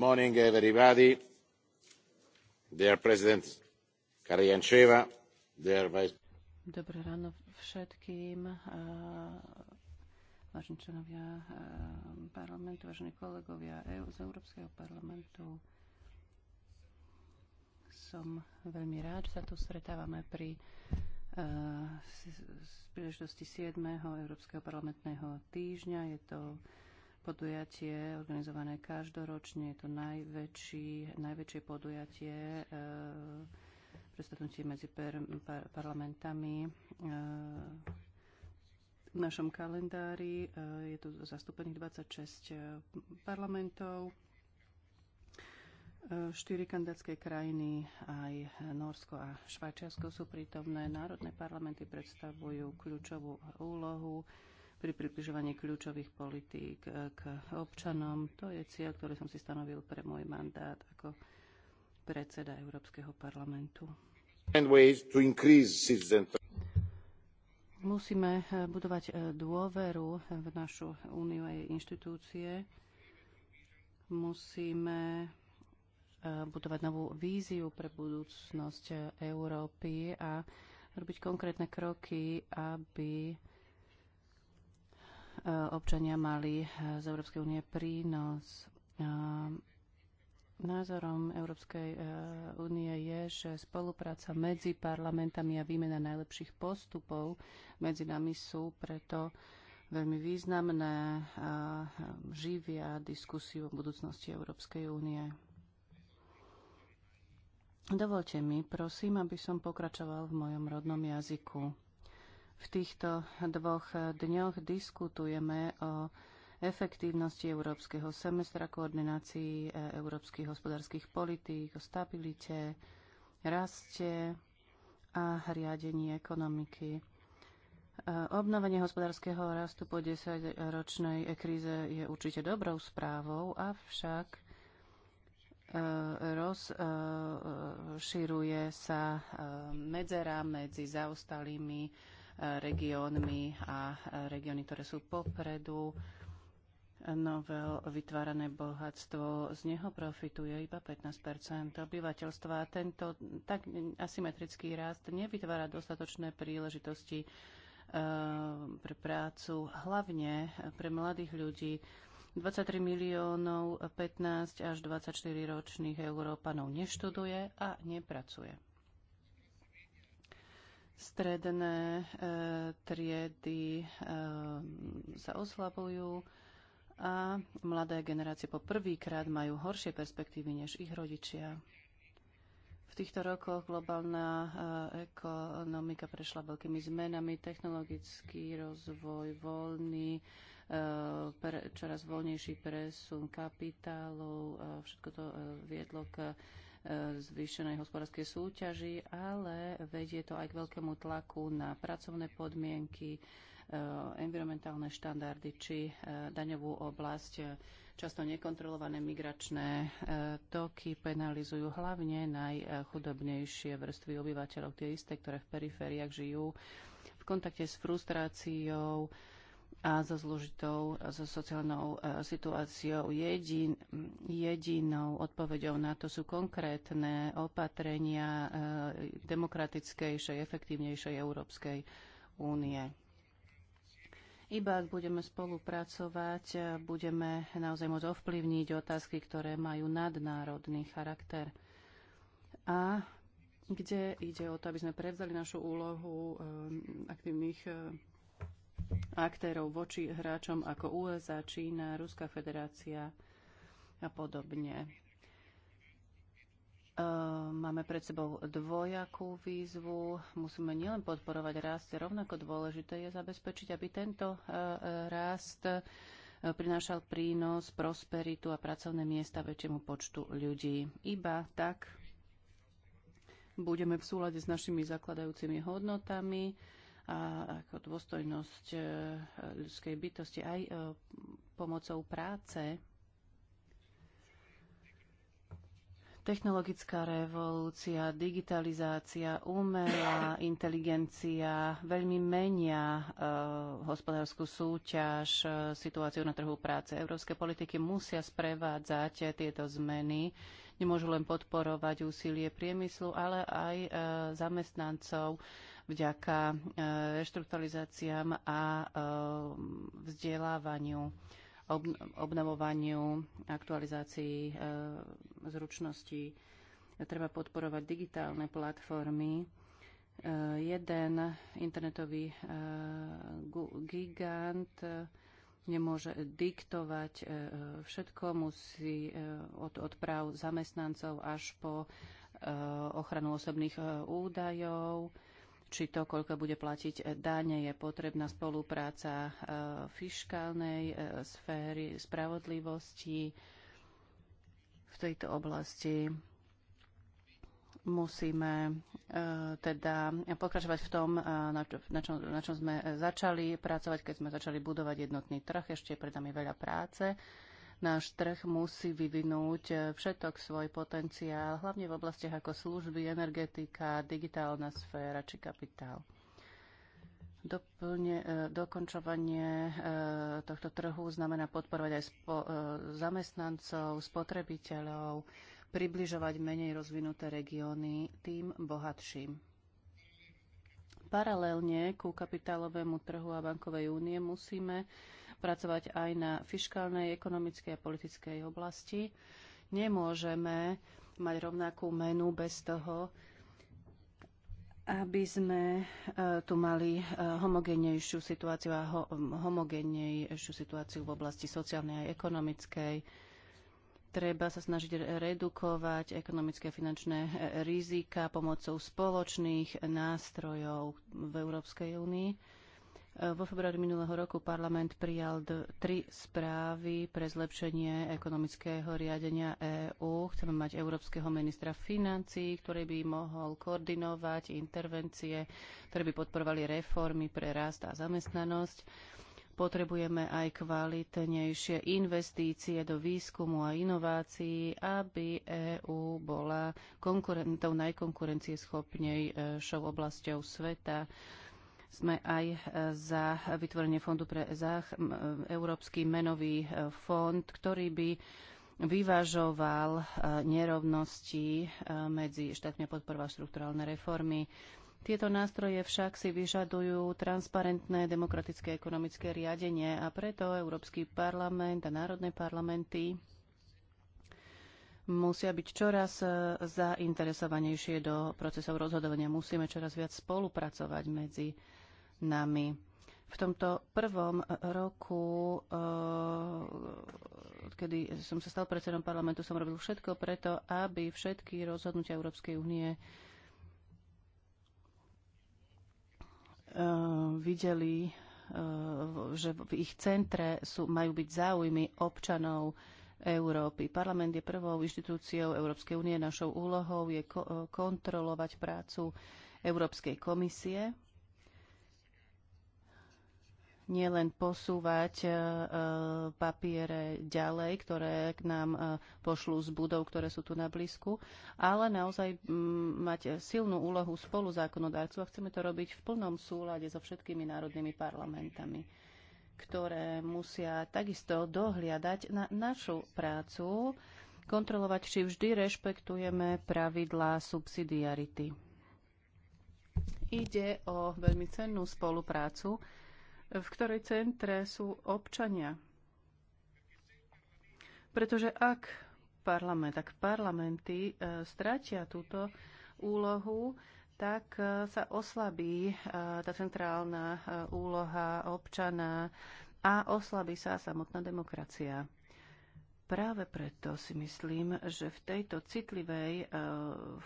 morning everybody dear president Kariančeva, dear vice Dobré ráno všetkým, eh, vážení členovia eh, parlamentu, vážení kolegovia EU z Európskeho parlamentu. Som veľmi rád, že sa tu stretávame pri z eh, príležitosti 7. Európskeho parlamentného týždňa. Je to podujatie organizované každoročne. Je to najväčší, najväčšie podujatie e, predstavnutie medzi per, par, parlamentami e, v našom kalendári. E, je tu zastúpených 26 e, parlamentov, e, 4 kandidátske krajiny, aj Norsko a Švajčiarsko sú prítomné. Národné parlamenty predstavujú kľúčovú úlohu pri približovaní kľúčových politík eh, k občanom. To je cieľ, ktorý som si stanovil pre môj mandát ako predseda Európskeho parlamentu. Musíme eh, budovať eh, dôveru v našu úniu a jej inštitúcie. Musíme budovať novú víziu pre budúcnosť Európy a robiť konkrétne kroky, aby Eh, občania mali eh, z Európskej únie prínos. Eh, názorom Európskej únie je, že spolupráca medzi parlamentami a výmena najlepších postupov medzi nami sú preto veľmi významné a živia diskusiu o budúcnosti Európskej únie. Dovolte mi, prosím, aby som pokračoval v mojom rodnom jazyku. V týchto dvoch dňoch diskutujeme o efektívnosti európskeho semestra, koordinácii e, európskych hospodárskych politík, o stabilite, raste a riadení ekonomiky. E, obnovenie hospodárskeho rastu po 10-ročnej kríze je určite dobrou správou, avšak e, rozširuje sa medzera medzi zaostalými regiónmi a regióny, ktoré sú popredu. Novel vytvárané bohatstvo, z neho profituje iba 15 obyvateľstva. Tento tak asymetrický rast nevytvára dostatočné príležitosti eh, pre prácu, hlavne pre mladých ľudí. 23 miliónov 15 až 24 ročných Európanov neštuduje a nepracuje stredné e, triedy e, sa oslabujú a mladé generácie po prvýkrát majú horšie perspektívy než ich rodičia. V týchto rokoch globálna e, ekonomika prešla veľkými zmenami, technologický rozvoj, voľný, e, pre, čoraz voľnejší presun kapitálov, e, všetko to e, viedlo k zvýšenej hospodárskej súťaži, ale vedie to aj k veľkému tlaku na pracovné podmienky, e, environmentálne štandardy či e, daňovú oblasť. E, často nekontrolované migračné toky penalizujú hlavne najchudobnejšie vrstvy obyvateľov, tie isté, ktoré v perifériách žijú v kontakte s frustráciou, a so zložitou, so sociálnou e, situáciou. Jedin, jedinou odpoveďou na to sú konkrétne opatrenia e, demokratickejšej, efektívnejšej Európskej únie. Iba ak budeme spolupracovať, e, budeme naozaj môcť ovplyvniť otázky, ktoré majú nadnárodný charakter. A kde ide o to, aby sme prevzali našu úlohu aktívnych aktérov voči hráčom ako USA, Čína, Ruská federácia a podobne. E, máme pred sebou dvojakú výzvu. Musíme nielen podporovať rast, rovnako dôležité je zabezpečiť, aby tento e, rast e, prinášal prínos, prosperitu a pracovné miesta väčšiemu počtu ľudí. Iba tak budeme v súlade s našimi zakladajúcimi hodnotami, ako dôstojnosť e, ľudskej bytosti aj e, pomocou práce. Technologická revolúcia, digitalizácia, umelá inteligencia veľmi menia e, hospodárskú súťaž, situáciu na trhu práce. Európske politiky musia sprevádzať tieto zmeny. Nemôžu len podporovať úsilie priemyslu, ale aj zamestnancov vďaka eh, reštrukturalizáciám a eh, vzdelávaniu, obnovovaniu, aktualizácii eh, zručností. Treba podporovať digitálne platformy. Jeden internetový gigant nemôže diktovať všetko, musí od, od práv zamestnancov až po ochranu osobných údajov či to, koľko bude platiť dáne, je potrebná spolupráca e, fiškálnej e, sféry, spravodlivosti v tejto oblasti. Musíme e, teda pokračovať v tom, na, čom, na čom sme začali pracovať, keď sme začali budovať jednotný trh. Ešte pred nami veľa práce náš trh musí vyvinúť eh, všetok svoj potenciál, hlavne v oblastiach ako služby, energetika, digitálna sféra či kapitál. Doplne, eh, dokončovanie eh, tohto trhu znamená podporovať aj spo, zamestnancov, spotrebiteľov, približovať menej rozvinuté regióny tým bohatším. Paralelne ku kapitálovému trhu a bankovej únie musíme pracovať aj na fiskálnej, ekonomickej a politickej oblasti. Nemôžeme mať rovnakú menu bez toho, aby sme e, tu mali e, homogénejšiu situáciu a homogénejšiu situáciu v oblasti sociálnej a ekonomickej. Treba sa snažiť redukovať ekonomické a finančné e, rizika pomocou spoločných nástrojov v Európskej únii vo februári minulého roku parlament prijal tri správy pre zlepšenie ekonomického riadenia EÚ. Chceme mať európskeho ministra financí, ktorý by mohol koordinovať intervencie, ktoré by podporovali reformy pre rast a zamestnanosť. Potrebujeme aj kvalitnejšie investície do výskumu a inovácií, aby EÚ bola konkurentou najkonkurencieschopnejšou oblasťou sveta sme aj e, za vytvorenie fondu pre zách, e, Európsky menový e, fond, ktorý by vyvažoval nerovnosti medzi štátmi a podporoval štruktúralné reformy. Tieto nástroje však si vyžadujú transparentné demokratické ekonomické riadenie a preto Európsky parlament a národné parlamenty musia byť čoraz zainteresovanejšie do procesov rozhodovania. Musíme čoraz viac spolupracovať medzi nami. V tomto prvom roku, eh, kedy som sa stal predsedom parlamentu, som robil všetko preto, aby všetky rozhodnutia Európskej únie eh, videli, eh, že v ich centre sú, majú byť záujmy občanov Európy. Parlament je prvou inštitúciou Európskej únie. Našou úlohou je ko kontrolovať prácu Európskej komisie nielen posúvať e, e, papiere ďalej, ktoré k nám e, pošlú z budov, ktoré sú tu na blízku, ale naozaj mať silnú úlohu spolu zákonodárcu a chceme to robiť v plnom súlade so všetkými národnými parlamentami ktoré musia takisto dohliadať na našu prácu, kontrolovať, či vždy rešpektujeme pravidlá subsidiarity. Ide o veľmi cennú spoluprácu, v ktorej centre sú občania. Pretože ak parlament, ak parlamenty e, stratia túto úlohu, tak e, sa oslabí e, tá centrálna úloha občana a oslabí sa samotná demokracia. Práve preto si myslím, že v tejto citlivej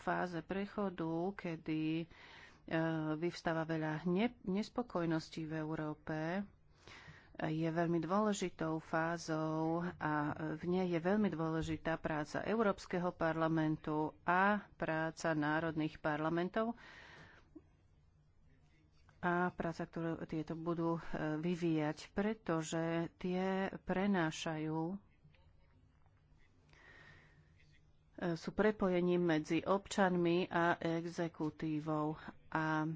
fáze prechodu, kedy E, vyvstáva veľa ne- nespokojností v Európe. Je veľmi dôležitou fázou a v nej je veľmi dôležitá práca Európskeho parlamentu a práca národných parlamentov a práca, ktorú tieto budú e, vyvíjať, pretože tie prenášajú E, sú prepojením medzi občanmi a exekutívou. A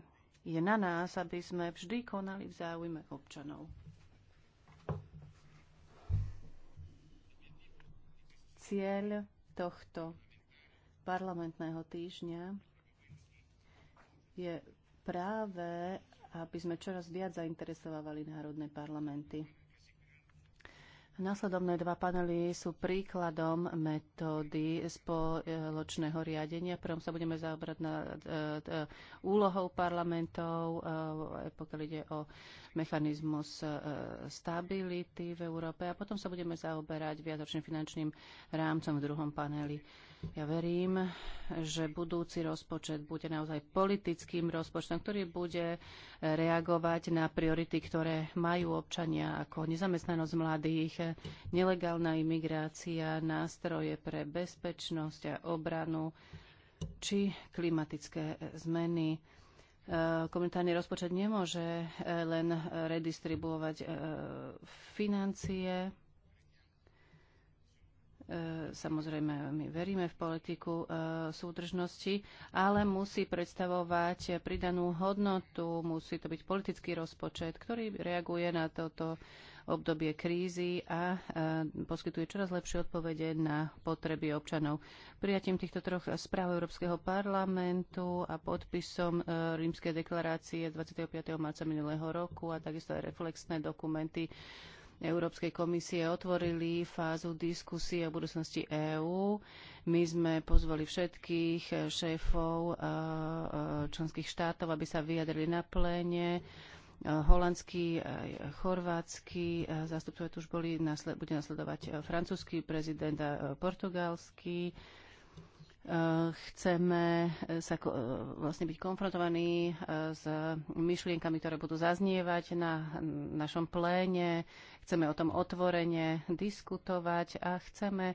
je na nás, aby sme vždy konali v záujme občanov. Cieľ tohto parlamentného týždňa je práve, aby sme čoraz viac zainteresovali národné parlamenty. Následovné dva panely sú príkladom metódy spoločného riadenia. Prvom sa budeme zaobrať na e, e, úlohou parlamentov, e, pokiaľ ide o mechanizmus stability v Európe. A potom sa budeme zaoberať viacočným finančným rámcom v druhom paneli. Ja verím, že budúci rozpočet bude naozaj politickým rozpočtom, ktorý bude reagovať na priority, ktoré majú občania ako nezamestnanosť mladých, nelegálna imigrácia, nástroje pre bezpečnosť a obranu či klimatické zmeny. E, komunitárny rozpočet nemôže len redistribuovať e, financie, E, samozrejme, my veríme v politiku e, súdržnosti, ale musí predstavovať pridanú hodnotu, musí to byť politický rozpočet, ktorý reaguje na toto obdobie krízy a e, poskytuje čoraz lepšie odpovede na potreby občanov. Prijatím týchto troch správ Európskeho parlamentu a podpisom Rímskej deklarácie 25. marca minulého roku a takisto aj reflexné dokumenty Európskej komisie otvorili fázu diskusie o budúcnosti EÚ. My sme pozvali všetkých šéfov eh, eh, členských štátov, aby sa vyjadrili na pléne. Eh, holandský, chorvátsky zastupcovia tu už boli, bude nasledovať francúzsky prezident a portugalský chceme e, sa e, vlastne byť konfrontovaní e, s myšlienkami, ktoré budú zaznievať na našom pléne, chceme o tom otvorene diskutovať a chceme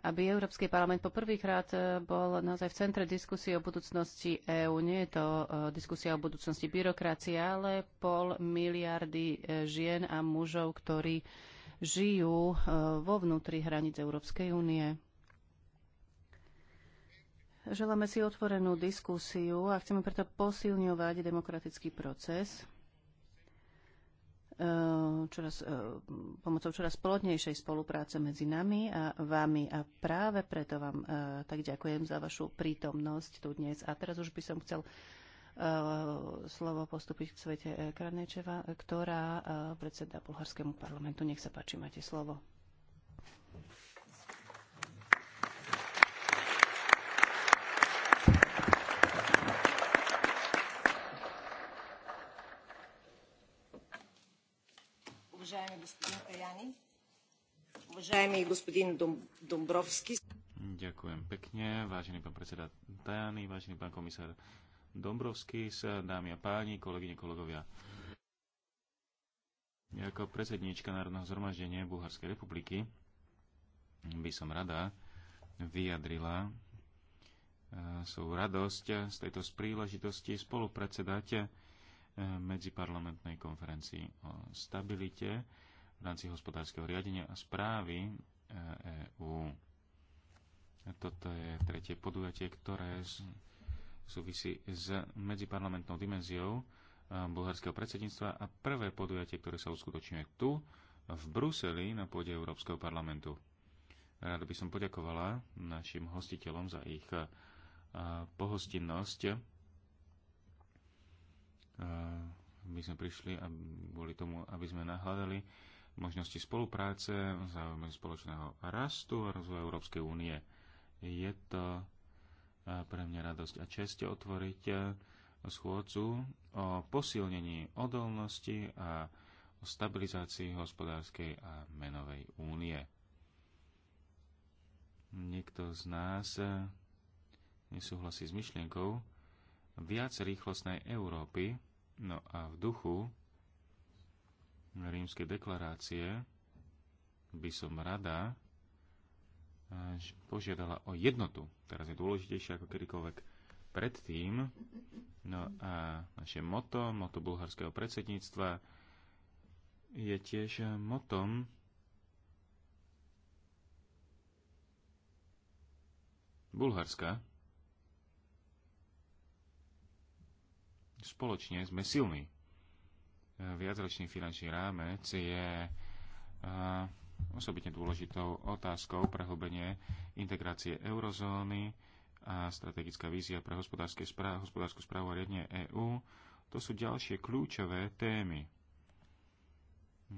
aby Európsky parlament po prvýkrát bol naozaj v centre diskusie o budúcnosti EÚ. Nie je to diskusia o budúcnosti byrokracie, ale pol miliardy žien a mužov, ktorí žijú vo vnútri hraníc Európskej únie. Želáme si otvorenú diskusiu a chceme preto posilňovať demokratický proces e, čoraz, e, pomocou čoraz plodnejšej spolupráce medzi nami a vami. A práve preto vám e, tak ďakujem za vašu prítomnosť tu dnes. A teraz už by som chcel slovo postúpiť k svete Kranečeva, ktorá predseda Bulharskému parlamentu. Nech sa páči, máte slovo. господин Ďakujem pekne, vážený pán predseda Tajany, vážený pán komisár Dombrovský, dámy a páni, kolegyne, kolegovia. Ja ako predsednička Národného zhromaždenia Bulharskej republiky by som rada vyjadrila e, svoju radosť z tejto príležitosti spolupredsedať e, medziparlamentnej konferencii o stabilite v rámci hospodárskeho riadenia a správy EÚ. E toto je tretie podujatie, ktoré súvisí s medziparlamentnou dimenziou e, bulharského predsedníctva a prvé podujatie, ktoré sa uskutočňuje tu, v Bruseli, na pôde Európskeho parlamentu. Rád by som poďakovala našim hostiteľom za ich e, pohostinnosť. My sme prišli, a kvôli tomu, aby sme nahľadali možnosti spolupráce záujmy záujme spoločného rastu a rozvoja Európskej únie. Je to e, pre mňa radosť a čest otvoriť e, schôdcu o posilnení odolnosti a o stabilizácii hospodárskej a menovej únie. Niekto z nás e, nesúhlasí s myšlienkou viac rýchlostnej Európy, no a v duchu rímskej deklarácie by som rada eh, požiadala o jednotu. Teraz je dôležitejšie ako kedykoľvek predtým. No a naše moto, moto bulharského predsedníctva, je tiež motom Bulharska. Spoločne sme silní viacročný finančný rámec je osobitne dôležitou otázkou prehlbenie integrácie eurozóny a strategická vízia pre správ, hospodárskú správu a riadne EÚ. To sú ďalšie kľúčové témy.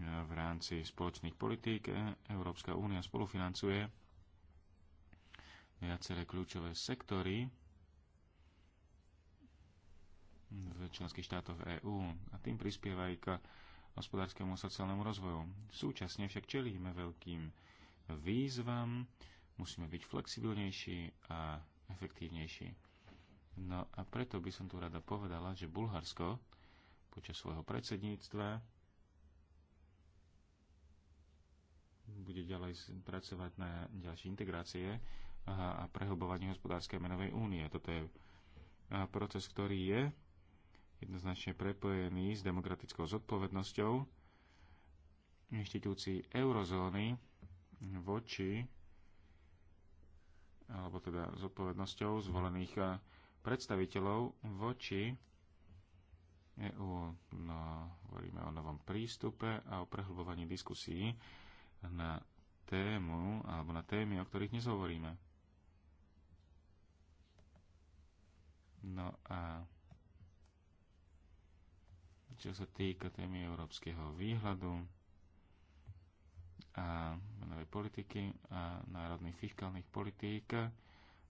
V rámci spoločných politík e, Európska únia spolufinancuje viaceré kľúčové sektory, v členských štátoch EÚ a tým prispieva aj k hospodárskému sociálnemu rozvoju. Súčasne však čelíme veľkým výzvam, musíme byť flexibilnejší a efektívnejší. No a preto by som tu rada povedala, že Bulharsko počas svojho predsedníctva bude ďalej pracovať na ďalšej integrácie a prehlbovaní hospodárskej menovej únie. Toto je proces, ktorý je jednoznačne prepojený s demokratickou zodpovednosťou inštitúcií eurozóny voči alebo teda zodpovednosťou zvolených eh, predstaviteľov voči EU. No, hovoríme o novom prístupe a o prehlbovaní diskusí na tému alebo na témy, o ktorých nezhovoríme. No a čo sa týka témy európskeho výhľadu a menovej politiky a národných fiskálnych politík,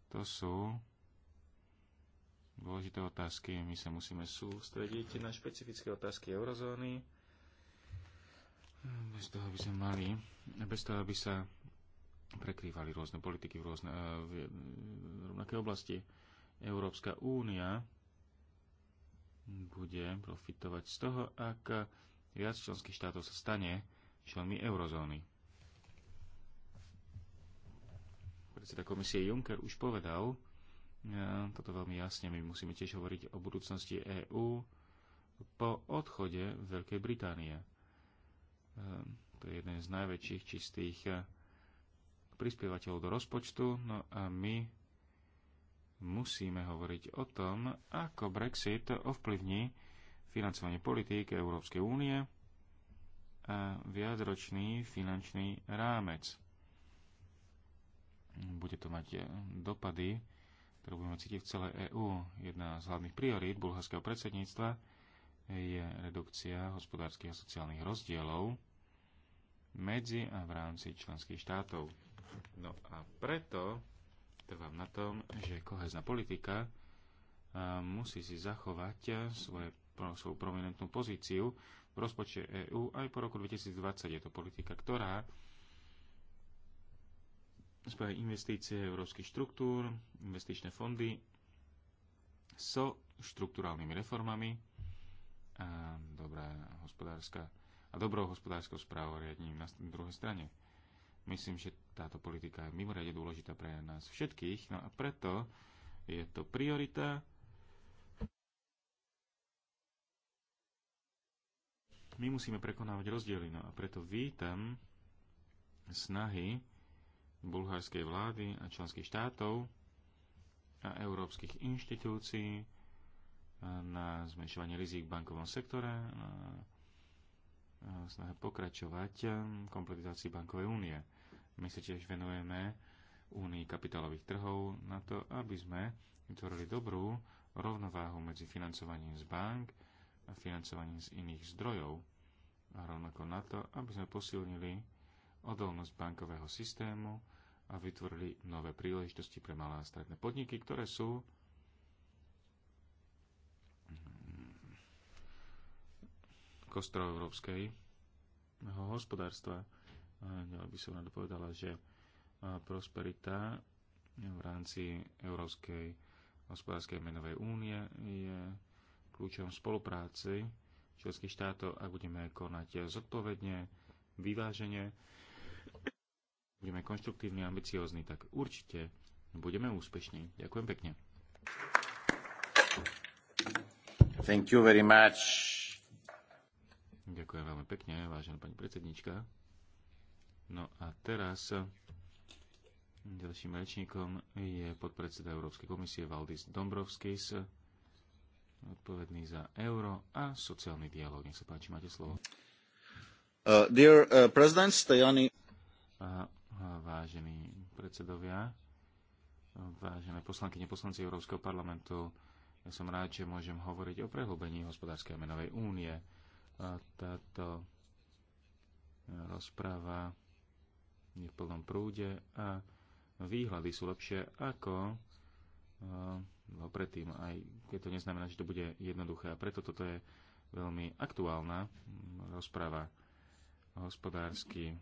to sú dôležité otázky. My sa musíme sústrediť na špecifické otázky eurozóny. Bez toho by sme mali, bez toho by sa prekrývali rôzne politiky v, rôzne, eh, v rovnaké oblasti. Európska únia bude profitovať z toho, ak viac členských štátov sa stane členmi eurozóny. Predseda komisie Juncker už povedal, ja, e, toto veľmi jasne, my musíme tiež hovoriť o budúcnosti EÚ po odchode Veľkej Británie. E, to je jeden z najväčších čistých e, prispievateľov do rozpočtu, no a my musíme hovoriť o tom, ako Brexit ovplyvní financovanie politík Európskej únie a viacročný finančný rámec. Bude to mať dopady, ktoré budeme cítiť v celej EÚ. Jedna z hlavných priorít bulharského predsedníctva je redukcia hospodárskych a sociálnych rozdielov medzi a v rámci členských štátov. No a preto Trvám na tom, že kohezná politika musí si zachovať svoje, svoju prominentnú pozíciu v rozpočte EÚ aj po roku 2020. Je to politika, ktorá spája investície európskych štruktúr, investičné fondy so štruktúrálnymi reformami a dobrá hospodárska a dobrou hospodárskou správou riadením na druhej strane. Myslím, že táto politika je mimoriadne dôležitá pre nás všetkých, no a preto je to priorita. My musíme prekonávať rozdiely, no a preto vítam snahy bulharskej vlády a členských štátov a európskych inštitúcií na zmenšovanie rizik v bankovom sektore, a snahe pokračovať v kompletizácii bankovej únie. My sa tiež venujeme únii kapitálových trhov na to, aby sme vytvorili dobrú rovnováhu medzi financovaním z bank a financovaním z iných zdrojov a rovnako na to, aby sme posilnili odolnosť bankového systému a vytvorili nové príležitosti pre malé a stredné podniky, ktoré sú kostrov európskej hospodárstva ja by som rada povedala, že prosperita v rámci Európskej hospodárskej menovej únie je kľúčom spolupráci členských štátov a budeme konať zodpovedne, vyvážene, budeme konštruktívni a ambiciózni, tak určite budeme úspešní. Ďakujem pekne. Thank you very much. Ďakujem veľmi pekne, vážená pani predsednička. No a teraz ďalším rečníkom je podpredseda Európskej komisie Valdis Dombrovskis, odpovedný za euro a sociálny dialog. Nech sa páči, máte slovo. Uh, dear uh, President Stajani. a vážení predsedovia, vážené poslanky, neposlanci Európskeho parlamentu, ja som rád, že môžem hovoriť o prehlbení hospodárskej a menovej únie. Táto rozpráva je v plnom prúde a výhľady sú lepšie ako eh, no, predtým, aj keď to neznamená, že to bude jednoduché. A preto toto je veľmi aktuálna hm, rozpráva. Hospodársky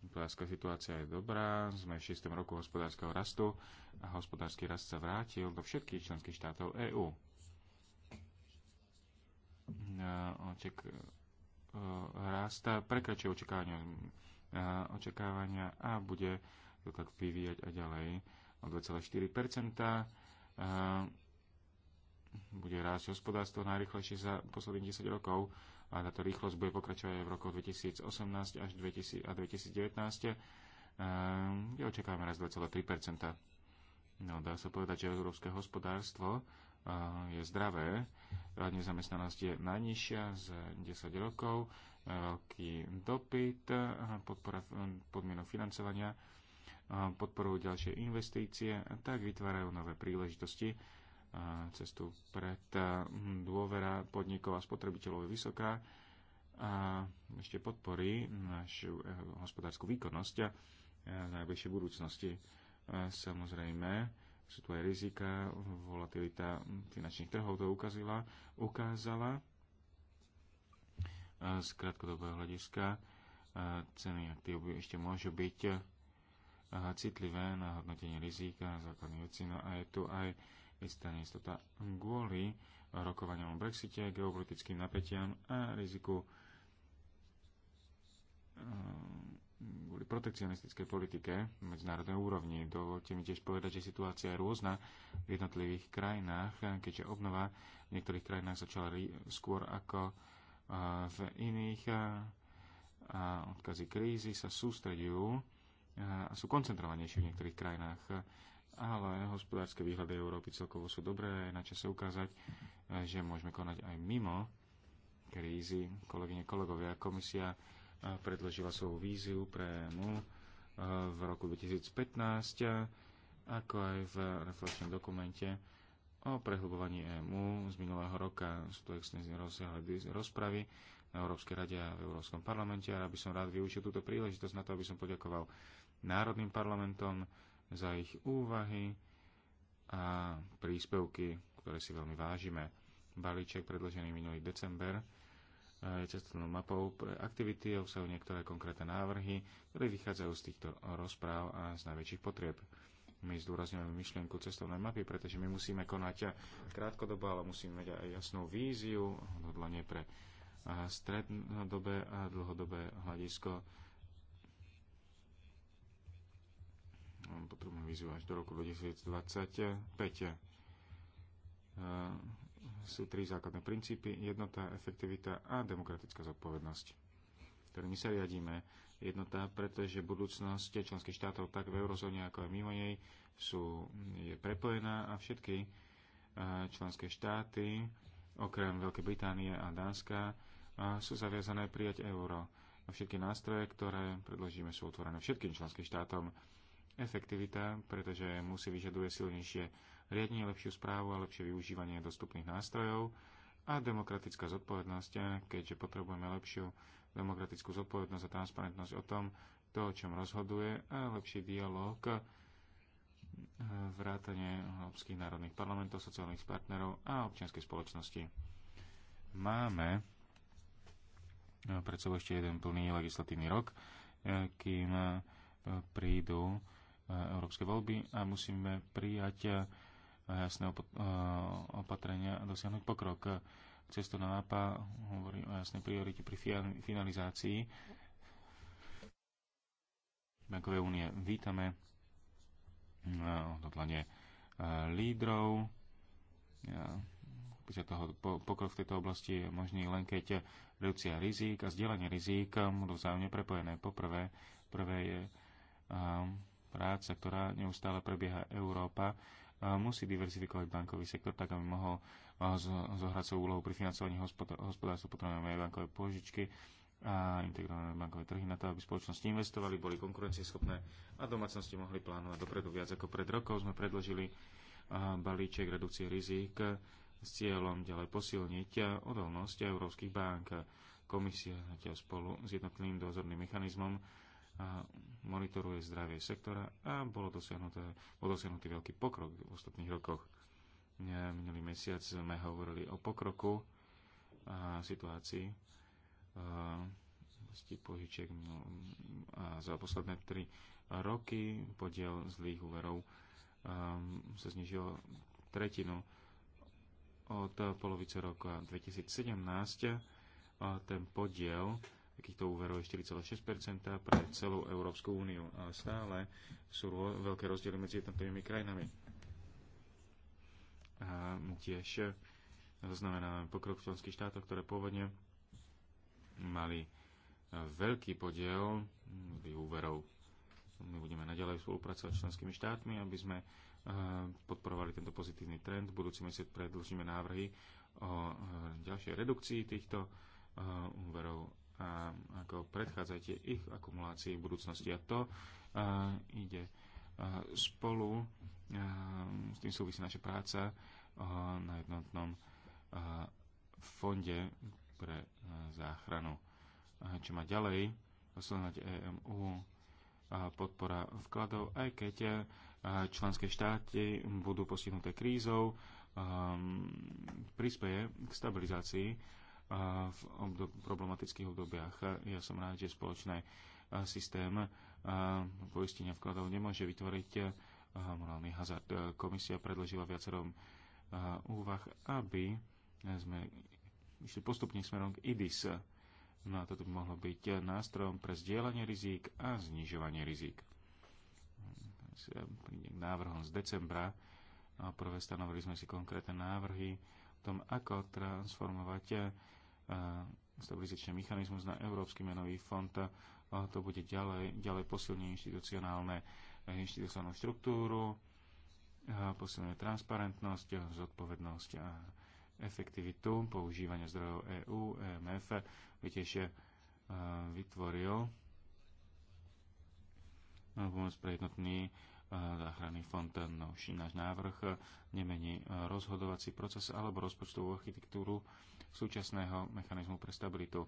hospodárska situácia je dobrá, sme v 6. roku hospodárskeho rastu a hospodársky rast sa vrátil do všetkých členských štátov EÚ. Eh, oček, eh, rasta prekračuje očakávania očakávania a bude to tak vyvíjať aj ďalej o 2,4 bude rásť hospodárstvo najrychlejšie za posledných 10 rokov a táto rýchlosť bude pokračovať aj v rokoch 2018 až 2000 a 2019, kde očakávame raz 2,3 No, dá sa povedať, že európske hospodárstvo je zdravé, nezamestnanosť je najnižšia za 10 rokov, veľký dopyt, eh, podpora podmienok financovania, eh, podporujú ďalšie investície, tak vytvárajú nové príležitosti. Eh, cestu pred dôvera podnikov a spotrebiteľov je vysoká a ešte podporí našu hospodárskú výkonnosť a najbližšej budúcnosti. Samozrejme, sú tu aj rizika, volatilita finančných trhov to ukázala, ukázala z krátkodobého hľadiska ceny aktív ešte môžu byť citlivé na hodnotenie rizika základných vecí. No a je tu aj istá neistota kvôli rokovaniam o Brexite, geopolitickým napätiam a riziku kvôli protekcionistickej politike v medzinárodnej úrovni. Dovolte mi tiež povedať, že situácia je rôzna v jednotlivých krajinách, keďže obnova v niektorých krajinách začala skôr ako a v iných a odkazy krízy sa sústredujú a sú koncentrovanejšie v niektorých krajinách. Ale hospodárske výhľady Európy celkovo sú dobré, je na čase ukázať, že môžeme konať aj mimo krízy. Kolegyne, kolegovia, komisia predložila svoju víziu pre EMU v roku 2015, ako aj v reflexnom dokumente o prehlbovaní EMU z minulého roka. Sú to extenzívne rozsiahle rozpravy na Európskej rade a v Európskom parlamente a aby som rád využil túto príležitosť na to, aby som poďakoval národným parlamentom za ich úvahy a príspevky, ktoré si veľmi vážime. Balíček predložený minulý december e, je cestovnou mapou pre aktivity a obsahujú niektoré konkrétne návrhy, ktoré vychádzajú z týchto rozpráv a z najväčších potrieb my zdôrazňujeme myšlienku cestovnej mapy, pretože my musíme konať krátkodobo, ale musíme mať aj jasnú víziu, odhodlanie pre strednodobé a dlhodobé hľadisko. Potrebujeme víziu až do roku 2025. Sú tri základné princípy, jednota, efektivita a demokratická zodpovednosť, ktorými sa riadíme jednota, pretože budúcnosť členských štátov tak v eurozóne ako aj mimo nej sú, je prepojená a všetky eh, členské štáty, okrem Veľkej Británie a Dánska, eh, sú zaviazané prijať euro. A všetky nástroje, ktoré predložíme, sú otvorené všetkým členským štátom. Efektivita, pretože musí vyžaduje silnejšie riadenie, lepšiu správu a lepšie využívanie dostupných nástrojov a demokratická zodpovednosť, eh, keďže potrebujeme lepšiu demokratickú zodpovednosť a transparentnosť o tom, to, o čom rozhoduje a lepší dialog e, vrátanie európskych národných parlamentov, sociálnych partnerov a občianskej spoločnosti. Máme e, pred sebou ešte jeden plný legislatívny rok, e, kým prídu európske voľby a musíme prijať jasné opatrenia a dosiahnuť pokrok na mapa hovorí o jasnej priorite pri finalizácii bankovej únie. Vítame no, odhodlanie e, lídrov. Toho, pokrok v tejto oblasti je možný len keď reducia rizík a zdieľanie rizík e, budú vzájomne prepojené. Poprvé, prvé je e, práca, ktorá neustále prebieha Európa, musí diverzifikovať bankový sektor tak, aby mohol zohrať svoju úlohu pri financovaní hospodárstva potrebujeme aj bankové požičky a integrované bankové trhy na to, aby spoločnosti investovali, boli konkurencieschopné a domácnosti mohli plánovať dopredu viac ako pred rokov. Sme predložili balíček redukcie rizik s cieľom ďalej posilniť odolnosť európskych bank. Komisia zatiaľ spolu s jednotným dozorným mechanizmom a monitoruje zdravie sektora a bolo dosiahnuté, bol dosiahnutý veľký pokrok v ostatných rokoch. Minulý mesiac sme hovorili o pokroku a situácii vlastne požičiek no, a za posledné tri roky podiel zlých úverov sa znižil tretinu od polovice roka 2017 ten podiel takýchto úverov je 4,6% pre celú Európsku úniu, ale stále sú veľké rozdiely medzi jednotlivými krajinami a tiež znamená pokrok v členských štátoch, ktoré pôvodne mali e, veľký podiel úverov. My budeme naďalej spolupracovať s členskými štátmi, aby sme e, podporovali tento pozitívny trend. V budúci mesiac predlžíme návrhy o e, ďalšej redukcii týchto úverov a ako predchádzajte ich akumulácii v budúcnosti. A to ide spolu Ehm, s tým súvisí naša práca eh, na jednotnom eh, fonde pre eh, záchranu. Čo má ďalej, poslednať EMU, podpora vkladov, aj keď členské štáty budú postihnuté krízou, ehm, prispieje k stabilizácii v obdob- problematických obdobiach. Ja som rád, že spoločný systém poistenia vkladov nemôže vytvoriť morálny hazard. E, komisia predložila viacerom e, úvah, aby sme išli postupne smerom k IDIS. No a toto by mohlo byť nástrojom pre zdieľanie rizík a znižovanie rizík. Príde k návrhom z decembra. Prvé stanovili sme si konkrétne návrhy o tom, ako transformovať e, stabilizačný mechanizmus na Európsky menový fond. To bude ďalej, ďalej posilne inštitucionálne inštitucionálnu štruktúru, posilňuje transparentnosť, zodpovednosť a efektivitu používania zdrojov EÚ, EMF, vytiež vytvoril pomoc pre jednotný záchranný fond. No, náš návrh nemení rozhodovací proces alebo rozpočtovú architektúru súčasného mechanizmu pre stabilitu.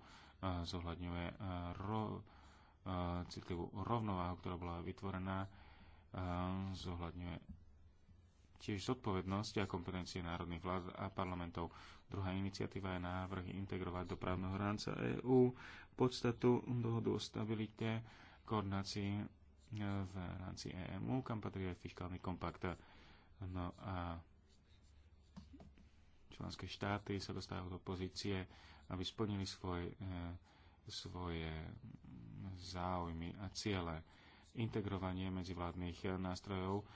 Zohľadňuje ro, citlivú rovnováhu, ktorá bola vytvorená zohľadňuje tiež zodpovednosť a kompetencie národných vlád a parlamentov. Druhá iniciatíva je návrh integrovať do právneho rámca EÚ podstatu dohodu o stabilite, koordinácii e, v rámci EMU, kam patrí aj fiskálny kompakt. No a členské štáty sa dostávajú do pozície, aby splnili svoj, e, svoje záujmy a ciele integrovanie medzivládnych eh, nástrojov eh,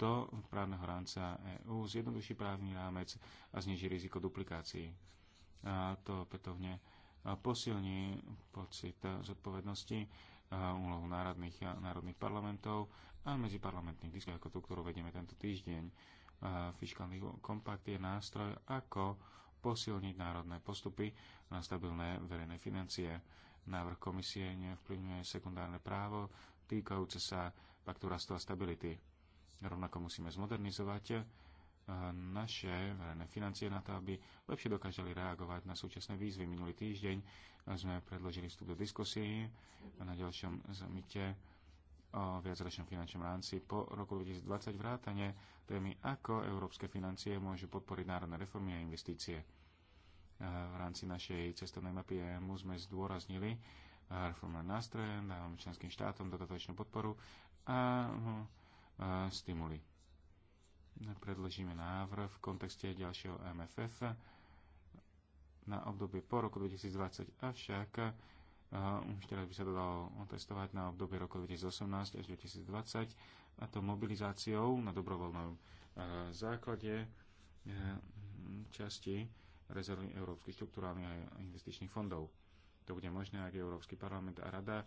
do právneho rámca EÚ, zjednoduší právny rámec a zniží riziko duplikácií. A to opätovne eh, posilní pocit zodpovednosti úlohu národných, národných parlamentov a medziparlamentných diskusí, ako tú, ktorú vedieme tento týždeň. Fiskálny kompakt je nástroj, ako posilniť národné postupy na stabilné verejné financie. Návrh komisie nevplyvňuje sekundárne právo, týkajúce sa paktu rastu a stability. Rovnako musíme zmodernizovať eh, naše verejné financie na to, aby lepšie dokážali reagovať na súčasné výzvy. Minulý týždeň sme predložili vstup do diskusie na ďalšom zamite o viacročnom finančnom rámci po roku 2020 vrátane témy, ako európske financie môžu podporiť národné reformy a investície. Eh, v rámci našej cestovnej mapy EMU sme zdôraznili reformné nástroje, dávame členským štátom dodatočnú podporu a, hm, a stimuli. Predložíme návrh v kontexte ďalšieho MFF na obdobie po roku 2020, avšak hm, už teraz by sa to dalo otestovať na obdobie roku 2018 až 2020 a to mobilizáciou na dobrovoľnom hm, základe časti rezervy Európskych štruktúrálnych a investičných fondov. To bude možné, ak Európsky parlament a Rada eh,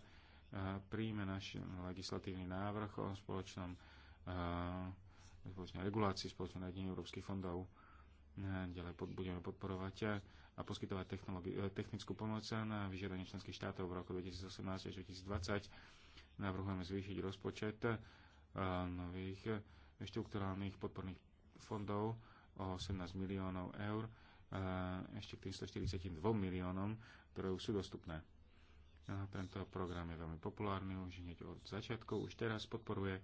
príjme náš legislatívny návrh o spoločnom eh, spoločnej regulácii, spoločnom riadení európskych fondov. Eh, ďalej pod, budeme podporovať a poskytovať technickú pomoc na vyžiadanie členských štátov v roku 2018 až 2020. Navrhujeme zvýšiť rozpočet nových štruktúrálnych podporných fondov o 18 miliónov eur ešte k tým 142 miliónom ktoré už sú dostupné. No, tento program je veľmi populárny už hneď od začiatku. Už teraz podporuje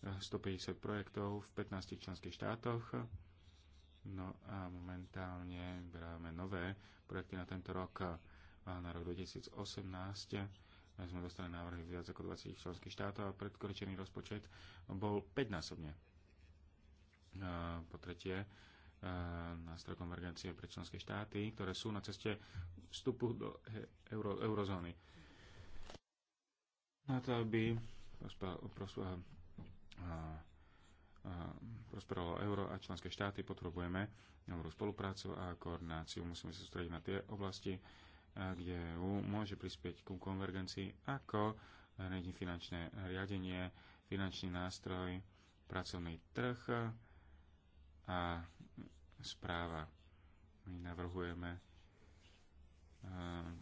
150 eh, projektov v 15 členských štátoch. No a momentálne vyberáme nové projekty na tento rok. Na rok 2018 eh, sme dostali návrhy viac ako 20 členských štátov a predkročený rozpočet bol 5-násobne. No po tretie, E, nástroj konvergencie pre členské štáty, ktoré sú na ceste vstupu do e, euro, eurozóny. Na to, aby e, prosperovalo euro a členské štáty, potrebujeme dobrú spoluprácu a koordináciu. Musíme sa sústrediť na tie oblasti, kde EU môže prispieť ku konvergencii, ako riadiť finančné riadenie, finančný nástroj, pracovný trh a správa. My navrhujeme eh,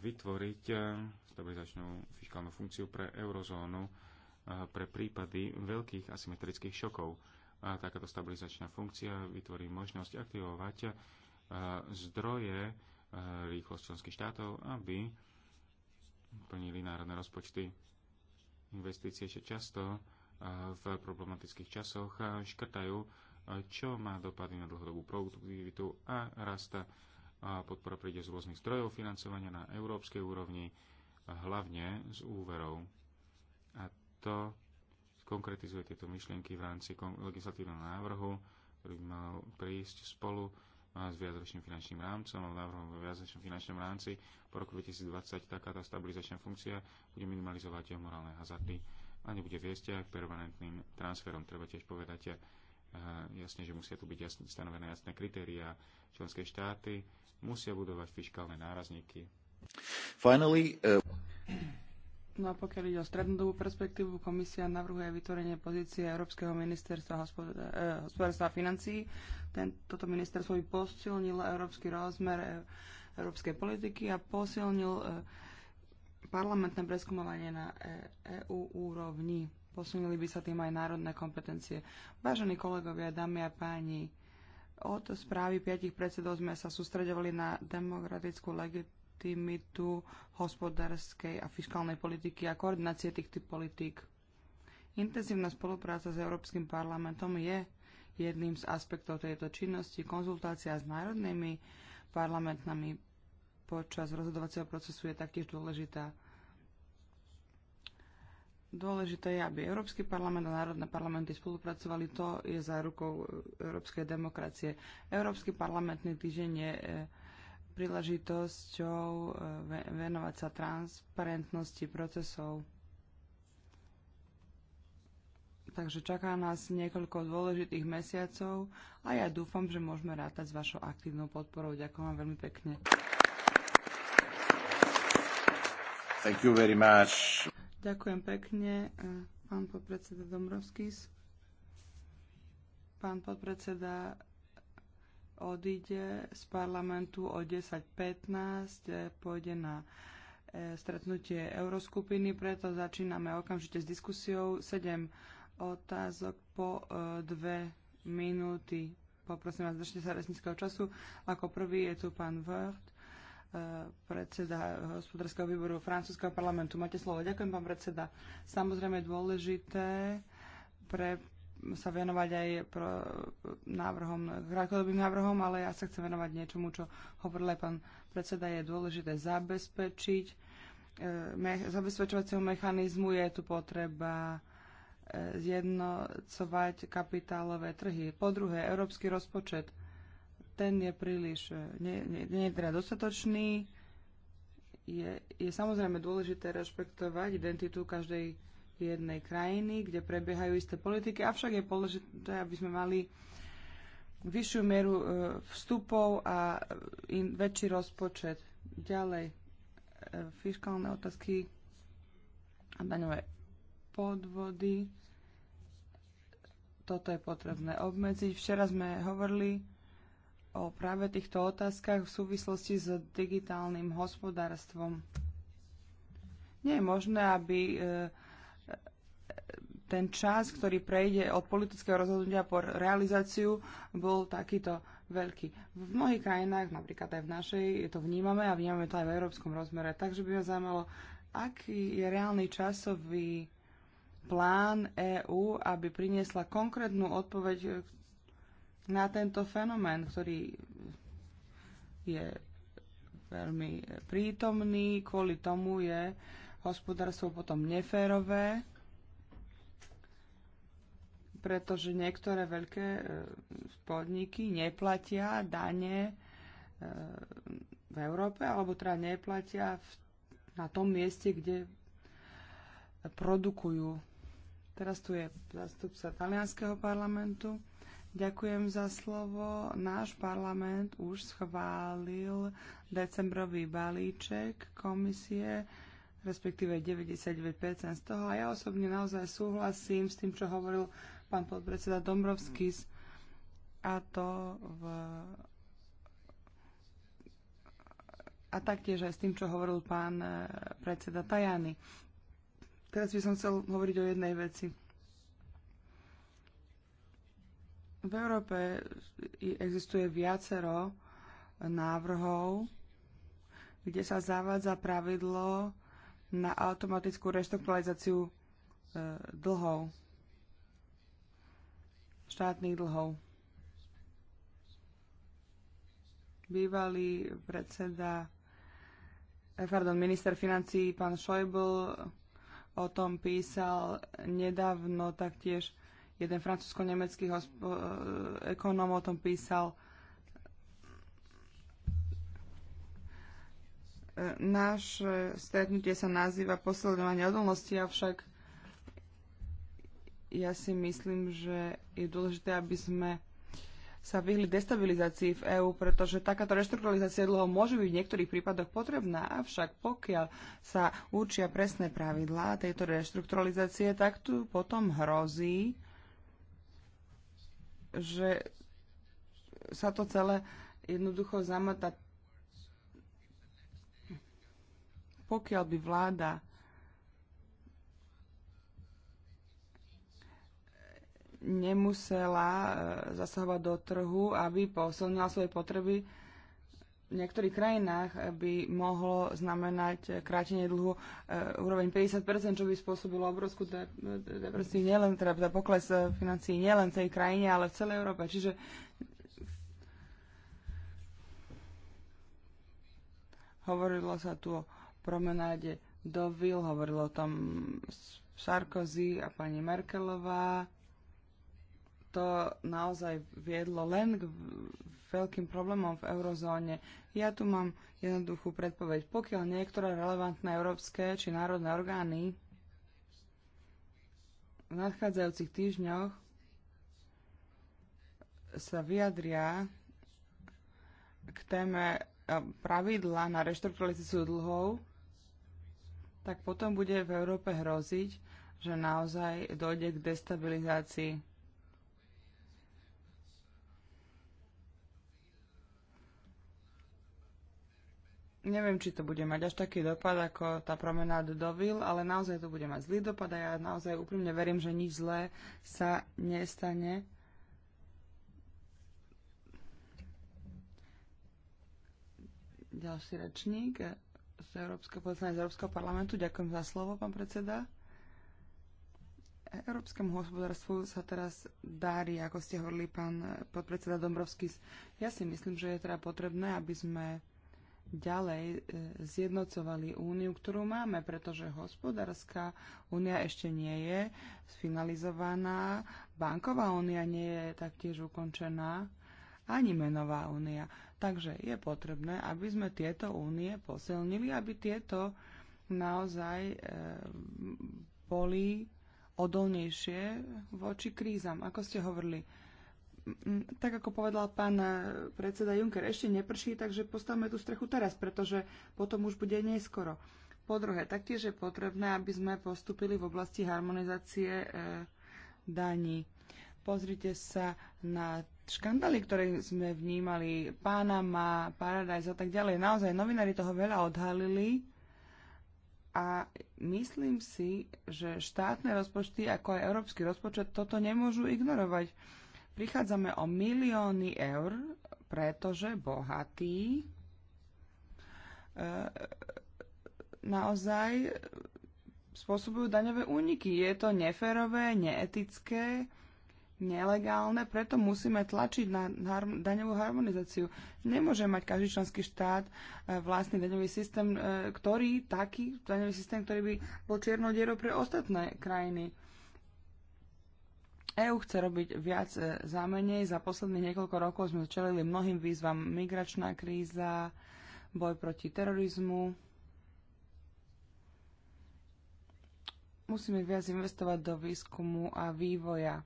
vytvoriť eh, stabilizačnú fiskálnu funkciu pre eurozónu eh, pre prípady veľkých asymetrických šokov. A takáto stabilizačná funkcia vytvorí možnosť aktivovať zdroje rýchlosť členských štátov, aby plnili národné rozpočty. Investície že často v problematických časoch škrtajú čo má dopady na dlhodobú produktivitu a rasta. A podpora príde z rôznych zdrojov financovania na európskej úrovni, hlavne z úverov. A to konkretizuje tieto myšlienky v rámci legislatívneho návrhu, ktorý by mal prísť spolu s viacročným finančným rámcom a návrhom o viacročnom finančnom rámci po roku 2020 taká tá stabilizačná funkcia bude minimalizovať morálne hazardy a nebude viesť k permanentným transferom. Treba tiež povedať, jasne, že musia tu byť jasne, stanovené jasné kritéria. Členské štáty musia budovať fiskálne nárazníky. Finally, uh... No a pokiaľ ide o strednodobú perspektívu, komisia navrhuje vytvorenie pozície Európskeho ministerstva eh, hospodárstva a financí. toto ministerstvo by posilnilo európsky rozmer eh, európskej politiky a posilnil eh, parlamentné preskumovanie na EU e úrovni posunili by sa tým aj národné kompetencie. Vážení kolegovia, dámy a páni, od správy piatich predsedov sme sa sústredovali na demokratickú legitimitu hospodárskej a fiskálnej politiky a koordinácie týchto politík. Intenzívna spolupráca s Európskym parlamentom je jedným z aspektov tejto činnosti. Konzultácia s národnými parlamentami počas rozhodovacieho procesu je taktiež dôležitá. Dôležité je, aby Európsky parlament a národné parlamenty spolupracovali, to je za rukou e, európskej demokracie. Európsky parlamentný týždeň je e, príležitosťou e, venovať sa transparentnosti procesov. Takže čaká nás niekoľko dôležitých mesiacov a ja dúfam, že môžeme rátať s vašou aktívnou podporou. Ďakujem vám veľmi pekne. Thank you very much. Ďakujem pekne, pán podpredseda Domrovskis. Pán podpredseda odíde z parlamentu o 10.15, e, pôjde na e, stretnutie Euroskupiny, preto začíname okamžite s diskusiou. Sedem otázok po e, dve minúty. Poprosím vás, držte sa resnického času. Ako prvý je tu pán Wörth predseda hospodárskeho výboru francúzského parlamentu. Máte slovo. Ďakujem, pán predseda. Samozrejme je dôležité pre sa venovať aj pro návrhom, krátkodobým návrhom, ale ja sa chcem venovať niečomu, čo hovoril aj pán predseda, je dôležité zabezpečiť. E, me, zabezpečovacieho mechanizmu je tu potreba e, zjednocovať kapitálové trhy. Po druhé, európsky rozpočet ten je príliš, e, nie, nie, nie je teda dostatočný. Je, je samozrejme dôležité rešpektovať identitu každej jednej krajiny, kde prebiehajú isté politiky, avšak je dôležité, aby sme mali vyššiu mieru e, vstupov a e, in, väčší rozpočet. Ďalej, fiskálne otázky a daňové podvody. Toto je potrebné obmedziť. Včera sme hovorili o práve týchto otázkach v súvislosti s digitálnym hospodárstvom. Nie je možné, aby e, ten čas, ktorý prejde od politického rozhodnutia po realizáciu, bol takýto veľký. V mnohých krajinách, napríklad aj v našej, to vnímame a vnímame to aj v európskom rozmere. Takže by ma zaujímalo, aký je reálny časový plán EÚ, aby priniesla konkrétnu odpoveď na tento fenomén, ktorý je veľmi prítomný, kvôli tomu je hospodárstvo potom neférové, pretože niektoré veľké e, podniky neplatia dane e, v Európe, alebo teda neplatia v, na tom mieste, kde produkujú. Teraz tu je zastupca talianského parlamentu. Ďakujem za slovo. Náš parlament už schválil decembrový balíček komisie, respektíve 99% z toho. A ja osobne naozaj súhlasím s tým, čo hovoril pán podpredseda Dombrovský a to v a taktiež aj s tým, čo hovoril pán eh, predseda Tajany. Teraz by som chcel hovoriť o jednej veci V Európe existuje viacero návrhov, kde sa zavádza pravidlo na automatickú reštrukturalizáciu e, dlhov, štátnych dlhov. Bývalý predseda, e, pardon, minister financí pán Schäuble o tom písal nedávno taktiež Jeden francúzsko-nemecký e, ekonóm o tom písal. E, naše stretnutie sa nazýva posledovanie odolnosti, avšak ja si myslím, že je dôležité, aby sme sa vyhli destabilizácii v EÚ, pretože takáto reštrukturalizácia dlho môže byť v niektorých prípadoch potrebná, avšak pokiaľ sa určia presné pravidlá tejto reštrukturalizácie, tak tu potom hrozí, že sa to celé jednoducho zamata. Pokiaľ by vláda nemusela eh, zasahovať do trhu, aby posilnila svoje potreby, v niektorých krajinách by mohlo znamenať krátenie dlhu e, úroveň 50%, čo by spôsobilo obrovskú depresiu, nielen teda, teda pokles e, financií nielen v tej krajine, ale v celej Európe. Čiže hovorilo sa tu o promenáde do Vil, hovorilo o tom Sarkozy a pani Merkelová. To naozaj viedlo len k veľkým problémom v eurozóne. Ja tu mám jednoduchú predpoveď. Pokiaľ niektoré relevantné európske či národné orgány v nadchádzajúcich týždňoch sa vyjadria k téme e, pravidla na reštrukturalizáciu dlhov, tak potom bude v Európe hroziť, že naozaj dojde k destabilizácii Neviem, či to bude mať až taký dopad ako tá promenáda do Vil, ale naozaj to bude mať zlý dopad a ja naozaj úprimne verím, že nič zlé sa nestane. Ďalší rečník z Európskeho, z Európskeho parlamentu. Ďakujem za slovo, pán predseda. Európskemu hospodárstvu sa teraz darí, ako ste hovorili, pán podpredseda Dombrovský. Ja si myslím, že je teda potrebné, aby sme ďalej e, zjednocovali úniu, ktorú máme, pretože hospodárska únia ešte nie je sfinalizovaná, banková únia nie je taktiež ukončená, ani menová únia. Takže je potrebné, aby sme tieto únie posilnili, aby tieto naozaj e, boli odolnejšie voči krízam. Ako ste hovorili, Mm, tak ako povedal pán eh, predseda Juncker, ešte neprší, takže postavme tú strechu teraz, pretože potom už bude neskoro. Po druhé, taktiež je potrebné, aby sme postupili v oblasti harmonizácie e, daní. Pozrite sa na škandály, ktoré sme vnímali, Panama, Paradise a tak ďalej. Naozaj novinári toho veľa odhalili a myslím si, že štátne rozpočty ako aj európsky rozpočet toto nemôžu ignorovať. Prichádzame o milióny eur, pretože bohatí e, naozaj spôsobujú daňové úniky. Je to neférové, neetické, nelegálne, preto musíme tlačiť na daňovú harmonizáciu. Nemôže mať každý členský štát e, vlastný daňový systém, e, ktorý taký daňový systém, ktorý by bol čiernou dierou pre ostatné krajiny. EÚ chce robiť viac e, za menej. Za posledných niekoľko rokov sme čelili mnohým výzvam. Migračná kríza, boj proti terorizmu. Musíme viac investovať do výskumu a vývoja.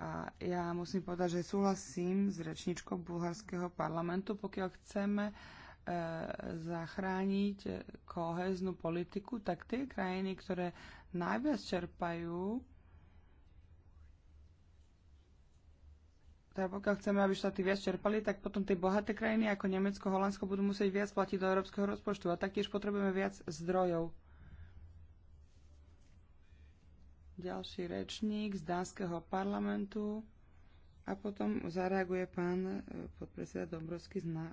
A ja musím povedať, že súhlasím s rečničkou bulharského parlamentu, pokiaľ chceme e, zachrániť e, koheznú politiku, tak tie krajiny, ktoré najviac čerpajú Teda pokiaľ chceme, aby štáty viac čerpali, tak potom tie bohaté krajiny ako Nemecko, Holandsko budú musieť viac platiť do európskeho rozpočtu a taktiež potrebujeme viac zdrojov. Ďalší rečník z Dánskeho parlamentu a potom zareaguje pán e, podpredseda Dombrovský na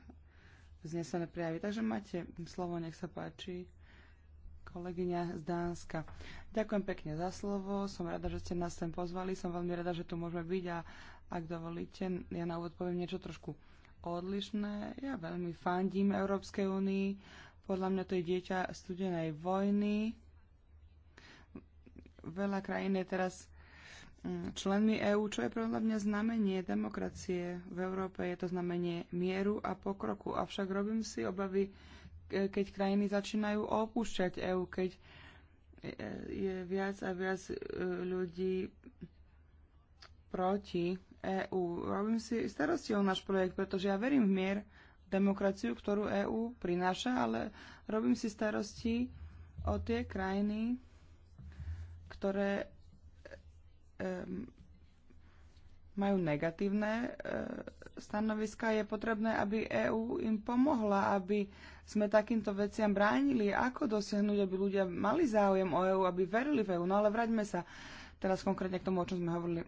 vznesené prejavy. Takže máte slovo, nech sa páči kolegyňa z Dánska. Ďakujem pekne za slovo, som rada, že ste nás sem pozvali, som veľmi rada, že tu môžeme byť a ak dovolíte, ja na úvod poviem niečo trošku odlišné. Ja veľmi fandím Európskej únii. Podľa mňa to je dieťa studenej vojny. Veľa krajín je teraz mm, členmi EÚ, čo je podľa mňa znamenie demokracie. V Európe je to znamenie mieru a pokroku. Avšak robím si obavy, keď krajiny začínajú opúšťať EÚ, keď e, e, je viac a viac e, ľudí proti EÚ. E robím si starosti o náš projekt, pretože ja verím v mier, demokraciu, ktorú EÚ prináša, ale robím si starosti o tie krajiny, ktoré um, majú negatívne e, stanoviska, je potrebné, aby EÚ im pomohla, aby sme takýmto veciam bránili. Ako dosiahnuť, aby ľudia mali záujem o EÚ, aby verili v EÚ? No ale vraťme sa teraz konkrétne k tomu, o čom sme hovorili.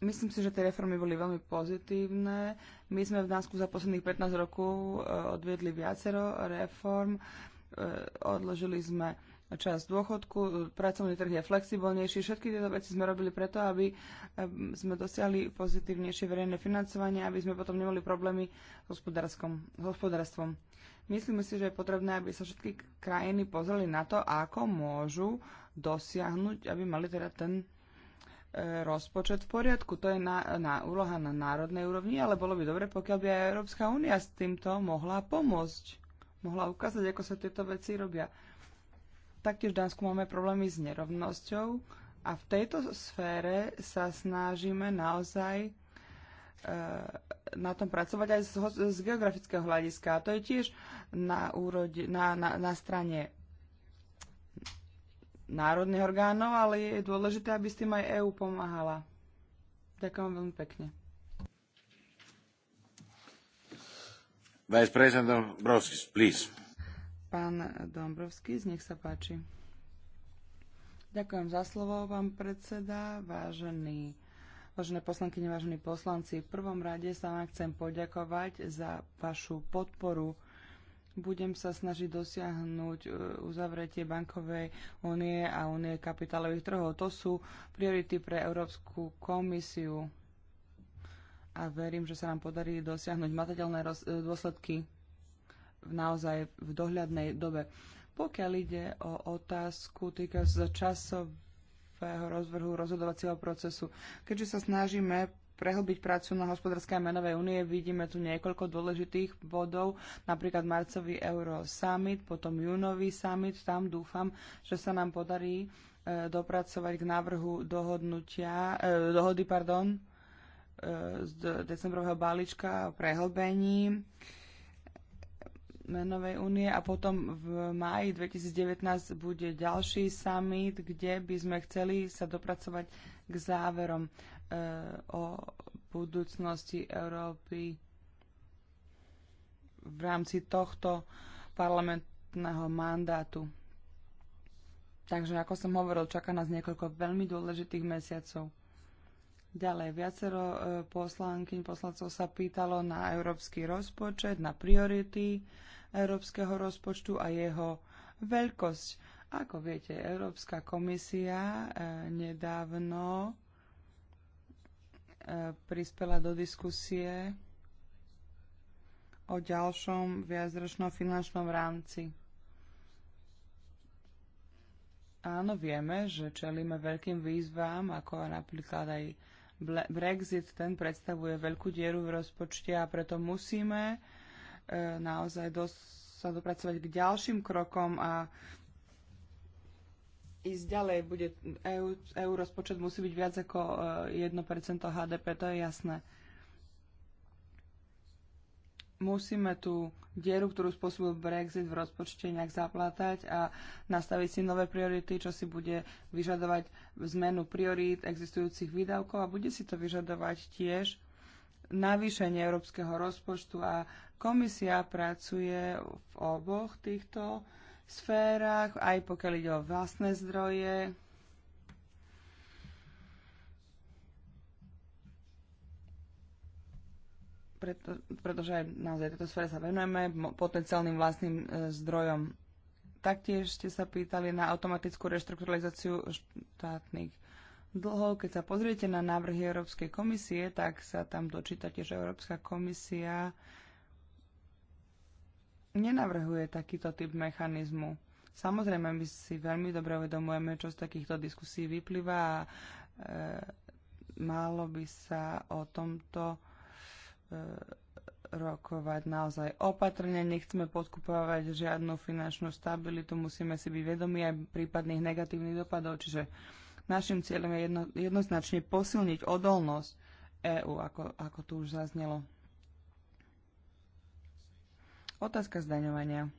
Myslím si, že tie reformy boli veľmi pozitívne. My sme v Dánsku za posledných 15 rokov e, odviedli viacero reform. E, odložili sme časť dôchodku, pracovný trh je flexibilnejší. Všetky tieto veci sme robili preto, aby e, sme dosiahli pozitívnejšie verejné financovanie, aby sme potom nemali problémy s hospodárstvom. Myslíme si, že je potrebné, aby sa všetky krajiny pozreli na to, ako môžu dosiahnuť, aby mali teda ten E, rozpočet v poriadku. To je na, na, úloha na národnej úrovni, ale bolo by dobre, pokiaľ by aj Európska únia s týmto mohla pomôcť. Mohla ukázať, ako sa tieto veci robia. Taktiež v Dánsku máme problémy s nerovnosťou a v tejto sfére sa snažíme naozaj e, na tom pracovať aj z, z geografického hľadiska. A to je tiež na, úrode, na, na, na strane národných orgánov, ale je dôležité, aby s tým aj EÚ pomáhala. Ďakujem veľmi pekne. Vice President Dombrovskis, please. Pán Dombrovskis, nech sa páči. Ďakujem za slovo, pán predseda, vážený Vážené poslankyne, vážení poslanci, v prvom rade sa vám chcem poďakovať za vašu podporu budem sa snažiť dosiahnuť e, uzavretie bankovej únie a únie kapitálových trhov. To sú priority pre Európsku komisiu a verím, že sa nám podarí dosiahnuť matateľné e, dôsledky naozaj v dohľadnej dobe. Pokiaľ ide o otázku týka sa časového rozvrhu rozhodovacieho procesu, keďže sa snažíme prehlbiť prácu na hospodárskej a menovej únie. Vidíme tu niekoľko dôležitých bodov, napríklad marcový euro summit, potom júnový summit. Tam dúfam, že sa nám podarí e, dopracovať k návrhu dohodnutia, eh, dohody pardon, e, z decembrového balíčka o prehlbení menovej únie a potom v máji 2019 bude ďalší summit, kde by sme chceli sa dopracovať k záverom e, o budúcnosti Európy v rámci tohto parlamentného mandátu. Takže, ako som hovoril, čaká nás niekoľko veľmi dôležitých mesiacov. Ďalej, viacero e, poslankyň, poslancov sa pýtalo na európsky rozpočet, na priority európskeho rozpočtu a jeho veľkosť. Ako viete, Európska komisia eh, nedávno eh, prispela do diskusie o ďalšom viacročnom finančnom rámci. Áno, vieme, že čelíme veľkým výzvám, ako napríklad aj Brexit, ten predstavuje veľkú dieru v rozpočte a preto musíme eh, naozaj dosť sa dopracovať k ďalším krokom a ísť ďalej. Bude, EU, EU rozpočet musí byť viac ako 1% e, HDP, to je jasné. Musíme tú dieru, ktorú spôsobil Brexit v rozpočte, nejak zaplatať a nastaviť si nové priority, čo si bude vyžadovať zmenu priorít existujúcich výdavkov a bude si to vyžadovať tiež navýšenie európskeho rozpočtu a komisia pracuje v oboch týchto uh, sférach, aj pokiaľ ide o vlastné zdroje. Preto, pretože naozaj tejto sfére sa venujeme potenciálnym vlastným e, zdrojom. Taktiež ste sa pýtali na automatickú reštrukturalizáciu štátnych dlhov. Keď sa pozriete na návrhy Európskej komisie, tak sa tam dočítate, že Európska komisia nenavrhuje takýto typ mechanizmu. Samozrejme, my si veľmi dobre uvedomujeme, čo z takýchto diskusí vyplýva a e, malo by sa o tomto e, rokovať naozaj opatrne. Nechceme podkupovať žiadnu finančnú stabilitu, musíme si byť vedomi aj prípadných negatívnych dopadov, čiže našim cieľom je jedno, jednoznačne posilniť odolnosť EÚ, ako, ako tu už zaznelo. Otázka zdaňovania.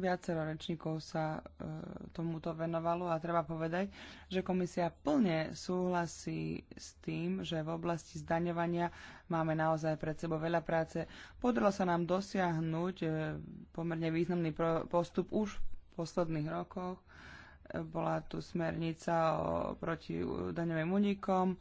Viacero rečníkov sa e, tomuto venovalo a treba povedať, že komisia plne súhlasí s tým, že v oblasti zdaňovania máme naozaj pred sebou veľa práce. Podarilo sa nám dosiahnuť e, pomerne významný pro, postup už v posledných rokoch. E, bola tu smernica o, proti daňovým unikom,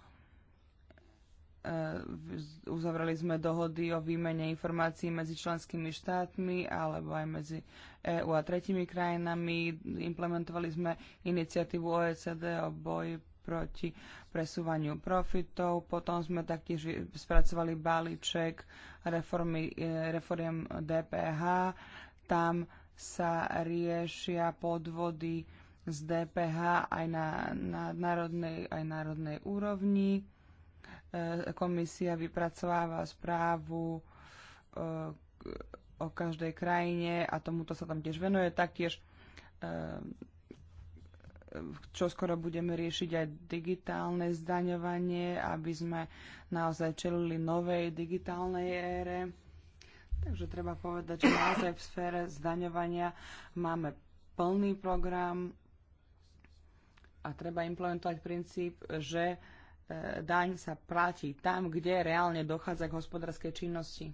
uzavreli sme dohody o výmene informácií medzi členskými štátmi alebo aj medzi EU a tretimi krajinami. Implementovali sme iniciatívu OECD o e boji proti presúvaniu profitov. Potom sme taktiež spracovali balíček reformy, e, reformy DPH. Tam sa riešia podvody z DPH aj na, na národnej, aj národnej úrovni E, komisia vypracováva správu e, o každej krajine a tomuto sa tam tiež venuje. Taktiež e, čo skoro budeme riešiť aj digitálne zdaňovanie, aby sme naozaj čelili novej digitálnej ére. Takže treba povedať, že naozaj v sfére zdaňovania máme plný program a treba implementovať princíp, že E, daň sa platí tam, kde reálne dochádza k hospodárskej činnosti.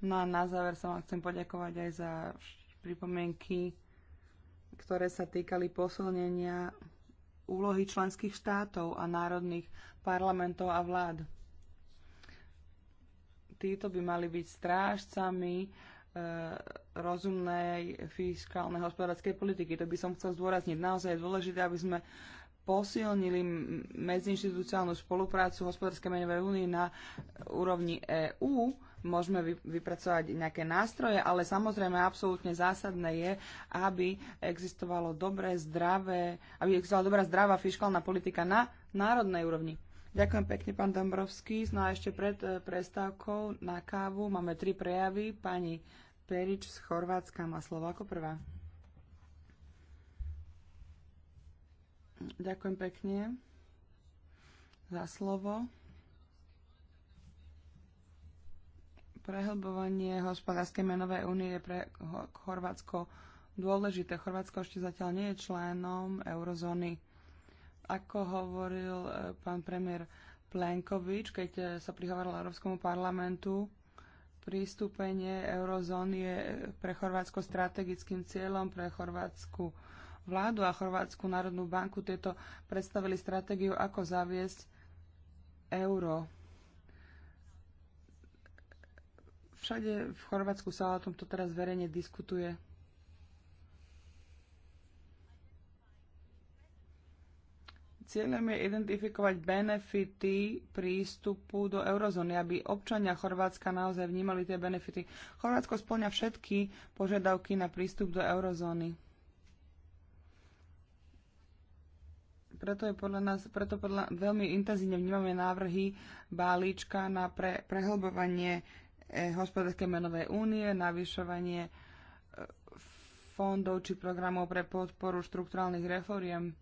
No a na záver sa vám chcem poďakovať aj za pripomienky, ktoré sa týkali posilnenia úlohy členských štátov a národných parlamentov a vlád. Títo by mali byť strážcami e, rozumnej fiskálnej hospodárskej politiky. To by som chcel zdôrazniť. Naozaj je dôležité, aby sme posilnili medziinštitucionálnu spoluprácu hospodárskej menovej únie na úrovni EÚ, môžeme vypracovať nejaké nástroje, ale samozrejme absolútne zásadné je, aby existovalo dobré, zdravé, aby existovala dobrá, zdravá fiskálna politika na národnej úrovni. Ďakujem pekne, pán Dombrovský. No a ešte pred e, prestávkou na kávu máme tri prejavy. Pani Perič z Chorvátska má slovo ako prvá. Ďakujem pekne za slovo. Prehlbovanie hospodárskej menovej únie je pre Chorvátsko dôležité. Chorvátsko ešte zatiaľ nie je členom eurozóny. Ako hovoril e, pán premiér Plenkovič, keď e, sa prihovoril Európskemu parlamentu, pristúpenie eurozóny je pre Chorvátsko strategickým cieľom, pre Chorvátsku vládu a Chorvátsku národnú banku. Tieto predstavili stratégiu, ako zaviesť euro. Všade v Chorvátsku sa o tomto teraz verejne diskutuje. Cieľom je identifikovať benefity prístupu do eurozóny, aby občania Chorvátska naozaj vnímali tie benefity. Chorvátsko splňa všetky požiadavky na prístup do eurozóny. Preto, je podľa nás, preto podľa, veľmi intenzívne vnímame návrhy balíčka na pre, prehlbovanie e, hospodárskej menovej únie, navyšovanie e, fondov či programov pre podporu štrukturálnych reforiem.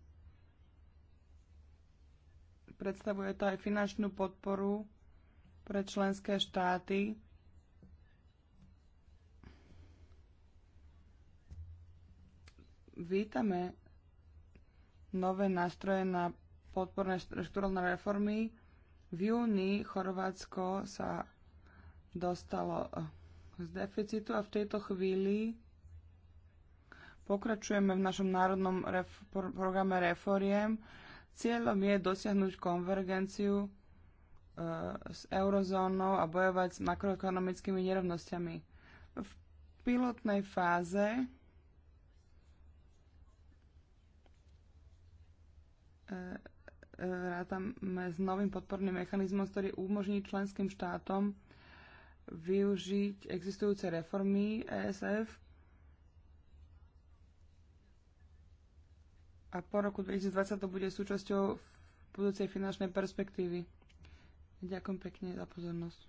Predstavuje to aj finančnú podporu pre členské štáty, vítame nové nástroje na podporné štruktúrne reformy. V júni Chorvátsko sa dostalo eh, z deficitu a v tejto chvíli pokračujeme v našom národnom ref- programe reforiem. Cieľom je dosiahnuť konvergenciu eh, s eurozónou a bojovať s makroekonomickými nerovnosťami. V pilotnej fáze rátame s novým podporným mechanizmom, ktorý umožní členským štátom využiť existujúce reformy ESF a po roku 2020 to bude súčasťou budúcej finančnej perspektívy. Ďakujem pekne za pozornosť.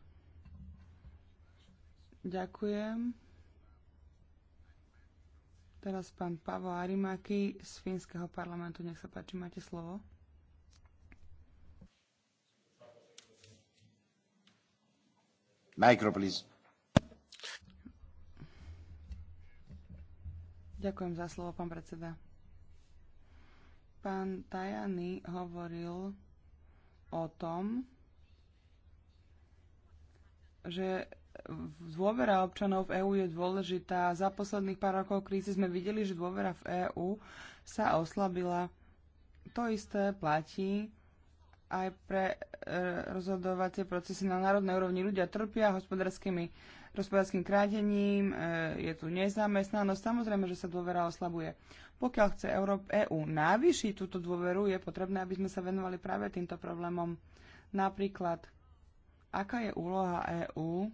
Ďakujem. Teraz pán Pavo Arimaki z Fínskeho parlamentu. Nech sa páči, máte slovo. Micro, please. Ďakujem za slovo, pán predseda. Pán Tajany hovoril o tom, že dôvera občanov v EÚ je dôležitá. Za posledných pár rokov krízy sme videli, že dôvera v EÚ sa oslabila. To isté platí aj pre e, rozhodovacie procesy na národnej úrovni. Ľudia trpia hospodárskymi hospodárským krádením, e, je tu nezamestnanosť, samozrejme, že sa dôvera oslabuje. Pokiaľ chce EÚ e navýšiť túto dôveru, je potrebné, aby sme sa venovali práve týmto problémom. Napríklad, aká je úloha EÚ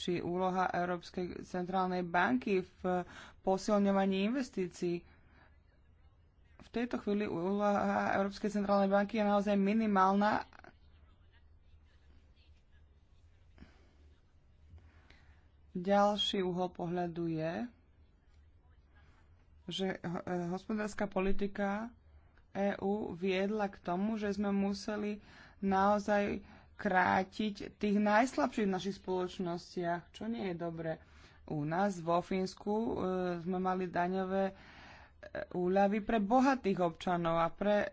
či úloha Európskej centrálnej banky v posilňovaní investícií. V tejto chvíli úloha Európskej centrálnej banky je naozaj minimálna. Ďalší uhol pohľadu je, že e, hospodárska politika EÚ viedla k tomu, že sme museli naozaj krátiť tých najslabších v našich spoločnostiach, čo nie je dobre. U nás vo Fínsku e, sme mali daňové e, úľavy pre bohatých občanov a pre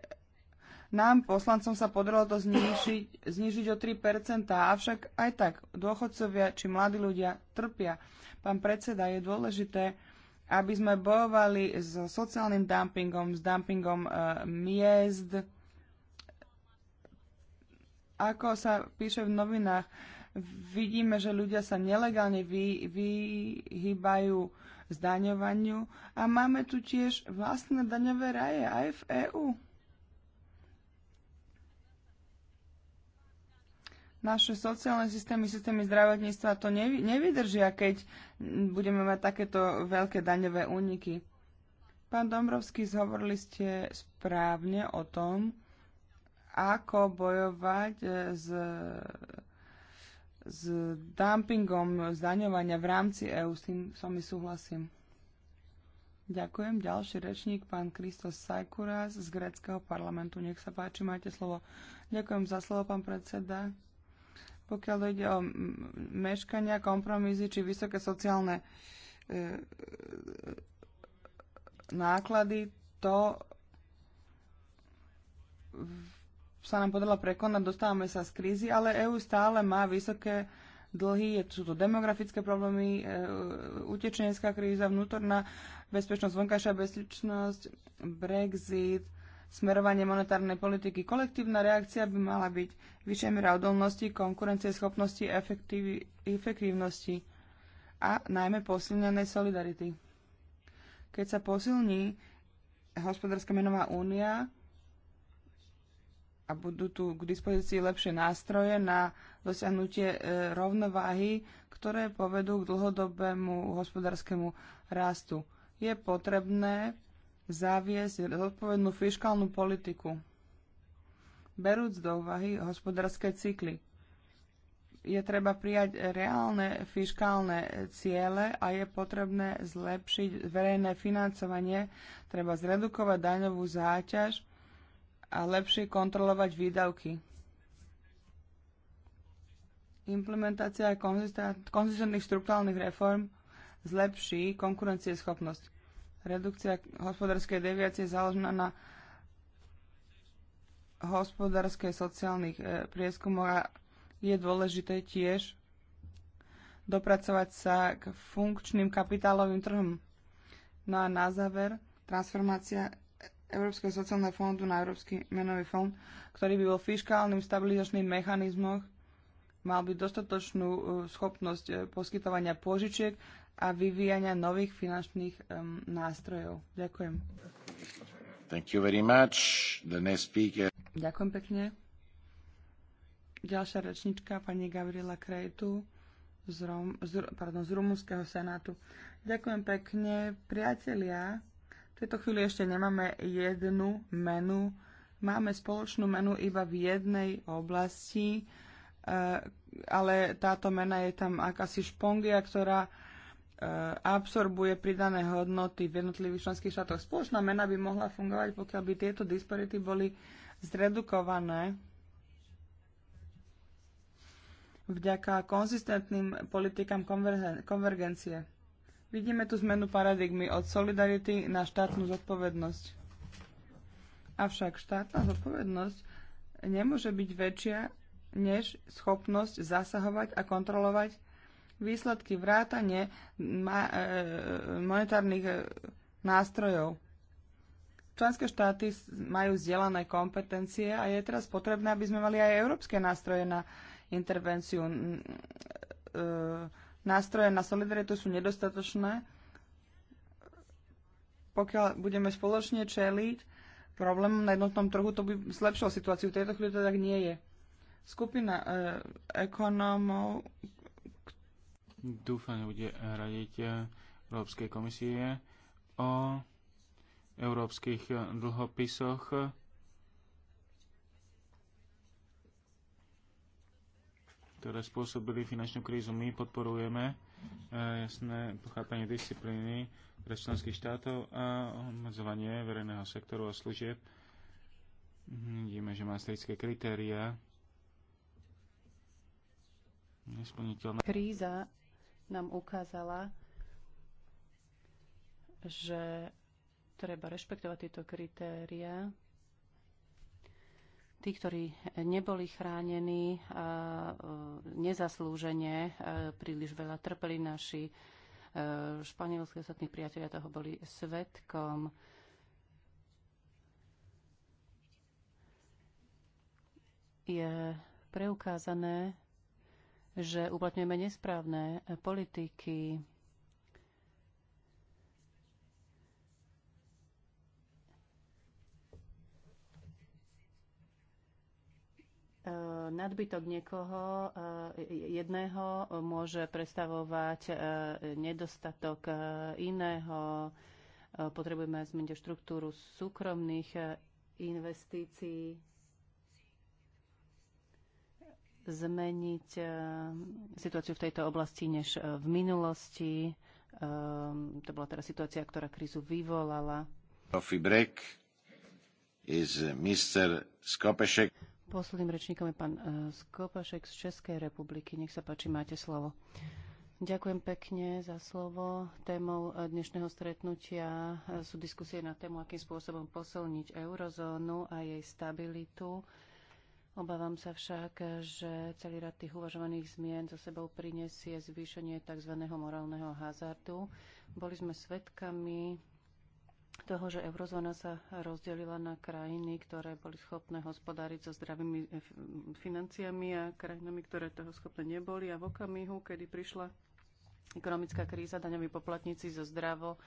nám, poslancom, sa podarilo to znižiť, znižiť o 3%, avšak aj tak dôchodcovia či mladí ľudia trpia. Pán predseda, je dôležité, aby sme bojovali so sociálnym dumpingom, s dumpingom e, miest, ako sa píše v novinách, vidíme, že ľudia sa nelegálne vy, vyhýbajú zdaňovaniu a máme tu tiež vlastné daňové raje aj v EÚ. Naše sociálne systémy, systémy zdravotníctva to nevy, nevydržia, keď budeme mať takéto veľké daňové úniky. Pán Dombrovský, zhovorili ste správne o tom, ako bojovať e, s, s dumpingom zdaňovania v rámci EÚ. S tým som mi súhlasím. Ďakujem. Ďalší rečník, pán Kristos Sajkuras z gréckého parlamentu. Nech sa páči, máte slovo. Ďakujem za slovo, pán predseda. Pokiaľ ide o meškania, kompromisy či vysoké sociálne e, e náklady, to sa nám podarilo prekonať, dostávame sa z krízy, ale EÚ stále má vysoké dlhy, sú to demografické problémy, e utečenecká kríza, vnútorná bezpečnosť, vonkajšia bezpečnosť, Brexit, smerovanie monetárnej politiky. Kolektívna reakcia by mala byť vyššia miera odolnosti, konkurencie, schopnosti, efektiv- efektívnosti a najmä posilnenej solidarity. Keď sa posilní hospodárska menová únia, a budú tu k dispozícii lepšie nástroje na dosiahnutie e, rovnováhy, ktoré povedú k dlhodobému hospodárskému rastu. Je potrebné zaviesť zodpovednú fiskálnu politiku, berúc do úvahy hospodárske cykly. Je treba prijať reálne fiskálne ciele a je potrebné zlepšiť verejné financovanie, treba zredukovať daňovú záťaž a lepšie kontrolovať výdavky. Implementácia konzistentných štruktúrnych reform zlepší konkurencieschopnosť. Redukcia hospodárskej deviácie je založená na hospodárskej sociálnych e, prieskumoch a je dôležité tiež dopracovať sa k funkčným kapitálovým trhom. No a na záver, transformácia Európskeho sociálneho fondu na Európsky menový fond, ktorý by bol fiskálnym stabilizačným mechanizmoch, mal by dostatočnú e, schopnosť e, poskytovania pôžičiek a vyvíjania nových finančných um, nástrojov. Ďakujem. Thank you very much. The next speaker. Ďakujem pekne. Ďalšia rečnička, pani Gabriela Krejtu z, Rom, z, pardon, z Rumunského senátu. Ďakujem pekne. Priatelia, tejto chvíli ešte nemáme jednu menu. Máme spoločnú menu iba v jednej oblasti, e, ale táto mena je tam akási špongia, ktorá e, absorbuje pridané hodnoty v jednotlivých členských štátoch. Spoločná mena by mohla fungovať, pokiaľ by tieto disparity boli zredukované vďaka konzistentným politikám konvergencie. Vidíme tu zmenu paradigmy od solidarity na štátnu zodpovednosť. Avšak štátna zodpovednosť nemôže byť väčšia než schopnosť zasahovať a kontrolovať výsledky vrátane e, e, monetárnych e, nástrojov. Členské štáty majú zdieľané kompetencie a je teraz potrebné, aby sme mali aj európske nástroje na intervenciu nástroje na solidaritu sú nedostatočné, pokiaľ budeme spoločne čeliť problémom na jednotnom trhu, to by zlepšilo situáciu. V tejto chvíli to tak nie je. Skupina e, ekonómov... Dúfam, bude radiť e, Európskej komisie o európskych dlhopisoch ktoré spôsobili finančnú krízu. My podporujeme eh, jasné pochápanie disciplíny pre členských štátov a obmedzovanie verejného sektoru a služieb. Mhm, vidíme, že maastrichtské kritéria Nesplniteľná. Kríza nám ukázala, že treba rešpektovať tieto kritéria tí, ktorí neboli chránení, e, nezaslúžene e, príliš veľa trpeli naši e, španielské ostatní priatelia toho boli svetkom. Je preukázané, že uplatňujeme nesprávne politiky nadbytok niekoho eh, jedného môže predstavovať eh, nedostatok eh, iného. Potrebujeme zmeniť štruktúru súkromných investícií, zmeniť situáciu v tejto oblasti než v minulosti. To bola teraz situácia, ktorá krízu vyvolala. Coffee break is Mr. Skopešek. Posledným rečníkom je pán e, Skopašek z Českej republiky. Nech sa páči, máte slovo. Ďakujem pekne za slovo. Témou e, dnešného stretnutia e, sú diskusie na tému, akým spôsobom posilniť eurozónu a jej stabilitu. Obávam sa však, že celý rad tých uvažovaných zmien zo sebou prinesie zvýšenie tzv. morálneho hazardu. Boli sme svedkami toho, že eurozóna sa rozdelila na krajiny, ktoré boli schopné hospodáriť so zdravými eh, financiami a krajinami, ktoré toho schopné neboli. A v okamihu, kedy prišla ekonomická kríza, daňoví poplatníci zo zdravo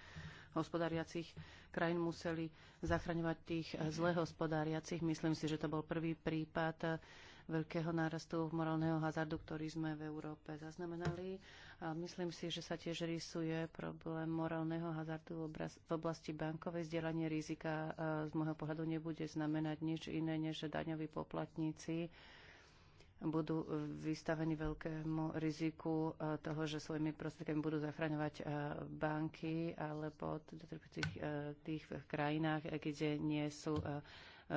hospodáriacich krajín museli zachraňovať tých eh, zle hospodáriacich. Myslím si, že to bol prvý prípad eh, veľkého nárastu morálneho hazardu, ktorý sme v Európe zaznamenali. A myslím si, že sa tiež rysuje problém morálneho hazardu v oblasti bankovej. Zdieľanie rizika e, z môjho pohľadu nebude znamenať nič iné, než že daňoví poplatníci budú vystavení veľkému riziku e, toho, že svojimi prostriedkami budú zachraňovať e, banky alebo tých, tých krajinách, kde nie sú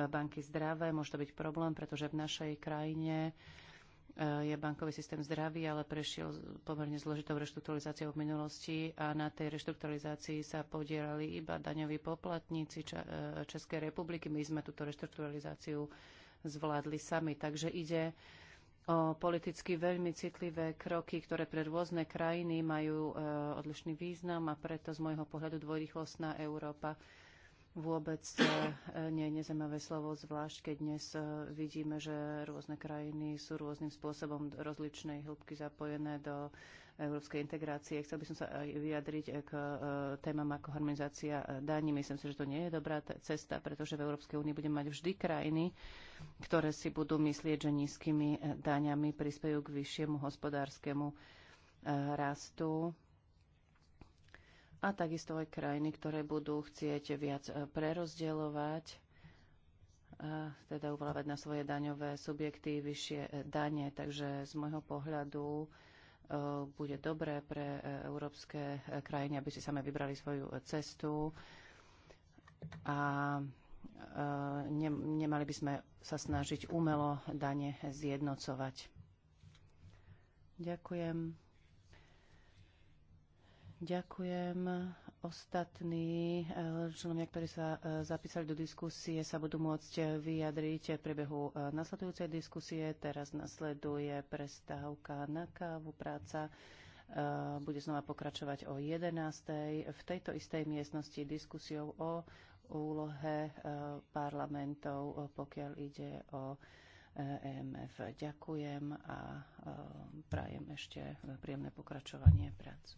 banky zdravé. Môže to byť problém, pretože v našej krajine eh, je bankový systém zdravý, ale prešiel pomerne zložitou reštrukturalizáciou v minulosti a na tej reštrukturalizácii sa podielali iba daňoví poplatníci eh, Českej republiky. My sme túto reštrukturalizáciu zvládli sami. Takže ide o politicky veľmi citlivé kroky, ktoré pre rôzne krajiny majú eh, odlišný význam a preto z môjho pohľadu dvojrychlostná Európa vôbec eh, nie je nezaujímavé slovo, zvlášť keď dnes eh, vidíme, že rôzne krajiny sú rôznym spôsobom rozličnej hĺbky zapojené do európskej integrácie. Chcel by som sa aj vyjadriť eh, k témam ako harmonizácia daní. Myslím si, že to nie je dobrá cesta, pretože v Európskej únii budeme mať vždy krajiny, ktoré si budú myslieť, že nízkymi daňami prispejú k vyššiemu hospodárskemu rastu a takisto aj krajiny, ktoré budú chcieť viac e, prerozdielovať, e, teda uvalávať na svoje daňové subjekty vyššie e, dane. Takže z môjho pohľadu bude dobré pre európske krajiny, aby si same vybrali svoju cestu a nemali by sme sa snažiť umelo dane zjednocovať. Ďakujem. Ďakujem. Ostatní eh, členovia, ktorí sa eh, zapísali do diskusie, sa budú môcť eh, vyjadriť v priebehu nasledujúcej diskusie. Teraz nasleduje prestávka na kávu, práca. Bude znova pokračovať o 11. v tejto istej miestnosti diskusiou o úlohe parlamentov, pokiaľ ide o EMF. E Ďakujem a prajem ešte príjemné pokračovanie prácu.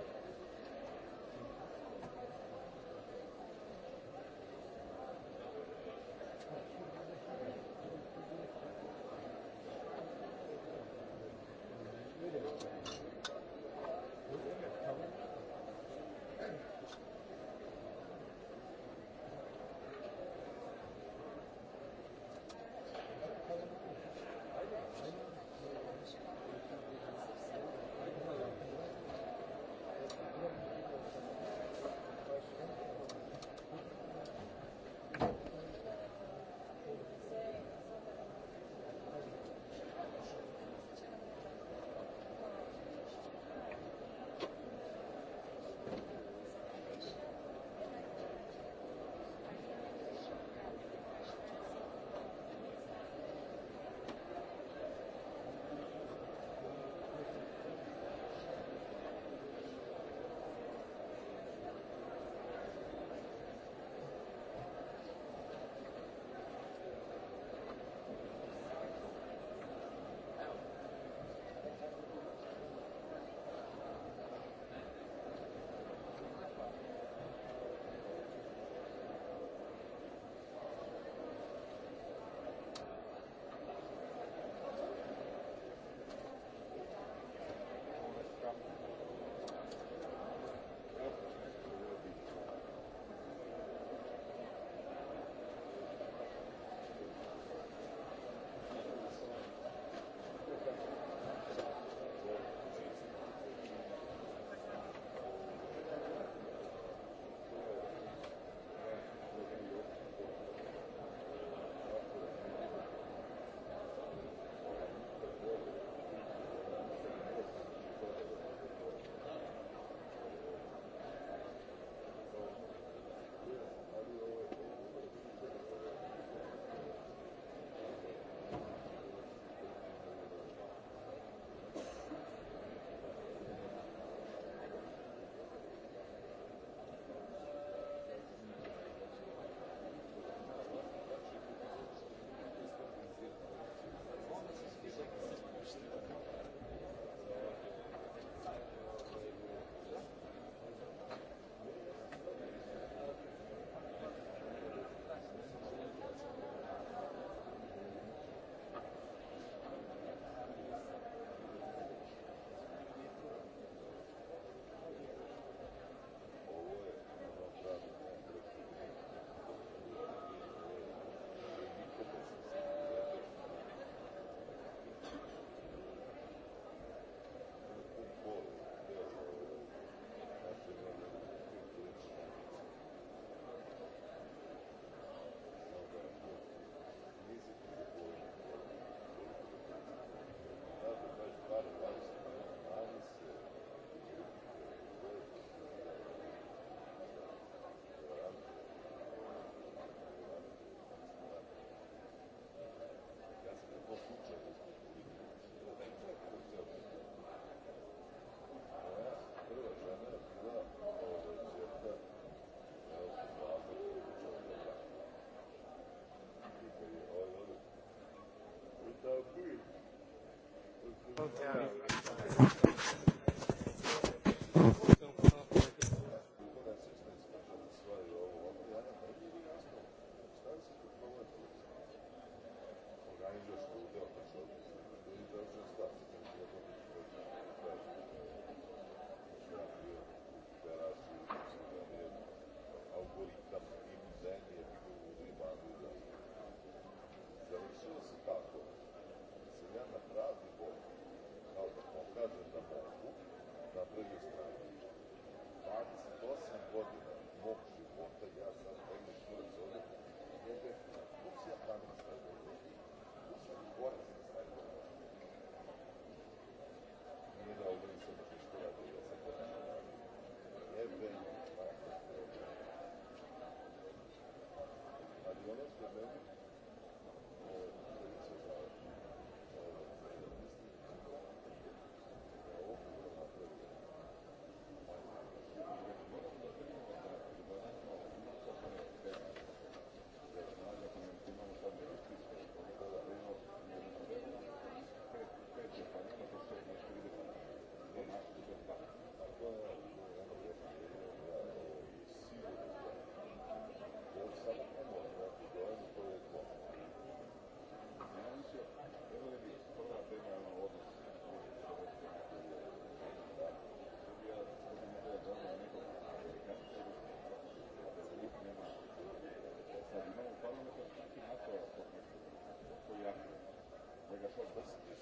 Okay.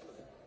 Ja,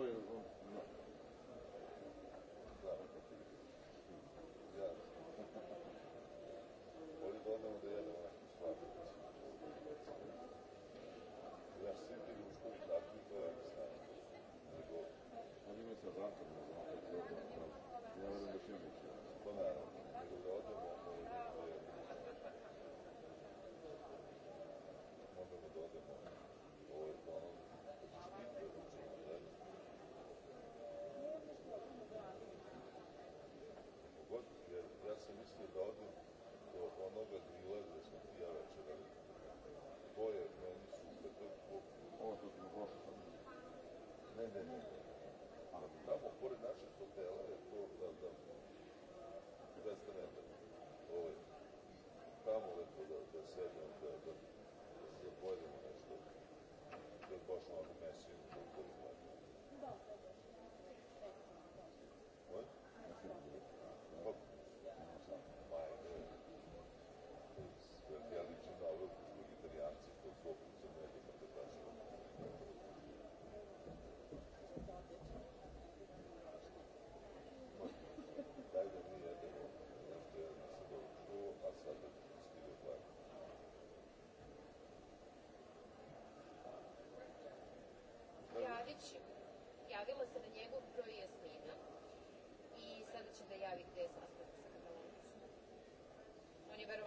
to je on.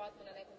vjerovatno na nekom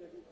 sehr gut.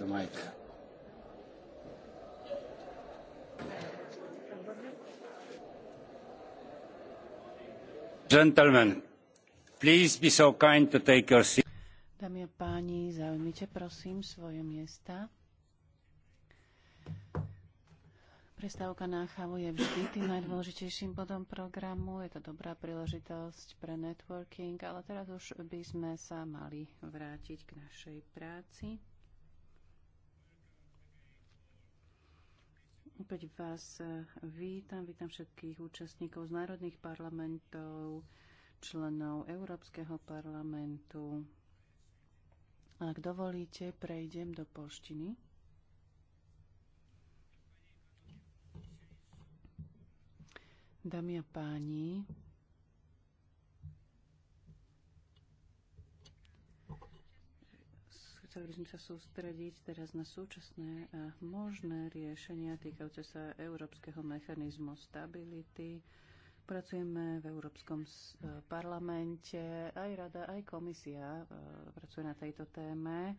the mic. Gentlemen, please be so kind to take your seat. Dámy a páni, zaujmite prosím svoje miesta. Prestávka na chavu je vždy tým najdôležitejším bodom programu. Je to dobrá príležitosť pre networking, ale teraz už by sme sa mali vrátiť k našej práci. Opäť vás e, vítam, vítam všetkých účastníkov z národných parlamentov, členov Európskeho parlamentu. Ak dovolíte, prejdem do polštiny. Dámy a páni, Chceli by sme sa sústrediť teraz na súčasné a možné riešenia týkajúce sa Európskeho mechanizmu stability. Pracujeme v Európskom e, parlamente, aj rada, aj komisia e, pracuje na tejto téme.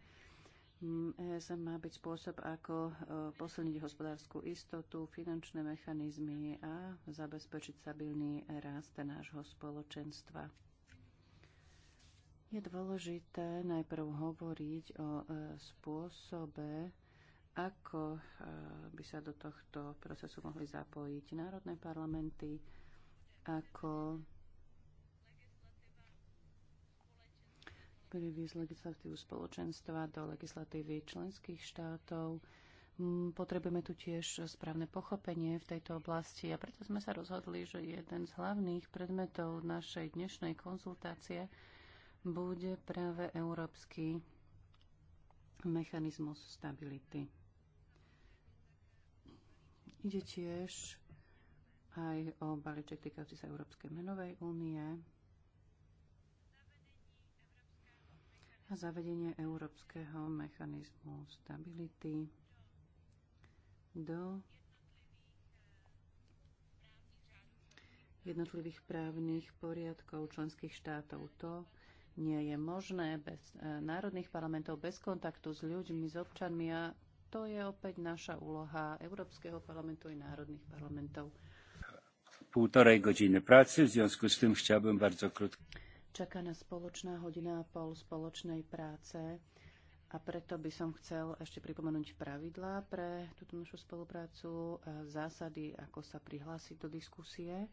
ESM mm, e, má byť spôsob, ako posilniť hospodárskú istotu, finančné mechanizmy a zabezpečiť stabilný rast nášho spoločenstva. Je dôležité najprv hovoriť o e, spôsobe, ako e, by sa do tohto procesu mohli zapojiť národné parlamenty, ako priviesť legislatívu spoločenstva do legislatívy členských štátov. Potrebujeme tu tiež správne pochopenie v tejto oblasti a preto sme sa rozhodli, že jeden z hlavných predmetov našej dnešnej konzultácie bude práve európsky mechanizmus stability. Ide tiež aj o balíček týkajúci sa Európskej menovej únie a zavedenie Európskeho mechanizmu stability do jednotlivých právnych poriadkov členských štátov. To nie je možné bez e, národných parlamentov, bez kontaktu s ľuďmi, s občanmi a to je opäť naša úloha Európskeho parlamentu i národných parlamentov. Półtorej godziny pracy, v związku s tým chciałbym bardzo krótko. Čaká nás spoločná hodina a pol spoločnej práce a preto by som chcel ešte pripomenúť pravidlá pre túto našu spoluprácu, zásady, ako sa prihlásiť do diskusie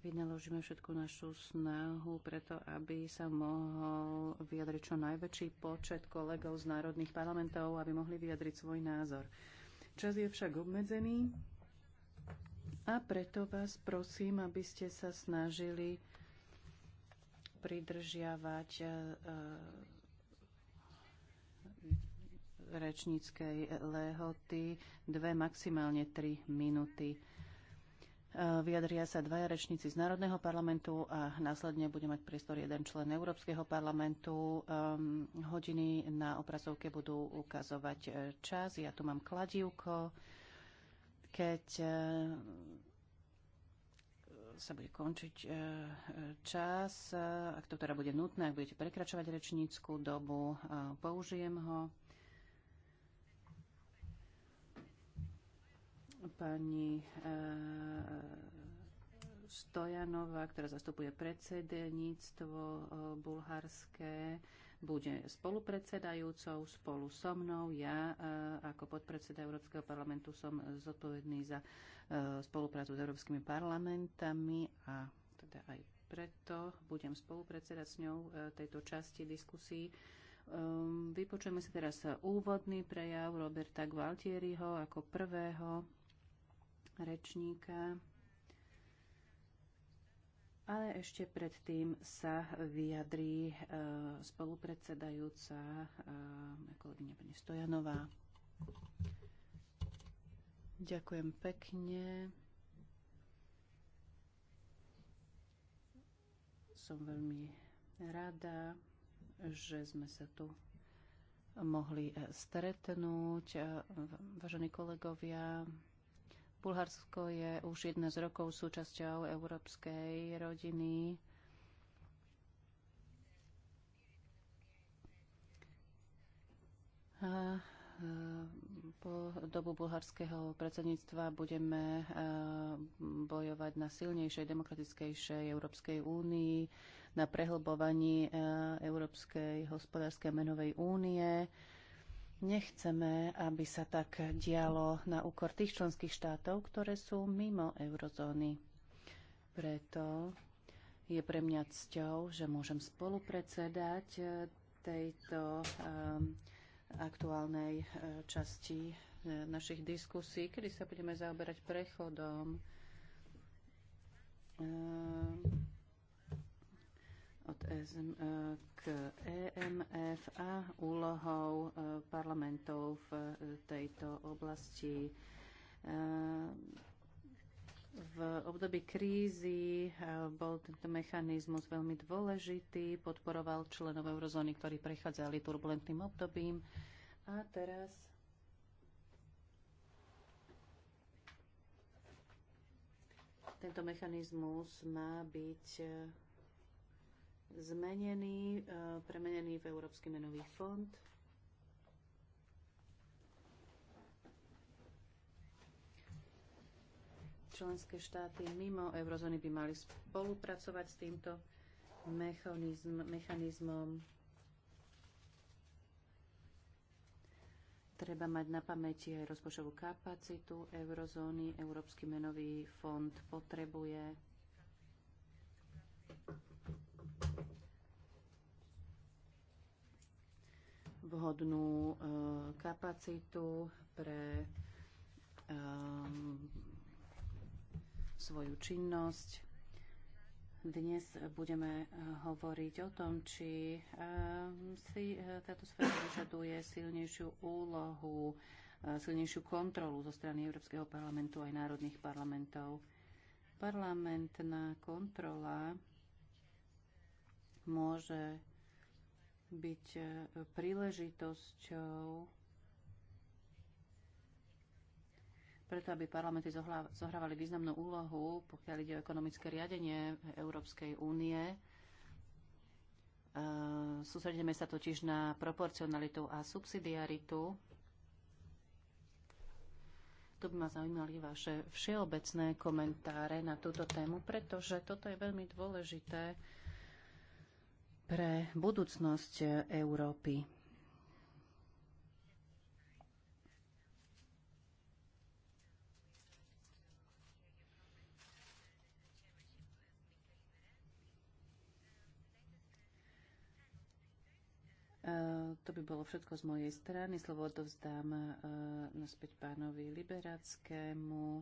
vynaložíme všetku našu snahu preto, aby sa mohol vyjadriť čo najväčší počet kolegov z národných parlamentov, aby mohli vyjadriť svoj názor. Čas je však obmedzený a preto vás prosím, aby ste sa snažili pridržiavať e, rečníckej lehoty dve, maximálne tri minúty. Eh, vyjadria sa dvaja rečníci z Národného parlamentu a následne bude mať priestor jeden člen Európskeho parlamentu. Ehm, hodiny na obrazovke budú ukazovať eh, čas. Ja tu mám kladívko. Keď eh, sa bude končiť čas, ak to teda bude nutné, ak budete prekračovať rečnícku dobu, použijem ho. pani eh, Stojanová, ktorá zastupuje predsedníctvo eh, bulharské, bude spolupredsedajúcou spolu so mnou. Ja eh, ako podpredseda Európskeho parlamentu som zodpovedný za spoluprácu s európskymi parlamentami a teda aj preto budem spolupredsedať s ňou tejto časti diskusí. Ehm, vypočujeme si teraz úvodný prejav Roberta Gualtieriho ako prvého rečníka. Ale ešte predtým sa vyjadrí e, spolupredsedajúca e, kolegyňa pani Stojanová. Ďakujem pekne. Som veľmi rada, že sme sa tu mohli e, stretnúť. E, vážení kolegovia, Bulharsko je už 11 rokov súčasťou európskej rodiny. A e, po dobu bulharského predsedníctva budeme e, bojovať na silnejšej, demokratickejšej Európskej únii, na prehlbovaní e, Európskej hospodárskej menovej únie Nechceme, aby sa tak dialo na úkor tých členských štátov, ktoré sú mimo eurozóny. Preto je pre mňa cťou, že môžem spolupredsedať e, tejto um, aktuálnej e, časti e, našich diskusí, kedy sa budeme zaoberať prechodom um, Eh, k EMF a úlohou eh, parlamentov v eh, tejto oblasti. V období krízy bol tento mechanizmus veľmi dôležitý, podporoval členov eurozóny, ktorí prechádzali turbulentným obdobím. A teraz tento mechanizmus má byť zmenený, e, premenený v Európsky menový fond. Členské štáty mimo eurozóny by mali spolupracovať s týmto mechanizm, mechanizmom. Treba mať na pamäti aj rozpočtovú kapacitu eurozóny. Európsky menový fond potrebuje vhodnú eh, kapacitu pre eh, svoju činnosť. Dnes budeme eh, hovoriť o tom, či si táto sféra vyžaduje silnejšiu úlohu, silnejšiu kontrolu zo strany Európskeho parlamentu aj národných parlamentov. Parlamentná kontrola môže byť e, príležitosťou preto, aby parlamenty zohrávali významnú úlohu, pokiaľ ide o ekonomické riadenie Európskej únie. E, sústredíme sa totiž na proporcionalitu a subsidiaritu. Tu by ma zaujímali vaše všeobecné komentáre na túto tému, pretože toto je veľmi dôležité pre budúcnosť Európy. Eh, to by bolo všetko z mojej strany. Slovo odovzdám eh, naspäť pánovi Liberackému.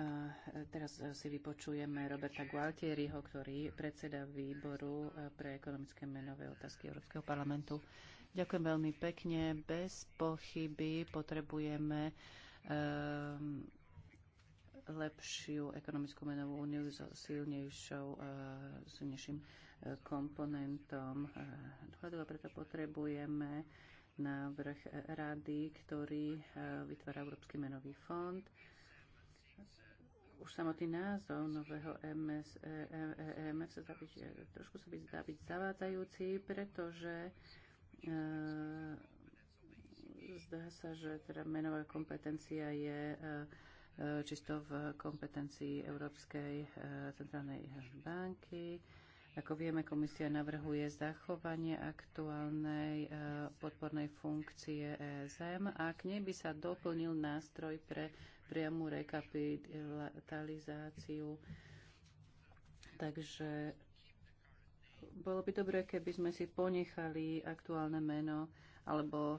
A e, teraz e, si vypočujeme Roberta Gualtieriho, ktorý predseda výboru e, pre ekonomické menové otázky Európskeho parlamentu. Ďakujem veľmi pekne. Bez pochyby potrebujeme um, lepšiu ekonomickú menovú úniu so silnejšou, uh, silnejším uh, komponentom dohľadu uh, a preto potrebujeme návrh rady, ktorý vytvára Európsky menový fond už samotný názov nového MS, EMF e sa byť, e, trošku sa byť, zdá byť zavádzajúci, pretože e, zdá sa, že teda menová kompetencia je e, e, čisto v kompetencii Európskej e, centrálnej banky. Ako vieme, komisia navrhuje zachovanie aktuálnej e, podpornej funkcie ESM a k nej by sa doplnil nástroj pre priamu rekapitalizáciu. Takže bolo by dobré, keby sme si ponechali aktuálne meno alebo e,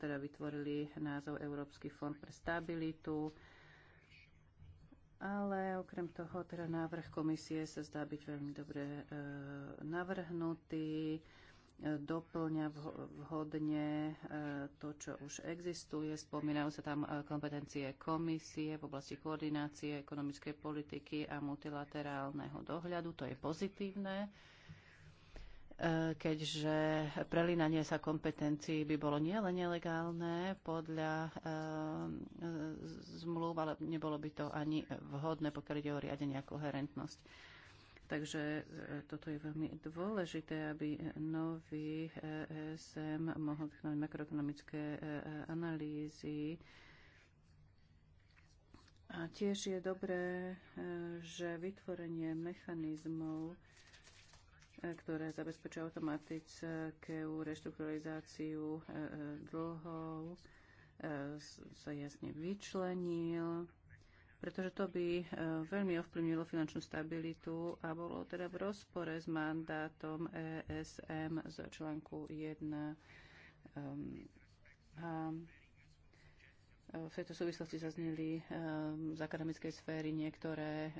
teda vytvorili názov Európsky fond pre stabilitu. Ale okrem toho, teda návrh komisie sa zdá byť veľmi dobre e, navrhnutý doplňa vhodne e, to, čo už existuje. Spomínajú sa tam e, kompetencie komisie v oblasti koordinácie ekonomickej politiky a multilaterálneho dohľadu. To je pozitívne e, keďže prelínanie sa kompetencií by bolo nielen nelegálne podľa e, zmluv, ale nebolo by to ani vhodné, pokiaľ ide o riadenie a koherentnosť. Takže e, toto je veľmi dôležité, aby nový e, SM mohol vychnúť makroekonomické e, analýzy. A tiež je dobré, že vytvorenie mechanizmov, ktoré zabezpečia automatické reštrukturalizáciu dlhov, sa jasne vyčlenil pretože to by e, veľmi ovplyvnilo finančnú stabilitu a bolo teda v rozpore s mandátom ESM z článku 1. Ehm, a e, v tejto súvislosti zazneli z e, akademickej sféry niektoré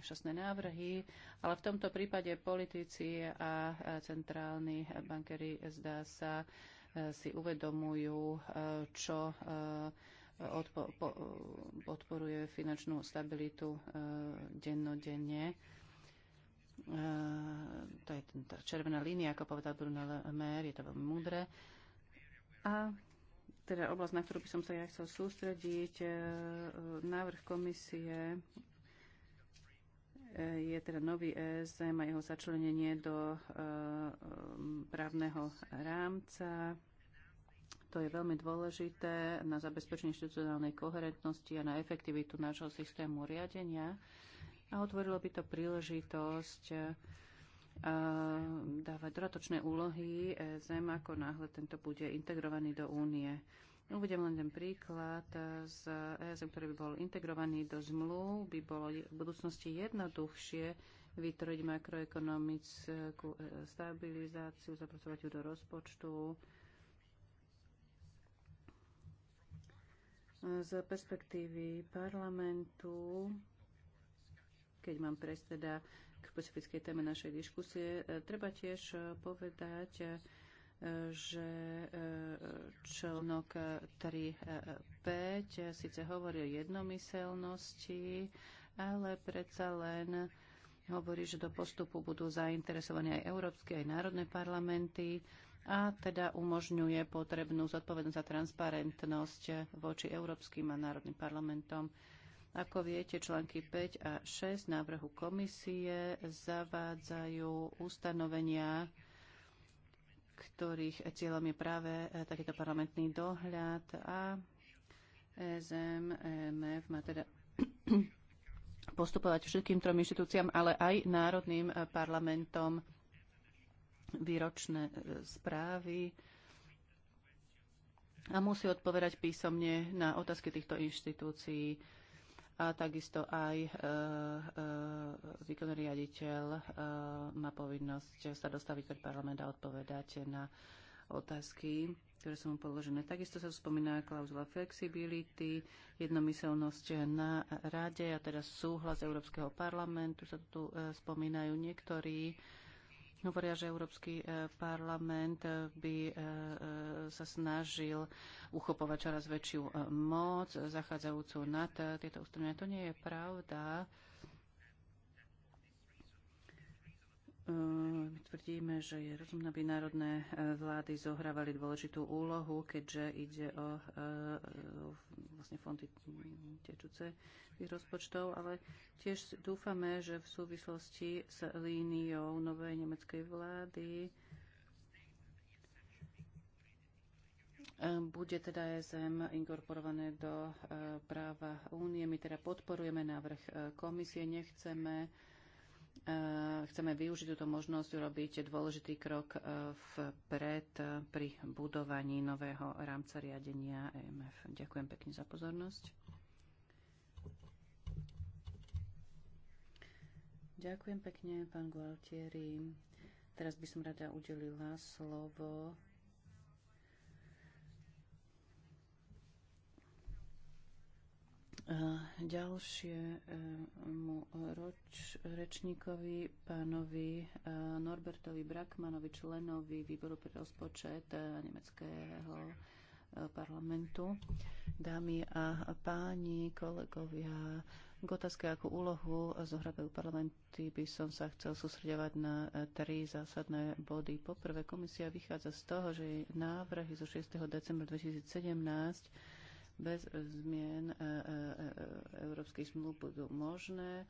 šťastné návrhy, ale v tomto prípade politici a centrálni bankery zdá sa si uvedomujú, čo odpo- po- podporuje finančnú stabilitu e, dennodenne. E, to je tá červená línia, ako povedal Bruno Le Maire, je to veľmi múdre. A teda oblasť, na ktorú by som sa ja chcel sústrediť, e, návrh komisie je teda nový ESM a jeho začlenenie do právneho rámca to je veľmi dôležité na zabezpečenie inštitucionálnej koherentnosti a na efektivitu nášho systému riadenia a otvorilo by to príležitosť e, dávať dodatočné úlohy e zem, ako náhle tento bude integrovaný do únie. Uvedem len ten príklad z ESM, e ktorý by bol integrovaný do zmluv, by bolo v budúcnosti jednoduchšie vytvoriť makroekonomickú stabilizáciu, zapracovať ju do rozpočtu, z perspektívy parlamentu, keď mám prejsť teda k špecifickej téme našej diskusie, e, treba tiež e, povedať, e, že článok 3.5 síce hovorí o jednomyselnosti, ale predsa len hovorí, že do postupu budú zainteresovaní aj európske, aj národné parlamenty a teda umožňuje potrebnú zodpovednosť za transparentnosť voči európskym a národným parlamentom. Ako viete, články 5 a 6 návrhu komisie zavádzajú ustanovenia, ktorých cieľom je práve eh, takýto parlamentný dohľad a ESM, EMF má teda postupovať všetkým trom inštitúciám, ale aj národným eh, parlamentom výročné e, správy a musí odpovedať písomne na otázky týchto inštitúcií a takisto aj e, e výkonný riaditeľ e, má povinnosť sa dostaviť pred parlament a odpovedať na otázky, ktoré sú mu položené. Takisto sa spomína klauzula flexibility, jednomyselnosť na rade a teda súhlas Európskeho parlamentu sa tu spomínajú niektorí No, hovoria, že Európsky e, parlament e, by e, sa snažil uchopovať čoraz väčšiu moc, zachádzajúcu nad tieto ustanovenia. To nie je pravda. My ehm, tvrdíme, že je rozumné, aby národné eh, vlády zohrávali dôležitú úlohu, keďže ide o eh, vlastne fondy tečúce tých rozpočtov, ale tiež dúfame, že v súvislosti s líniou novej nemeckej vlády ehm, bude teda ESM inkorporované do eh, práva únie. My teda podporujeme návrh komisie, nechceme Eh, chceme využiť túto možnosť urobiť dôležitý krok eh, vpred eh, pri budovaní nového rámca riadenia EMF. Ďakujem pekne za pozornosť. Ďakujem pekne, pán Gualtieri. Teraz by som rada udelila slovo Ďalšiemu roč, rečníkovi, pánovi Norbertovi Brakmanovi, členovi výboru pre rozpočet nemeckého parlamentu. Dámy a páni, kolegovia, k otázke, akú úlohu zohrávajú parlamenty, by som sa chcel sústredovať na e, tri zásadné body. Poprvé, komisia vychádza z toho, že návrhy zo 6. decembra 2017 bez zmien e, e, e, európskych zmluv budú možné.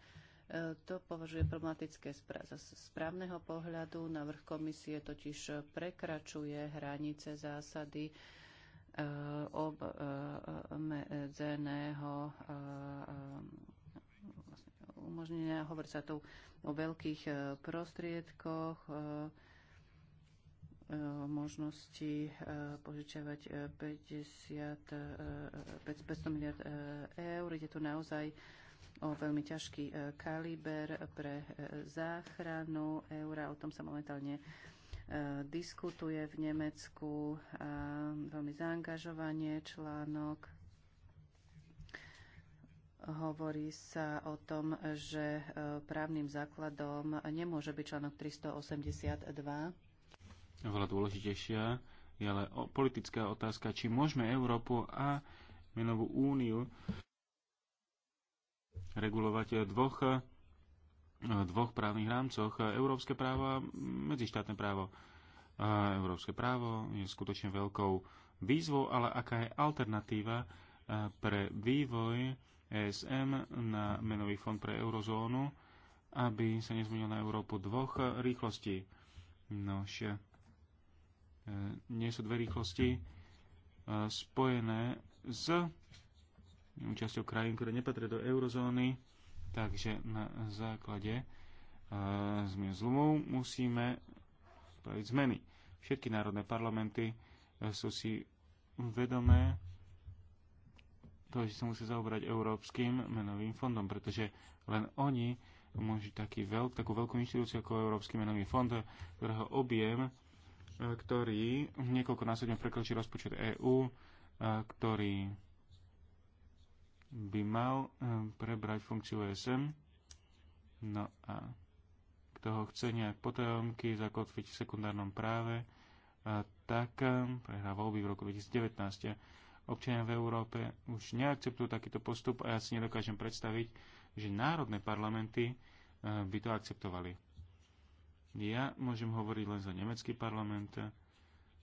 To považuje problematické z právneho pohľadu. Návrh komisie totiž prekračuje hranice zásady obmedzeného vlastne umožnenia. Hovorí sa tu o veľkých prostriedkoch, možnosti e, požičiavať 50, e, 500 e, miliard eur. Ide tu naozaj o veľmi ťažký kaliber pre záchranu eura. O tom sa momentálne diskutuje v Nemecku. A veľmi zaangažovanie článok hovorí sa o tom, že právnym základom nemôže byť článok 382 Oveľa dôležitejšia je ale politická otázka, či môžeme Európu a menovú úniu regulovať dvoch, dvoch právnych rámcoch. Európske právo a medzištátne právo. Európske právo je skutočne veľkou výzvou, ale aká je alternatíva e, pre vývoj ESM na menový fond pre eurozónu, aby sa nezmenil na Európu dvoch rýchlostí. Nož, E, nie sú dve rýchlosti e, spojené s účasťou krajín, ktoré nepatria do eurozóny, takže na základe e, zmien zlomov musíme spraviť zmeny. Všetky národné parlamenty sú si vedomé to, že sa musí zaoberať Európskym menovým fondom, pretože len oni môžu taký veľk, takú veľkú inštitúciu ako Európsky menový fond, ktorého objem ktorý niekoľko následne prekročí rozpočet EÚ, e, ktorý by mal e, prebrať funkciu ESM. No a kto ho chce nejak potajomky zakotviť v sekundárnom práve, e, tak prehrá voľby v roku 2019. Občania v Európe už neakceptujú takýto postup a ja si nedokážem predstaviť, že národné parlamenty by to akceptovali. Ja môžem hovoriť len za nemecký parlament.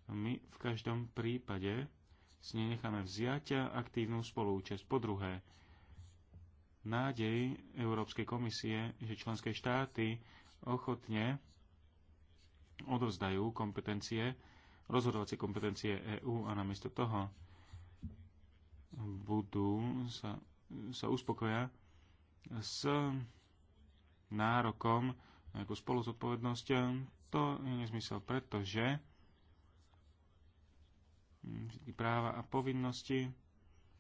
My v každom prípade si nenecháme vziať aktívnu spolúčasť. Po druhé, nádej Európskej komisie, že členské štáty ochotne odovzdajú kompetencie, rozhodovacie kompetencie EÚ a namiesto toho budú sa, sa uspokoja s nárokom nejakú zodpovednosť, to je nezmysel, pretože všetky práva a povinnosti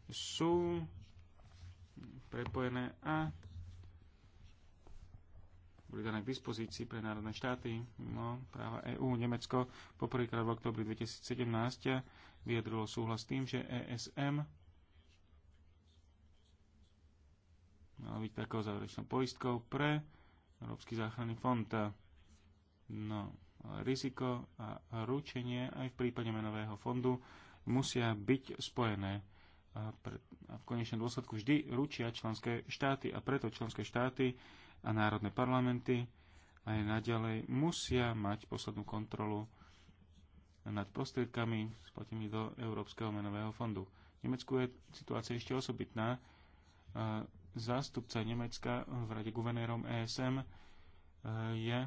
sú prepojené a boli dané k dispozícii pre národné štáty. mimo no, práva EÚ, Nemecko poprvýkrát v oktobri 2017 vyjadrilo súhlas s tým, že ESM malo byť takou záverečnou poistkou pre Európsky záchranný fond. Eh, no, riziko a ručenie aj v prípade menového fondu musia byť spojené. A, pre, a v konečnom dôsledku vždy ručia členské štáty a preto členské štáty a národné parlamenty aj naďalej musia mať poslednú kontrolu nad prostriedkami splatenými do Európskeho menového fondu. V Nemecku je situácia ešte osobitná. A, eh, zástupca Nemecka v rade guvernérom ESM eh, je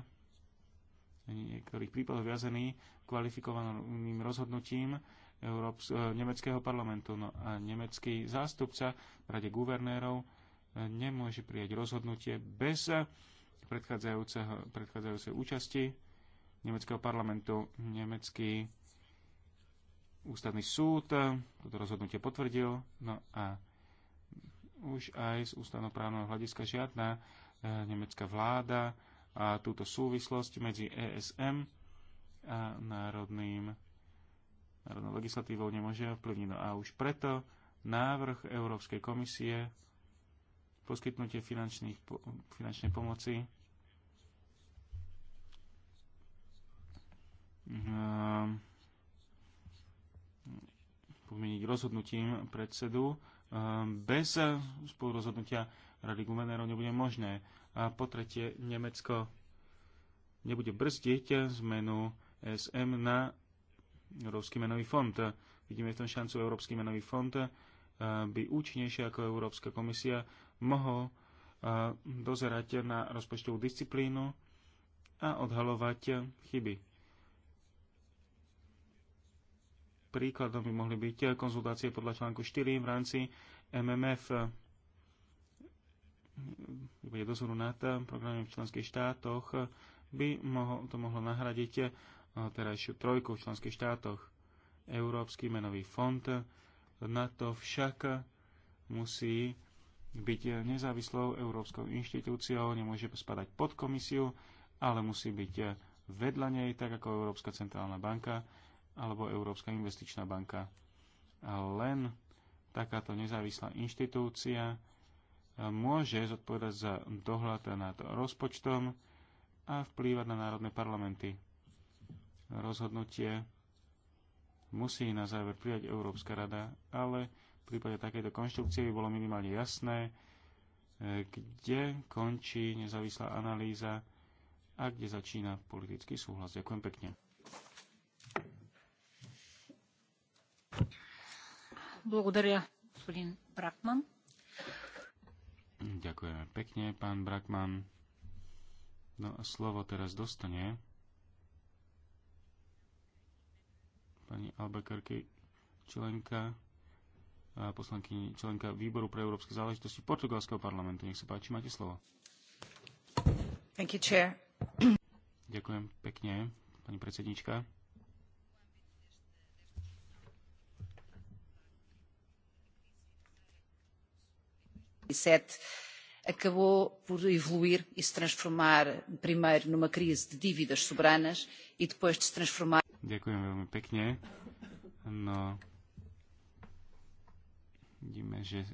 v niektorých prípadoch viazený kvalifikovaným rozhodnutím Európs- eh, nemeckého parlamentu. No a nemecký zástupca v rade guvernérov eh, nemôže prijať rozhodnutie bez predchádzajúcej účasti nemeckého parlamentu. Nemecký ústavný súd toto rozhodnutie potvrdil. No a už aj z ústavnoprávneho hľadiska žiadna e, nemecká vláda a túto súvislosť medzi ESM a národným, národnou legislatívou nemôže ovplyvniť. No a už preto návrh Európskej komisie poskytnutie finančnej pomoci ehm, podmieniť rozhodnutím predsedu Ehm, bez eh, spolu rozhodnutia Rady guvernérov nebude možné. A po tretie, Nemecko nebude brzdiť eh, zmenu SM na Európsky menový fond. Vidíme v tom šancu Európsky menový fond eh, by účinnejšie ako Európska komisia mohol dozerať na rozpočtovú disciplínu a odhalovať chyby. Príkladom by mohli byť konzultácie podľa článku 4 v rámci MMF bude dozoru nad programy v členských štátoch, by mohol, to mohlo nahradiť terajšiu trojku v členských štátoch. Európsky menový fond na to však musí byť nezávislou európskou inštitúciou, nemôže spadať pod komisiu, ale musí byť vedľa nej, tak ako Európska centrálna banka, alebo Európska investičná banka. A len takáto nezávislá inštitúcia e, môže zodpovedať za dohľad nad rozpočtom a vplývať na národné parlamenty. Rozhodnutie musí na záver prijať Európska rada, ale v prípade takejto konštrukcie by bolo minimálne jasné, e, kde končí nezávislá analýza a kde začína politický súhlas. Ďakujem pekne. Благодаря, господин Бракман. Ďakujeme pekne, pán Brakman. No a slovo teraz dostane pani Albuquerque, členka poslankyni, členka výboru pre európske záležitosti portugalského parlamentu. Nech sa páči, máte slovo. Thank you, chair. Ďakujem pekne, pani predsednička. sete acabou por evoluir e se transformar primeiro numa crise de dívidas soberanas e depois de se transformar. Ďakujem veľmi pekne. No, vidíme, že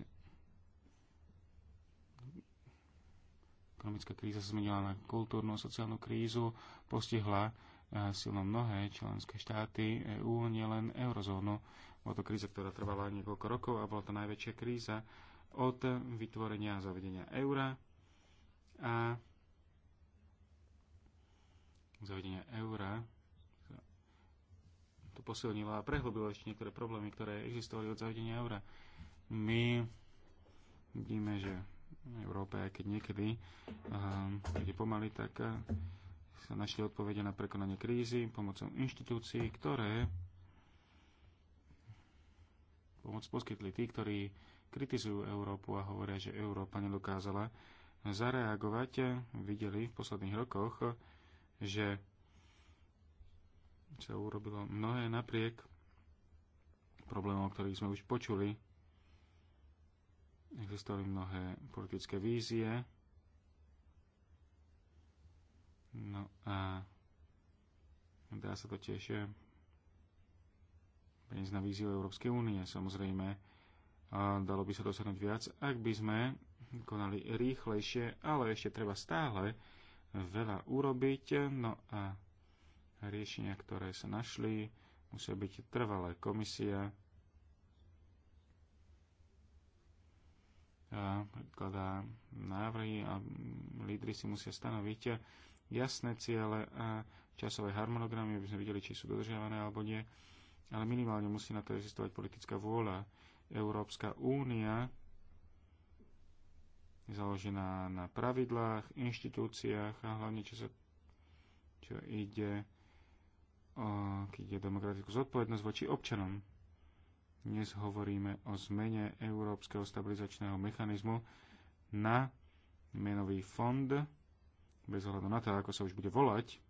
ekonomická kríza sa zmenila na kultúrnu a sociálnu krízu, postihla eh, silno mnohé členské štáty EÚ, nielen eurozónu. Bola to kríza, ktorá trvala niekoľko rokov a bola to najväčšia kríza od vytvorenia a zavedenia eura a zavedenia eura to posilnilo a prehlbilo ešte niektoré problémy, ktoré existovali od zavedenia eura. My vidíme, že v Európe, aj keď niekedy ide ehm, pomaly, tak eh, sa našli odpovede na prekonanie krízy pomocou inštitúcií, ktoré pomoc poskytli tí, ktorí kritizujú Európu a hovoria, že Európa nedokázala zareagovať, videli v posledných rokoch, že sa urobilo mnohé napriek problémov, ktorých sme už počuli. Existovali mnohé politické vízie. No a dá sa to tiež preniesť na víziu Európskej únie. Samozrejme, a dalo by sa dosiahnuť viac, ak by sme konali rýchlejšie, ale ešte treba stále veľa urobiť. No a riešenia, ktoré sa našli, musia byť trvalé komisia. predkladá návrhy a lídry si musia stanoviť jasné ciele a časové harmonogramy, aby sme videli, či sú dodržiavané alebo nie. Ale minimálne musí na to existovať politická vôľa. Európska únia je založená na pravidlách, inštitúciách a hlavne čo sa čo ide o, keď je demokratickú zodpovednosť voči občanom. Dnes hovoríme o zmene Európskeho stabilizačného mechanizmu na menový fond, bez ohľadu na to, ako sa už bude volať,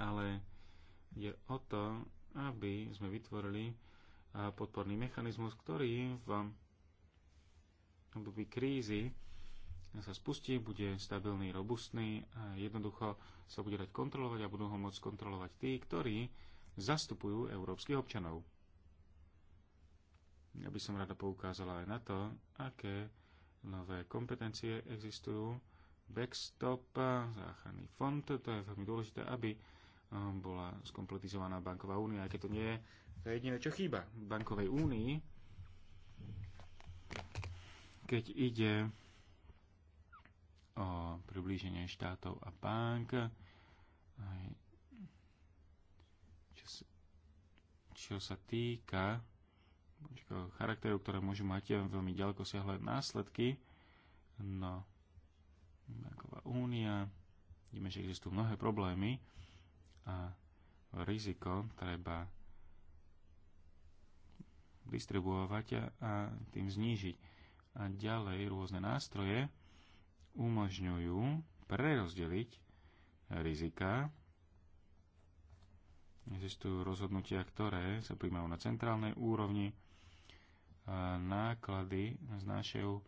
ale je o to, aby sme vytvorili podporný mechanizmus, ktorý v období krízy sa spustí, bude stabilný, robustný a jednoducho sa bude dať kontrolovať a budú ho môcť kontrolovať tí, ktorí zastupujú európskych občanov. Ja by som rada poukázala aj na to, aké nové kompetencie existujú. Backstop, záchranný fond, to je veľmi dôležité, aby bola skompletizovaná banková únia, aj keď to nie je to je jediné, čo chýba v bankovej únii, keď ide o priblíženie štátov a bank, aj čo, sa, čo sa týka charakteru, ktoré môžu mať veľmi ďaleko siahle následky, no banková únia, vidíme, že existujú mnohé problémy, a riziko treba distribuovať a, a tým znížiť. A ďalej rôzne nástroje umožňujú prerozdeliť rizika. Existujú rozhodnutia, ktoré sa príjmajú na centrálnej úrovni. A náklady znášajú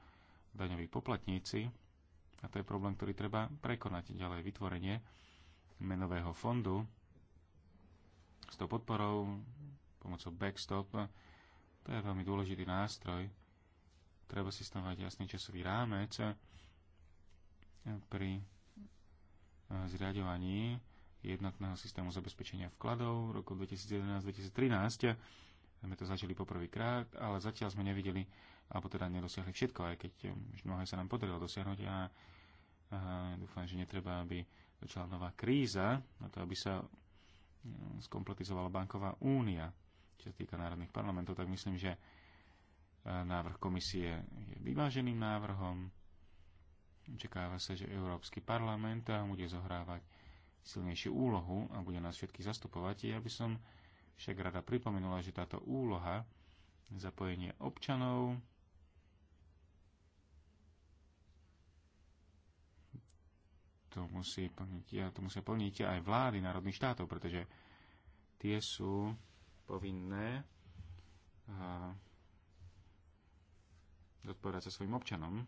daňoví poplatníci a to je problém, ktorý treba prekonať. Ďalej vytvorenie menového fondu s tou podporou, pomocou backstop, to je veľmi dôležitý nástroj. Treba si stanovať jasný časový rámec pri eh, zriadovaní jednotného systému zabezpečenia vkladov v roku 2011-2013. Sme to začali poprvýkrát, ale zatiaľ sme nevideli, alebo teda nedosiahli všetko, aj keď eh, už mnohé sa nám podarilo dosiahnuť a, a dúfam, že netreba, aby začala nová kríza, na to, aby sa e, skompletizovala banková únia, čo sa týka národných parlamentov, tak myslím, že e, návrh komisie je vyváženým návrhom. Očakáva sa, že Európsky parlament e, bude zohrávať silnejšiu úlohu a bude nás všetky zastupovať. Ja by som však rada pripomenula, že táto úloha, zapojenie občanov, to musí plniť, a to musia plniť aj vlády národných štátov, pretože tie sú povinné zodpovedať sa svojim občanom.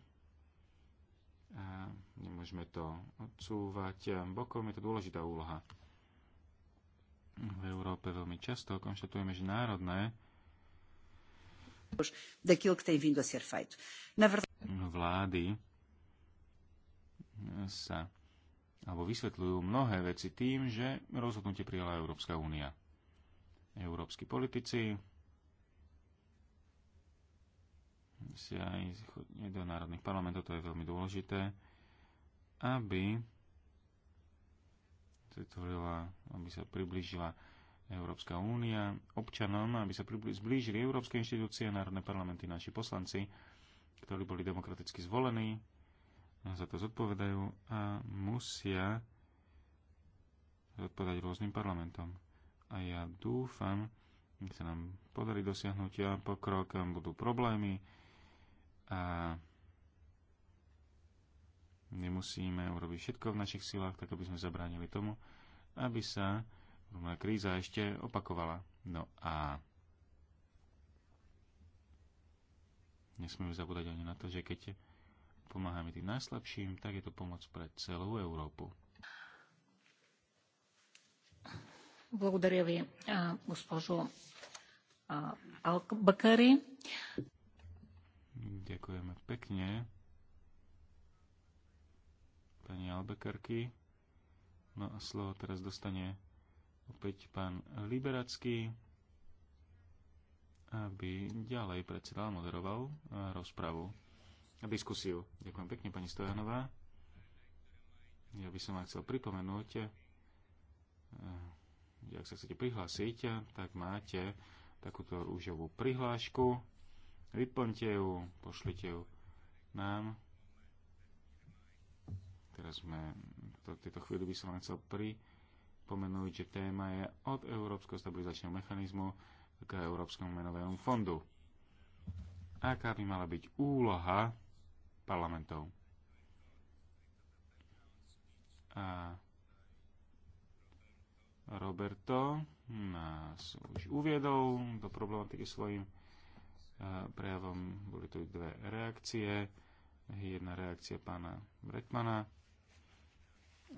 A nemôžeme to odsúvať bokom, je to dôležitá úloha. V Európe veľmi často konštatujeme, že národné vlády sa alebo vysvetľujú mnohé veci tým, že rozhodnutie prijala Európska únia. Európsky politici si aj do národných parlamentov, to je veľmi dôležité, aby vytvorila, aby sa priblížila Európska únia občanom, aby sa zblížili európske inštitúcie, národné parlamenty, naši poslanci, ktorí boli demokraticky zvolení, za to zodpovedajú a musia zodpovedať rôznym parlamentom. A ja dúfam, že sa nám podarí dosiahnuť a pokrok, um, budú problémy a nemusíme urobiť všetko v našich silách, tak aby sme zabránili tomu, aby sa rovná kríza ešte opakovala. No a nesmieme zabúdať ani na to, že keď pomáhame tým najslabším, tak je to pomoc pre celú Európu. Благодаря ви, госпожо Ďakujeme pekne. Pani Albekarky. No a slovo teraz dostane opäť pán Liberacký, aby ďalej predseda moderoval rozpravu diskusiu. Ďakujem pekne, pani Stojanová. Ja by som vám chcel pripomenúť, eh, ak sa chcete prihlásiť, tak máte takúto rúžovú prihlášku. Vyplňte ju, pošlite ju nám. Teraz sme, v tejto chvíli by som vám chcel pripomenúť, že téma je od Európskeho stabilizačného mechanizmu k Európskemu menovému fondu. Aká by mala byť úloha parlamentov. A Roberto nás už uviedol do problematiky svojim prejavom. Boli tu dve reakcie. Jedna reakcia pána Bretmana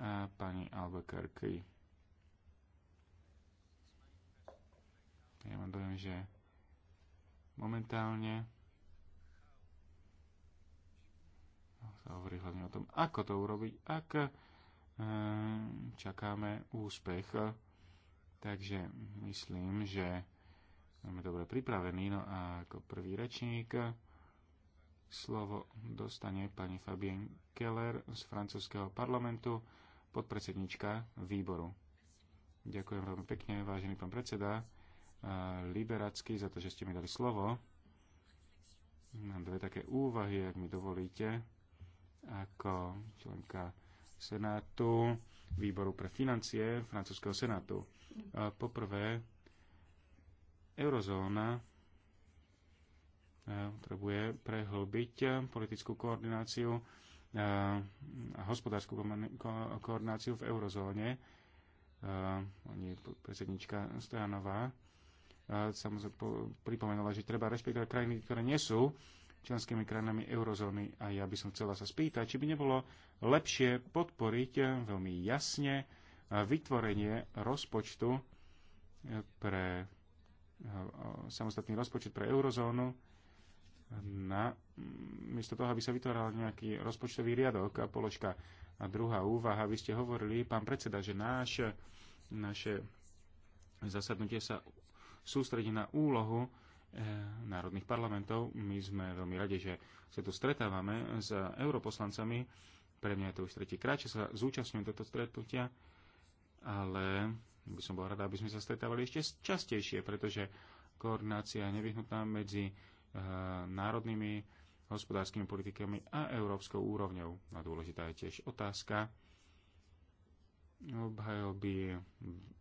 a pani Albuquerque. Ja mám dojem, že momentálne hovorí hlavne o tom, ako to urobiť, ak e, čakáme úspech. Takže myslím, že máme dobre pripravený. No a ako prvý rečník slovo dostane pani Fabienne Keller z francúzského parlamentu, podpredsednička výboru. Ďakujem veľmi pekne, vážený pán predseda e, Liberacký, za to, že ste mi dali slovo. Mám dve také úvahy, ak mi dovolíte ako členka Senátu, výboru pre financie francúzského Senátu. A poprvé, eurozóna e, potrebuje prehlbiť politickú koordináciu e, a hospodárskú ko koordináciu v eurozóne. je predsednička Stojanová e, samozrejme pripomenula, že treba rešpektovať krajiny, ktoré nie sú členskými krajinami eurozóny. A ja by som chcela sa spýtať, či by nebolo lepšie podporiť eh, veľmi jasne eh, vytvorenie rozpočtu eh, pre samostatný rozpočet pre eurozónu na, mm, miesto toho, aby sa vytváral nejaký rozpočtový riadok a položka. A druhá úvaha, vy ste hovorili, pán predseda, že náš, naše zasadnutie sa sústredí na úlohu Eh, národných parlamentov. My sme veľmi radi, že sa tu stretávame s europoslancami. Pre mňa je to už tretí krát, že sa zúčastňujem toto stretnutia, ale by som bol rada, aby sme sa stretávali ešte častejšie, pretože koordinácia je nevyhnutná medzi eh, národnými hospodárskymi politikami a európskou úrovňou. A dôležitá je tiež otázka obhajoby,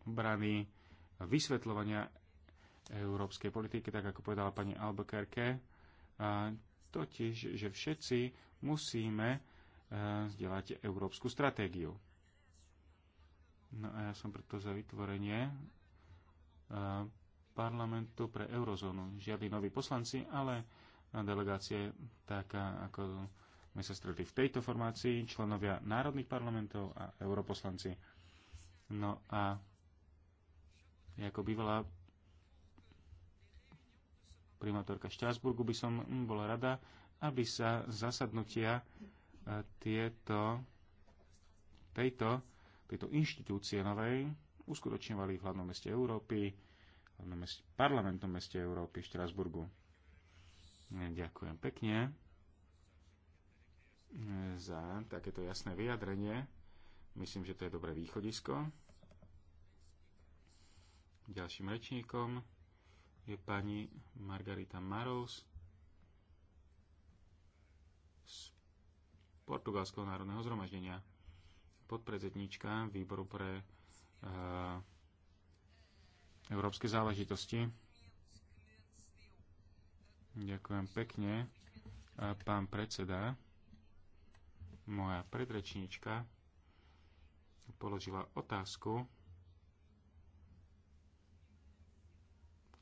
obrany, vysvetľovania európskej politiky, tak ako povedala pani Albuquerque, totiž, že všetci musíme e, vzdelať európsku stratégiu. No a ja som preto za vytvorenie e, parlamentu pre eurozónu. Žiadni noví poslanci, ale delegácie, tak ako sme sa stretli v tejto formácii, členovia národných parlamentov a europoslanci. No a ako bývalá primátorka Štrasburgu, by som mm, bola rada, aby sa zasadnutia e, tieto, tejto, tejto inštitúcie novej uskutočňovali v hlavnom meste Európy, hlavnom meste, parlamentom meste Európy, Štrasburgu. E, ďakujem pekne e, za takéto jasné vyjadrenie. Myslím, že to je dobré východisko. Ďalším rečníkom je pani Margarita Marous z Portugalského národného zhromaždenia, podpredsednička výboru pre uh, európske záležitosti. Ďakujem pekne, pán predseda. Moja predrečníčka položila otázku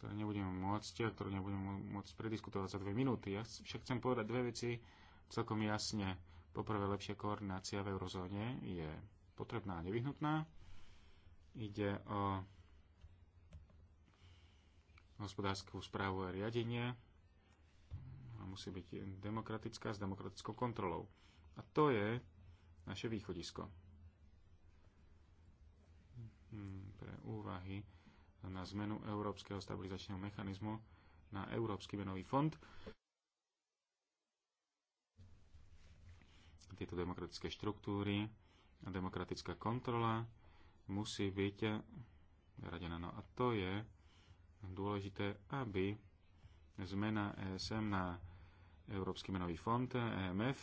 ktoré nebudeme môcť, ktoré nebudeme môcť prediskutovať za dve minúty. Ja však chcem povedať dve veci celkom jasne. Poprvé, lepšia koordinácia v eurozóne je potrebná a nevyhnutná. Ide o hospodárskú správu a riadenie. A musí byť demokratická s demokratickou kontrolou. A to je naše východisko. Hm, pre úvahy na zmenu Európskeho stabilizačného mechanizmu na Európsky menový fond. Tieto demokratické štruktúry a demokratická kontrola musí byť radená. No a to je dôležité, aby zmena ESM na Európsky menový fond, EMF,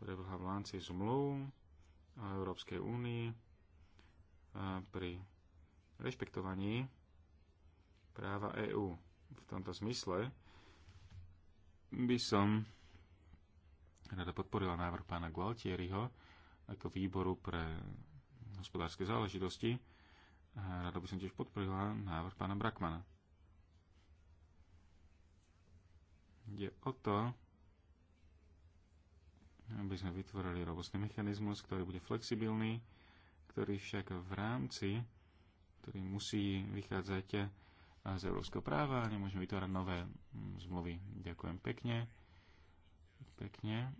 prebehla v lánci zmluv Európskej únii pri rešpektovaní práva EÚ. V tomto zmysle by som rada podporila návrh pána Gualtieriho ako výboru pre hospodárske záležitosti. Rada by som tiež podporila návrh pána Brakmana. Ide o to, aby sme vytvorili robustný mechanizmus, ktorý bude flexibilný, ktorý však v rámci, ktorý musí vychádzať z európskeho práva, nemôžeme vytvárať nové mm, zmluvy. Ďakujem pekne. Pekne.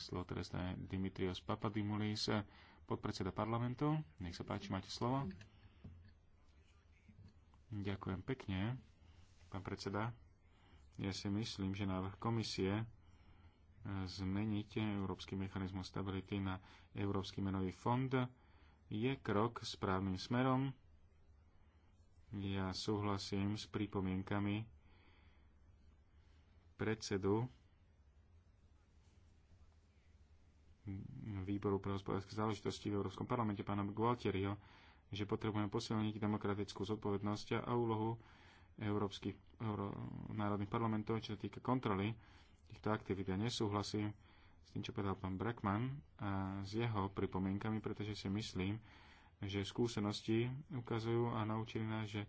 Slovo teraz je Dimitrios Papadimulis, podpredseda parlamentu. Nech sa páči, máte slovo. Ďakujem pekne, pán predseda. Ja si myslím, že návrh komisie zmeniť Európsky mechanizmus stability na Európsky menový fond, je krok správnym smerom. Ja súhlasím s pripomienkami predsedu výboru pre hospodárske záležitosti v Európskom parlamente, pána Gualtieriho, že potrebujeme posilniť demokratickú zodpovednosť a úlohu európskych euro, národných parlamentov, čo sa týka kontroly týchto aktivít. Ja nesúhlasím s tým, čo povedal pán Brackman a s jeho pripomienkami, pretože si myslím, že skúsenosti ukazujú a naučili nás, že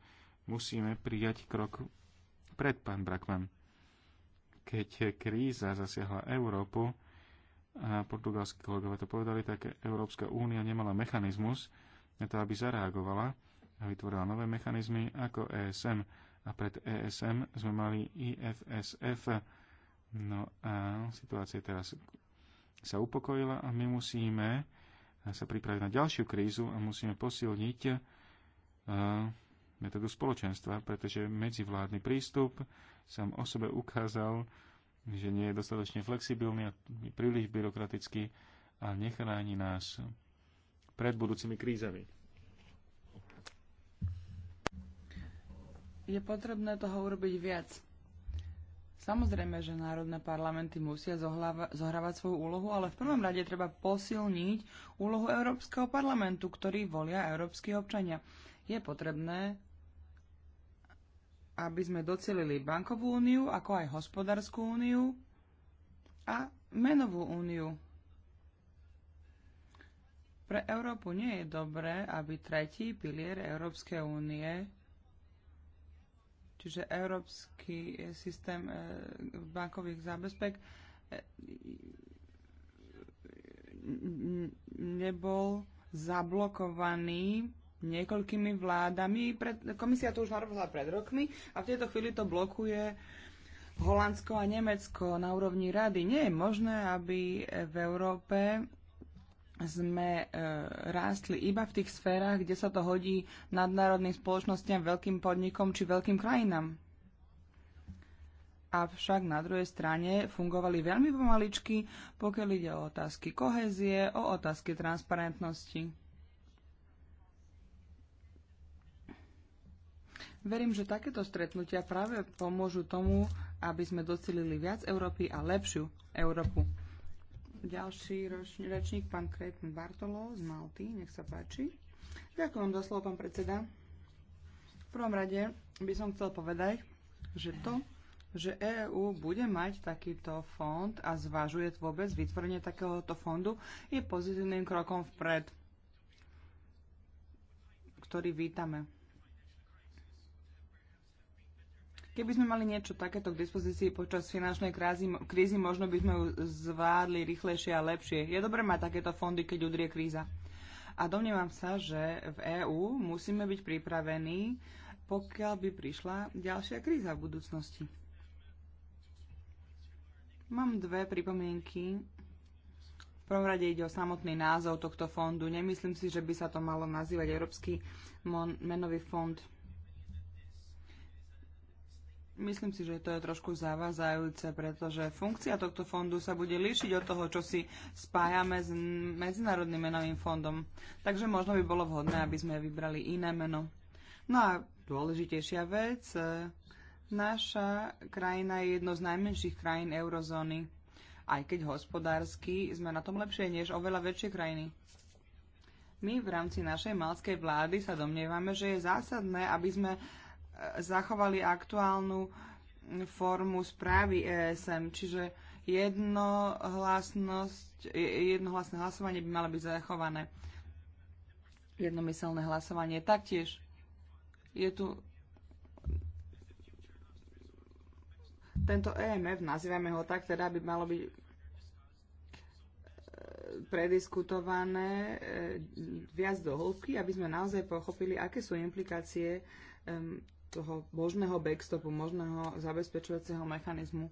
musíme prijať krok pred pán Brackman. Keď kríza zasiahla Európu, a portugalskí kolegovia to povedali, tak Európska únia nemala mechanizmus na to, aby zareagovala a vytvorila nové mechanizmy ako ESM. A pred ESM sme mali IFSF, No a situácia teraz sa upokojila a my musíme sa pripraviť na ďalšiu krízu a musíme posilniť e, metódu spoločenstva, pretože medzivládny prístup sám o sebe ukázal, že nie je dostatočne flexibilný a príliš byrokratický a nechráni nás pred budúcimi krízami. Je potrebné toho urobiť viac. Samozrejme, že národné parlamenty musia zohrávať svoju úlohu, ale v prvom rade treba posilniť úlohu Európskeho parlamentu, ktorý volia európsky občania. Je potrebné, aby sme docelili bankovú úniu, ako aj hospodárskú úniu a menovú úniu. Pre Európu nie je dobré, aby tretí pilier Európskej únie čiže európsky eh, systém eh, bankových zábezpek, eh, nebol zablokovaný niekoľkými vládami. Pred, komisia to už narobila pred rokmi a v tejto chvíli to blokuje Holandsko a Nemecko na úrovni rady. Nie je možné, aby v Európe sme e, rástli iba v tých sférach, kde sa to hodí nadnárodným spoločnostiam, veľkým podnikom či veľkým krajinám. Avšak na druhej strane fungovali veľmi pomaličky, pokiaľ ide o otázky kohézie, o otázky transparentnosti. Verím, že takéto stretnutia práve pomôžu tomu, aby sme docelili viac Európy a lepšiu Európu. Ďalší rečník, pán Krejpen Bartolo z Malty, nech sa páči. Ďakujem za slovo, pán predseda. V prvom rade by som chcel povedať, že to, že EÚ bude mať takýto fond a zvažuje vôbec vytvorenie takéhoto fondu, je pozitívnym krokom vpred, ktorý vítame Keby sme mali niečo takéto k dispozícii počas finančnej krázy, krízy, možno by sme ju zvládli rýchlejšie a lepšie. Je dobré mať takéto fondy, keď udrie kríza. A domnievam sa, že v EÚ musíme byť pripravení, pokiaľ by prišla ďalšia kríza v budúcnosti. Mám dve pripomienky. V prvom rade ide o samotný názov tohto fondu. Nemyslím si, že by sa to malo nazývať Európsky menový fond Myslím si, že to je trošku zavázajúce, pretože funkcia tohto fondu sa bude líšiť od toho, čo si spájame s Medzinárodným menovým fondom. Takže možno by bolo vhodné, aby sme vybrali iné meno. No a dôležitejšia vec, e, naša krajina je jedno z najmenších krajín eurozóny, aj keď hospodársky sme na tom lepšie než oveľa väčšie krajiny. My v rámci našej malskej vlády sa domnievame, že je zásadné, aby sme zachovali aktuálnu formu správy ESM, čiže jednohlasnosť, jednohlasné hlasovanie by malo byť zachované. Jednomyselné hlasovanie taktiež. Je tu tento EMF, nazývame ho tak, teda by malo byť e, prediskutované e, viac do hĺbky, aby sme naozaj pochopili, aké sú implikácie toho možného backstopu, možného zabezpečujúceho mechanizmu.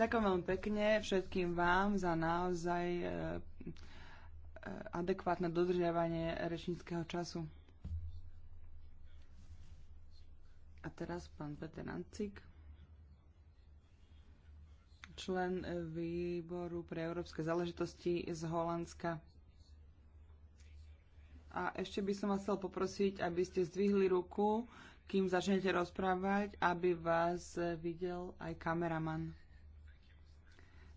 Ďakujem veľmi pekne všetkým vám za naozaj e, e, adekvátne dodržiavanie rečníckého času. A teraz pán Peter Nancik, člen e, výboru pre európske záležitosti z Holandska. A ešte by som vás chcel poprosiť, aby ste zdvihli ruku, kým začnete rozprávať, aby vás videl aj kameraman.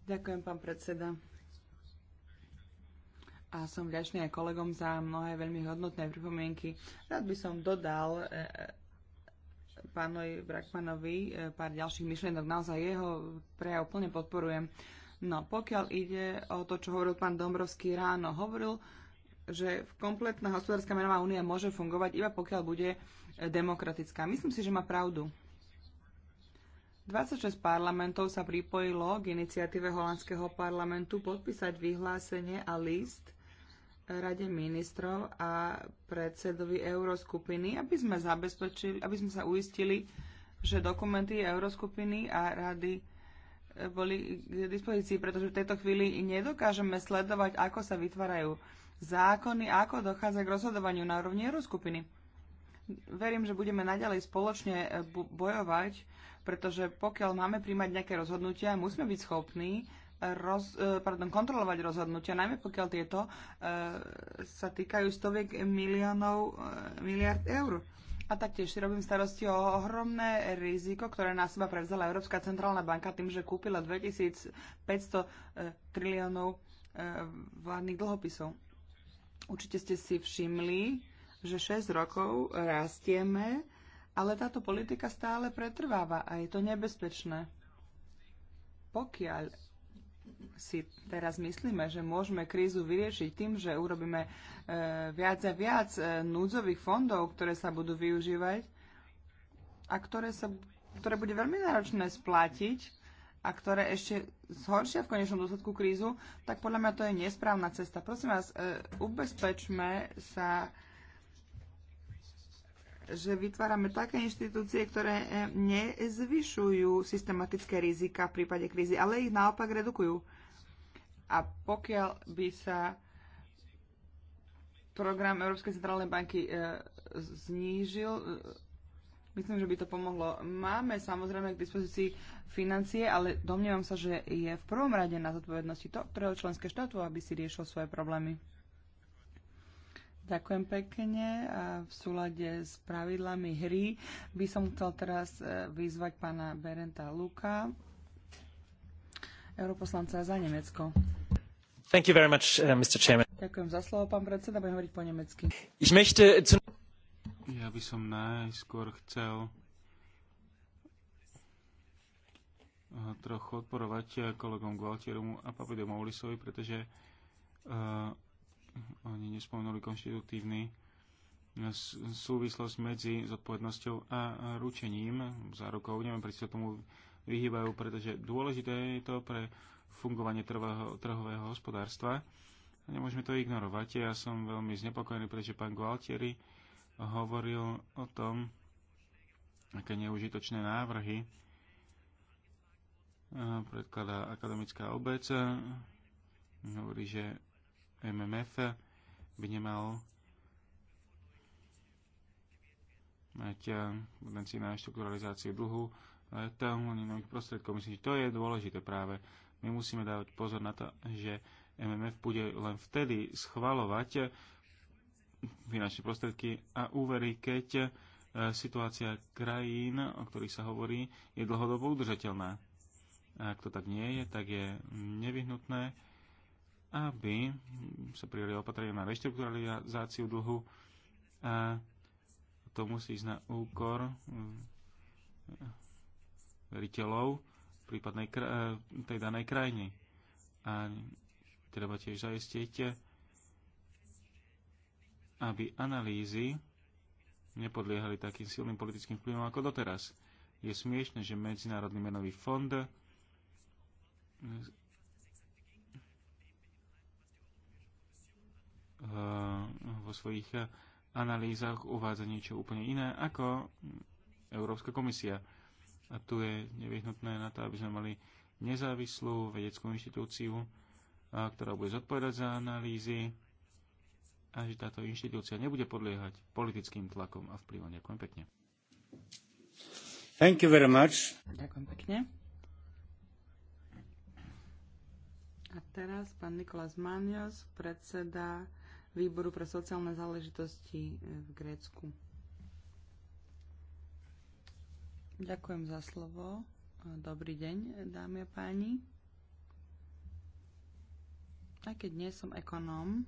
Ďakujem, pán predseda. A som vďačný aj kolegom za mnohé veľmi hodnotné pripomienky. Rád by som dodal e, e, pánovi Brakmanovi e, pár ďalších myšlienok. Naozaj jeho prejav plne podporujem. No, pokiaľ ide o to, čo hovoril pán Dombrovský ráno, hovoril že kompletná hospodárska menová únia môže fungovať iba pokiaľ bude demokratická. Myslím si, že má pravdu. 26 parlamentov sa pripojilo k iniciatíve holandského parlamentu podpísať vyhlásenie a list Rade ministrov a predsedovi Euroskupiny, aby sme, zabezpečili, aby sme sa uistili, že dokumenty Euroskupiny a Rady eh, boli k dispozícii, pretože v tejto chvíli nedokážeme sledovať, ako sa vytvárajú zákony ako dochádza k rozhodovaniu na úrovni Euroskupiny. Verím, že budeme naďalej spoločne e, bojovať, pretože pokiaľ máme príjmať nejaké rozhodnutia, musíme byť schopní e, roz, e, pardon, kontrolovať rozhodnutia, najmä pokiaľ tieto sa týkajú stoviek miliónov, miliard eur. A taktiež si robím starosti o ohromné riziko, ktoré na seba prevzala Európska centrálna banka tým, že kúpila 2500 triliónov vládnych dlhopisov. Určite ste si všimli, že 6 rokov rastieme, ale táto politika stále pretrváva a je to nebezpečné. Pokiaľ si teraz myslíme, že môžeme krízu vyriešiť tým, že urobíme e, viac a viac e, núdzových fondov, ktoré sa budú využívať a ktoré, sa, ktoré bude veľmi náročné splatiť, a ktoré ešte zhoršia v konečnom dôsledku krízu, tak podľa mňa to je nesprávna cesta. Prosím vás, e, ubezpečme sa, že vytvárame také inštitúcie, ktoré e, nezvyšujú systematické rizika v prípade krízy, ale ich naopak redukujú. A pokiaľ by sa program Európskej centrálnej banky e, znížil, Myslím, že by to pomohlo. Máme samozrejme k dispozícii financie, ale domnievam sa, že je v prvom rade na zodpovednosti to, ktorého členské štátu, aby si riešil svoje problémy. Ďakujem pekne. A v súlade s pravidlami hry by som chcel teraz e, vyzvať pána Berenta Luka, europoslanca za Nemecko. Thank you very much, uh, Mr. Chairman. Ďakujem za slovo, pán predseda. Budem hovoriť po nemecky. Ich möchte zu... Ja by som najskôr chcel eh, trochu odporovať eh, kolegom Gualtieromu a Papidomu Moulisovi, pretože uh, oni nespomenuli konštitutívny súvislosť medzi zodpovednosťou a ručením rokov Neviem, prečo sa tomu vyhýbajú, pretože dôležité je to pre fungovanie trhového, trhového hospodárstva. Nemôžeme to ignorovať. Ja som veľmi znepokojený, pretože pán Gualtieri hovoril o tom, aké neužitočné návrhy eh, predkladá akademická obec. Eh, hovorí, že MMF by nemal mať eh, tendenciu na štrukturalizáciu dlhu tam nových prostriedkov. Myslím, že to je dôležité práve. My musíme dávať pozor na to, že MMF bude len vtedy schvalovať finančné prostriedky a úvery, keď e, situácia krajín, o ktorých sa hovorí, je dlhodobo udržateľná. A ak to tak nie je, tak je nevyhnutné, aby sa prijali opatrenia na reštrukturalizáciu dlhu a to musí ísť na úkor veriteľov mm, prípadnej e, tej danej krajiny. A treba tiež zaistiť aby analýzy nepodliehali takým silným politickým vplyvom ako doteraz. Je smiešne, že Medzinárodný menový fond eh, vo svojich analýzach uvádza niečo úplne iné ako Európska komisia. A tu je nevyhnutné na to, aby sme mali nezávislú vedeckú inštitúciu, eh, ktorá bude zodpovedať za analýzy a že táto inštitúcia nebude podliehať politickým tlakom a vplyvom. Ďakujem pekne. Thank you very much. Ďakujem pekne. A teraz pán Nikolás Manios, predseda Výboru pre sociálne záležitosti e, v Grécku. Ďakujem za slovo. Dobrý deň, dámy a páni. Aj keď nie som ekonóm,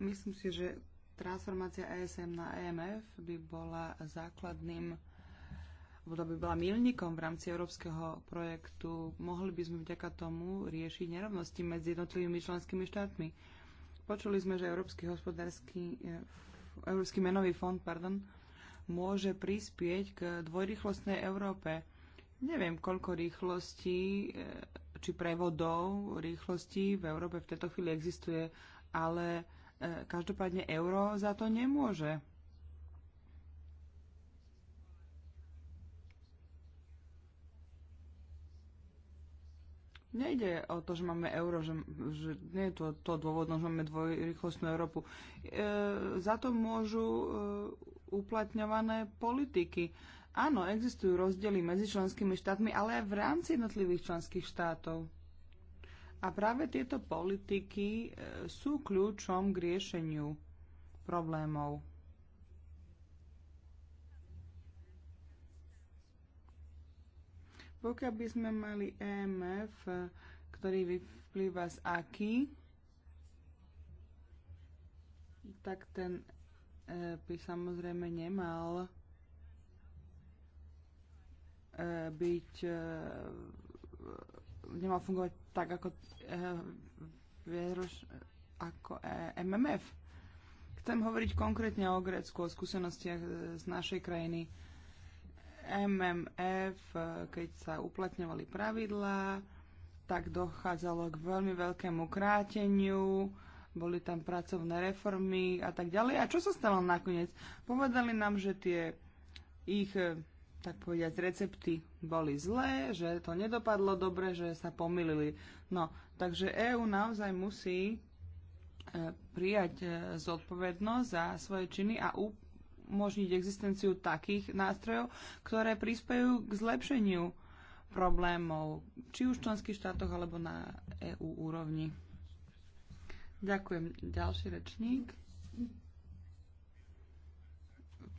Myslím si, že transformácia ESM na EMF by bola základným by bola milníkom v rámci európskeho projektu. Mohli by sme vďaka tomu riešiť nerovnosti medzi jednotlivými členskými štátmi. Počuli sme, že Európsky hospodársky, e, Európsky menový fond pardon, môže prispieť k dvojrýchlostnej Európe. Neviem, koľko rýchlostí e, či prevodov rýchlostí v Európe v tejto chvíli existuje, ale Každopádne euro za to nemôže. Nejde o to, že máme euro, že, že nie je to, to dôvodno, že máme dvojrychlostnú Európu. E, za to môžu e, uplatňované politiky. Áno, existujú rozdiely medzi členskými štátmi, ale aj v rámci jednotlivých členských štátov. A práve tieto politiky e, sú kľúčom k riešeniu problémov. Pokiaľ by sme mali EMF, e, ktorý vyplýva z AKI, tak ten e, by samozrejme nemal byť nemal fungovať tak ako, e, ako eh, MMF. Chcem hovoriť konkrétne o Grécku, o skúsenostiach eh, z našej krajiny. MMF, keď sa uplatňovali pravidlá, tak dochádzalo k veľmi veľkému kráteniu, boli tam pracovné reformy a tak ďalej. A čo sa stalo nakoniec? Povedali nám, že tie ich tak povediať, recepty boli zlé, že to nedopadlo dobre, že sa pomýlili. No, takže EÚ naozaj musí e, prijať e, zodpovednosť za svoje činy a umožniť existenciu takých nástrojov, ktoré prispejú k zlepšeniu problémov, či už v členských štátoch alebo na EU úrovni. Ďakujem. Ďalší rečník.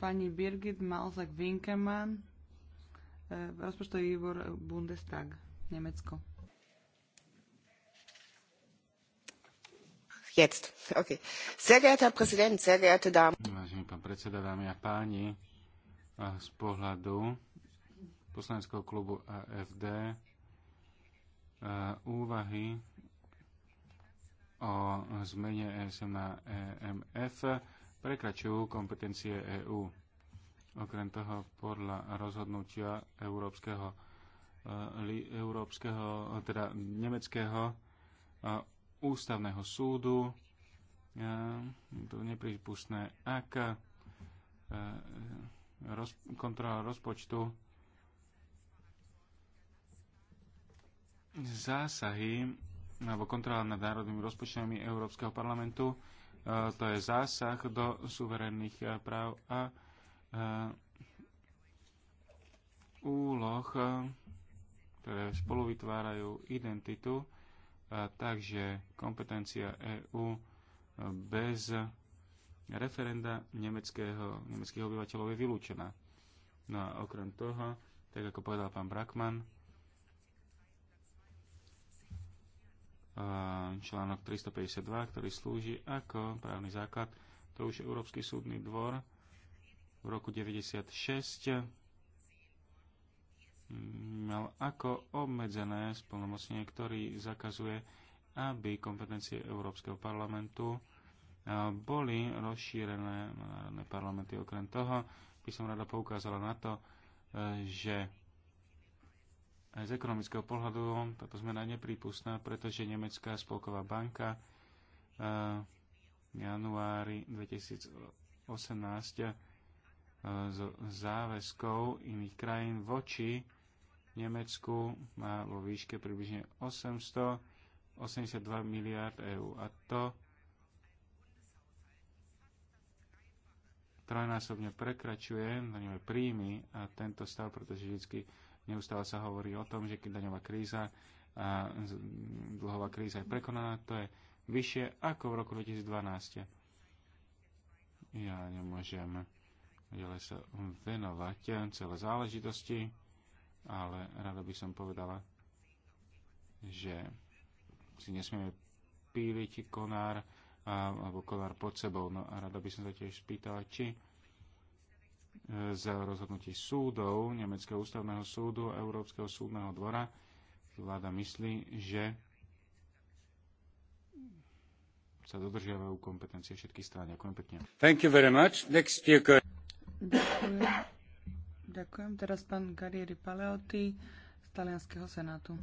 Pani Birgit Malzak-Winkemann rozpočtový výbor Bundestag, Nemecko. Jetzt. Okay. Sehr geehrter Präsident, sehr geehrte Damen. Vážený pán predseda, dámy a páni, z pohľadu poslaneckého klubu AFD úvahy o zmene ESM na EMF prekračujú kompetencie EÚ. Okrem toho, podľa rozhodnutia Európskeho, eh, Európskeho teda Nemeckého eh, ústavného súdu, eh, to nepripustné, ak roz, kontrola rozpočtu zásahy alebo kontrola nad národnými rozpočtami Európskeho parlamentu, to je zásah do suverénnych práv a úloh, ktoré spolu vytvárajú identitu, takže kompetencia EÚ bez referenda nemeckého, nemeckých obyvateľov je vylúčená. No a okrem toho, tak ako povedal pán Brackman, článok 352, ktorý slúži ako právny základ, to už je Európsky súdny dvor v roku 96 mm, mal ako obmedzené splnomocnenie, ktorý zakazuje, aby kompetencie Európskeho parlamentu boli rozšírené na národné parlamenty. Okrem toho by som rada poukázala na to, e, že aj z ekonomického pohľadu táto zmena je neprípustná, pretože Nemecká spolková banka e, v januári 2018 z záväzkov iných krajín voči Nemecku má vo výške približne 882 miliard eur. A to trojnásobne prekračuje daňové príjmy a tento stav, pretože vždy neustále sa hovorí o tom, že keď daňová kríza a dlhová kríza je prekonaná, to je vyššie ako v roku 2012. Ja nemôžem ďalej sa venovať celé záležitosti, ale rada by som povedala, že si nesmieme píliť konár a, alebo konár pod sebou. No a rada by som sa tiež spýtala, či e, za rozhodnutí súdov, Nemeckého ústavného súdu a Európskeho súdneho dvora, vláda myslí, že sa dodržiavajú kompetencie všetkých strán. Ďakujem pekne. Thank you very much. Next speaker. Ďakujem. Ďakujem. Teraz pán Garieri Paleotti z Talianského senátu.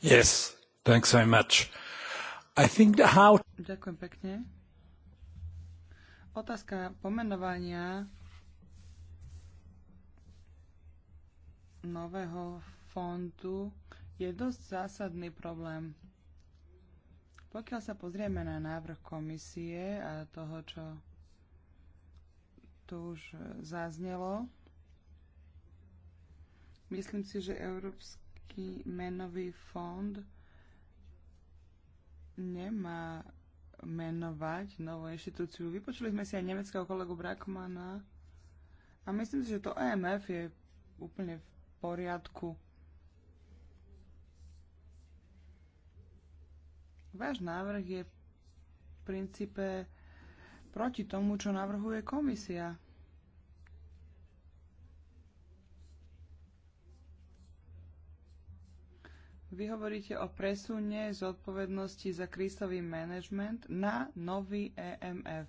Yes, thanks very much. I think the how... Ďakujem pekne. Otázka pomenovania nového fondu je dosť zásadný problém. Pokiaľ sa pozrieme na návrh komisie a toho, čo tu už zaznelo. Myslím si, že Európsky menový fond nemá menovať novú inštitúciu. Vypočuli sme si aj nemeckého kolegu Brackmana a myslím si, že to EMF je úplne v poriadku. Váš návrh je v princípe proti tomu, čo navrhuje komisia. Vy hovoríte o presune zodpovednosti za krízový management na nový EMF.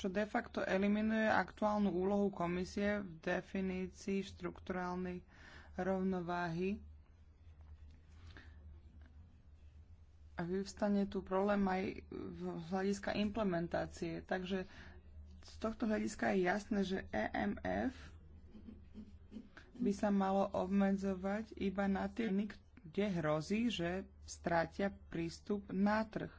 čo de facto eliminuje aktuálnu úlohu komisie v definícii štrukturálnej rovnováhy a vyvstane tu problém aj z hľadiska implementácie. Takže z tohto hľadiska je jasné, že EMF by sa malo obmedzovať iba na tie, kde hrozí, že strátia prístup na trh.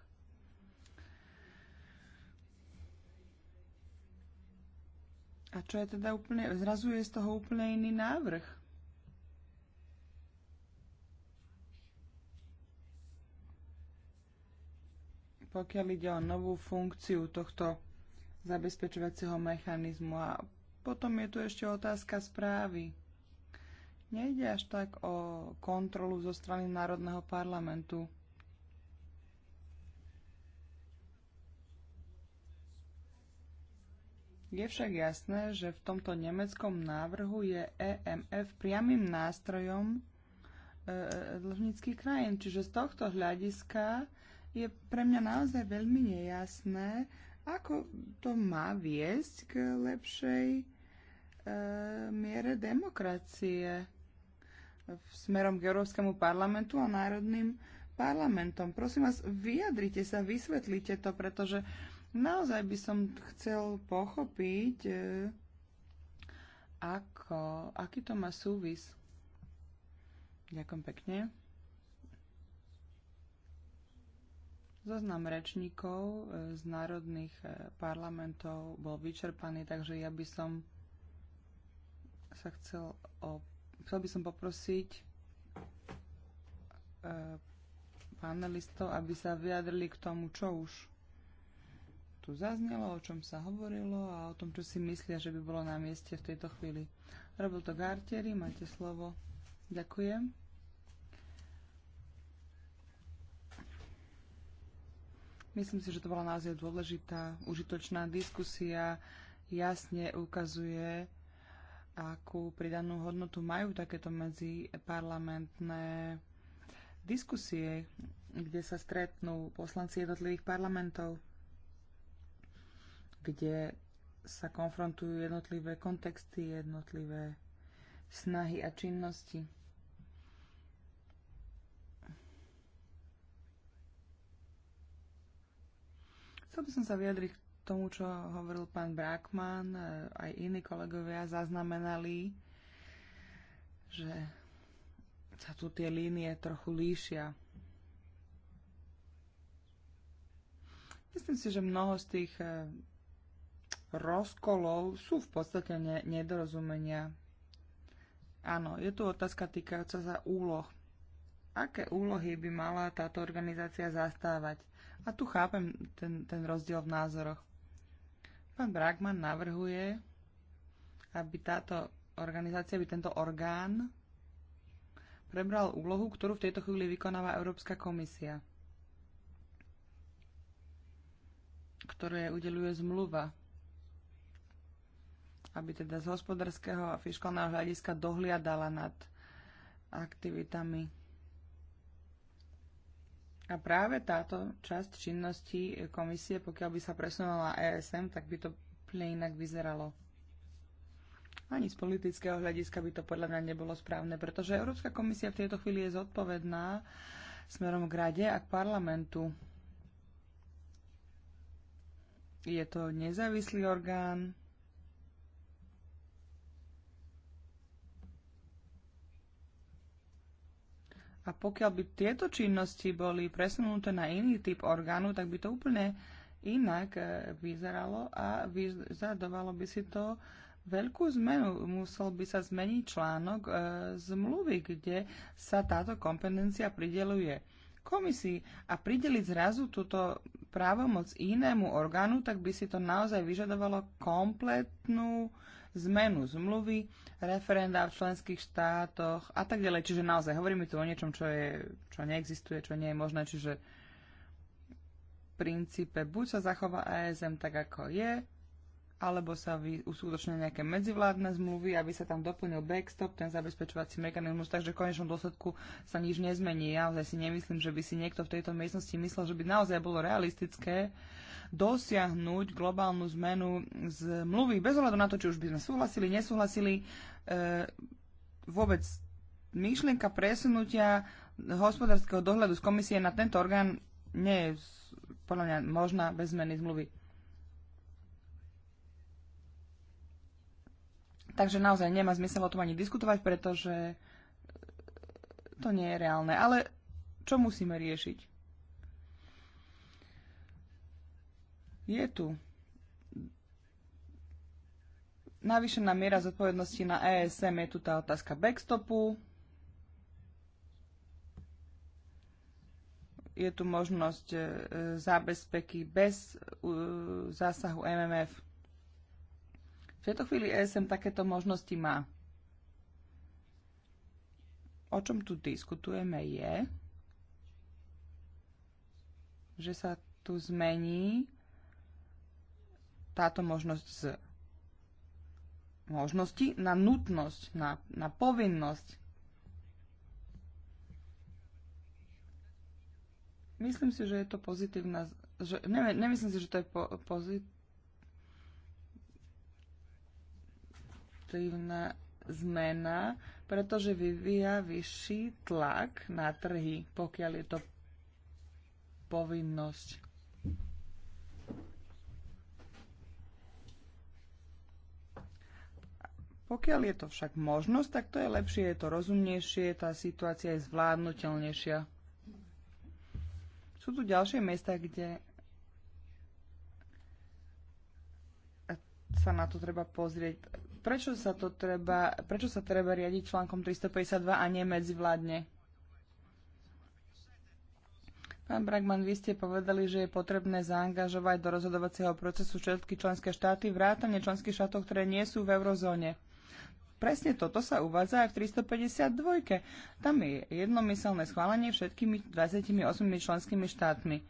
A čo je teda úplne, zrazu je z toho úplne iný návrh. pokiaľ ide o novú funkciu tohto zabezpečovacieho mechanizmu. A potom je tu ešte otázka správy. Nejde až tak o kontrolu zo strany Národného parlamentu. Je však jasné, že v tomto nemeckom návrhu je EMF priamým nástrojom e, e dlžníckých krajín. Čiže z tohto hľadiska je pre mňa naozaj veľmi nejasné, ako to má viesť k lepšej e, miere demokracie v smerom k Európskemu parlamentu a národným parlamentom. Prosím vás, vyjadrite sa, vysvetlite to, pretože naozaj by som chcel pochopiť, e, ako, aký to má súvis. Ďakujem pekne. Zoznam rečníkov e, z národných e, parlamentov bol vyčerpaný, takže ja by som sa chcel, o, chcel by som poprosiť e, panelistov, aby sa vyjadrili k tomu, čo už tu zaznelo, o čom sa hovorilo a o tom, čo si myslia, že by bolo na mieste v tejto chvíli. Robil to Gartieri, máte slovo. Ďakujem. Myslím si, že to bola naozaj dôležitá, užitočná diskusia. Jasne ukazuje, akú pridanú hodnotu majú takéto medziparlamentné diskusie, kde sa stretnú poslanci jednotlivých parlamentov, kde sa konfrontujú jednotlivé kontexty, jednotlivé snahy a činnosti. Chcel by som sa vyjadriť k tomu, čo hovoril pán Brakman, e, aj iní kolegovia zaznamenali, že sa tu tie línie trochu líšia. Myslím si, že mnoho z tých e, rozkolov sú v podstate ne- nedorozumenia. Áno, je tu otázka týkajúca sa úloh. Aké úlohy by mala táto organizácia zastávať? A tu chápem ten, ten rozdiel v názoroch. Pán Bragman navrhuje, aby táto organizácia, aby tento orgán prebral úlohu, ktorú v tejto chvíli vykonáva Európska komisia, ktoré udeluje zmluva, aby teda z hospodárskeho a fiskálneho hľadiska dohliadala nad aktivitami a práve táto časť činnosti komisie, pokiaľ by sa presunula ESM, tak by to úplne inak vyzeralo. Ani z politického hľadiska by to podľa mňa nebolo správne, pretože Európska komisia v tejto chvíli je zodpovedná smerom k rade a k parlamentu. Je to nezávislý orgán, A pokiaľ by tieto činnosti boli presunuté na iný typ orgánu, tak by to úplne inak eh, vyzeralo a vyžadovalo by si to veľkú zmenu. Musel by sa zmeniť článok e, zmluvy, kde sa táto kompetencia prideluje komisii a prideliť zrazu túto právomoc inému orgánu, tak by si to naozaj vyžadovalo kompletnú zmenu zmluvy, referenda v členských štátoch a tak ďalej. Čiže naozaj hovoríme tu o niečom, čo, je, čo neexistuje, čo nie je možné, čiže v princípe buď sa zachová ASM e tak, ako je, alebo sa vy, nejaké medzivládne zmluvy, aby sa tam doplnil backstop, ten zabezpečovací mechanizmus, takže v konečnom dôsledku sa nič nezmení. Ja naozaj si nemyslím, že by si niekto v tejto miestnosti myslel, že by naozaj bolo realistické, dosiahnuť globálnu zmenu z zmluvy. Bez ohľadu na to, či už by sme súhlasili, nesúhlasili, e, vôbec myšlienka presunutia hospodárskeho dohľadu z komisie na tento orgán nie je podľa mňa možná bez zmeny zmluvy. Takže naozaj nemá zmysel o tom ani diskutovať, pretože to nie je reálne. Ale čo musíme riešiť? je tu navýšená miera zodpovednosti na ESM, je tu tá otázka backstopu, je tu možnosť e, zábezpeky bez e, zásahu MMF. V tejto chvíli ESM takéto možnosti má. O čom tu diskutujeme je, že sa tu zmení táto možnosť z možnosti na nutnosť, na, na povinnosť. Myslím si, že je to pozitívna... Že, ne, nemyslím si, že to je po, pozitívna zmena, pretože vyvíja vyšší tlak na trhy, pokiaľ je to povinnosť. Pokiaľ je to však možnosť, tak to je lepšie, je to rozumnejšie, tá situácia je zvládnutelnejšia. Sú tu ďalšie miesta, kde sa na to treba pozrieť. Prečo sa to treba, prečo sa treba riadiť článkom 352 a nie medzivládne? Pán Bragman, vy ste povedali, že je potrebné zaangažovať do rozhodovacieho procesu všetky členské štáty, vrátane členských štátov, ktoré nie sú v eurozóne presne toto sa uvádza aj v 352. Tam je jednomyselné schválenie všetkými 28 členskými štátmi.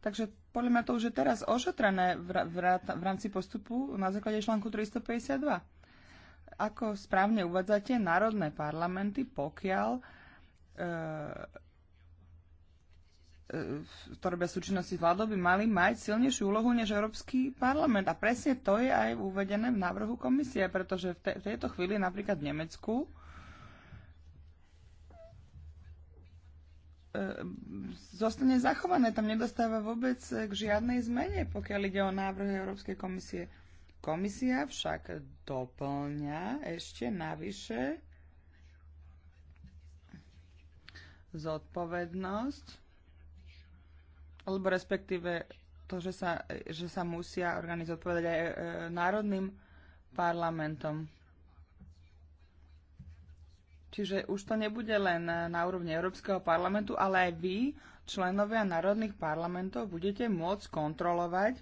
Takže podľa mňa to už je teraz ošetrené v, v, v rámci postupu na základe článku 352. Ako správne uvádzate, národné parlamenty, pokiaľ e, ktoré robia súčinnosti s vládou, by mali mať silnejšiu úlohu než Európsky parlament. A presne to je aj uvedené v návrhu komisie, pretože v, te, v tejto chvíli napríklad v Nemecku e, zostane zachované. Tam nedostáva vôbec k žiadnej zmene, pokiaľ ide o návrhy Európskej komisie. Komisia však doplňa ešte navyše zodpovednosť alebo respektíve to, že sa, že sa musia orgány zodpovedať aj e, národným parlamentom. Čiže už to nebude len na úrovni Európskeho parlamentu, ale aj vy, členovia národných parlamentov, budete môcť kontrolovať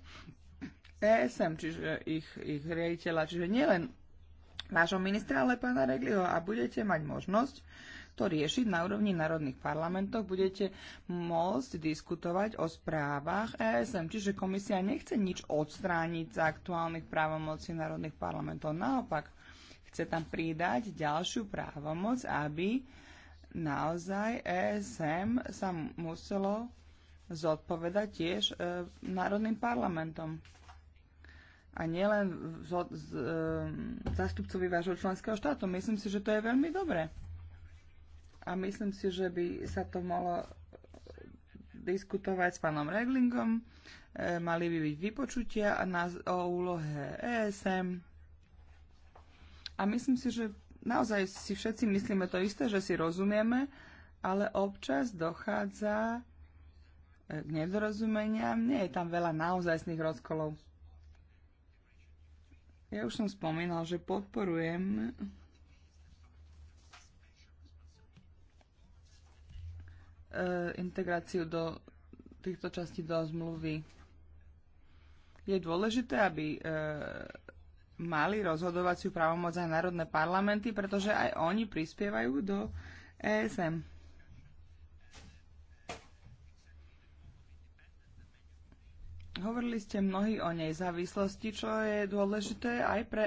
ESM, čiže ich, ich riaditeľa, čiže nielen nášho ministra, ale pána Regliho a budete mať možnosť to riešiť na úrovni národných parlamentov. Budete môcť diskutovať o správach ESM, čiže komisia nechce nič odstrániť z aktuálnych právomocí národných parlamentov. Naopak, chce tam pridať ďalšiu právomoc, aby naozaj ESM sa muselo zodpovedať tiež e, národným parlamentom. A nielen e, zastupcovi vášho členského štátu. Myslím si, že to je veľmi dobré a myslím si, že by sa to malo diskutovať s pánom Reglingom. E, mali by byť vypočutia na, o úlohe ESM. A myslím si, že naozaj si všetci myslíme to isté, že si rozumieme, ale občas dochádza e, k nedorozumeniam. Nie je tam veľa naozajstných rozkolov. Ja už som spomínal, že podporujem E, integráciu do týchto častí do zmluvy. Je dôležité, aby e, mali rozhodovaciu právomoc aj národné parlamenty, pretože aj oni prispievajú do ESM. Hovorili ste mnohí o nezávislosti, čo je dôležité aj pre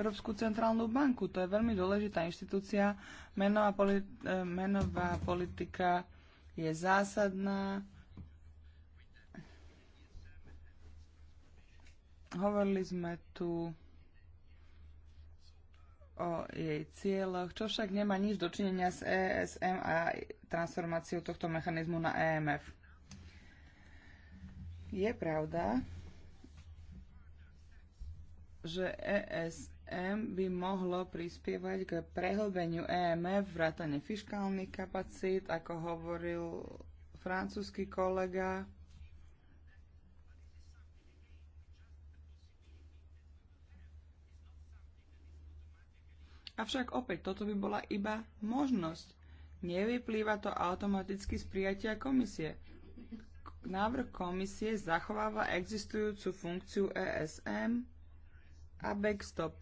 Európsku centrálnu banku. To je veľmi dôležitá inštitúcia. Menová, politi- e, menová politika je zásadná. Hovorili sme tu o jej cieľoch, čo však nemá nič dočinenia s ESM a transformáciou tohto mechanizmu na EMF. Je pravda, že ES EM by mohlo prispievať k prehlbeniu EMF, vrátane fiskálnych kapacít, ako hovoril francúzsky kolega. Avšak opäť, toto by bola iba možnosť. Nevyplýva to automaticky z prijatia komisie. Návrh komisie zachováva existujúcu funkciu ESM a backstop.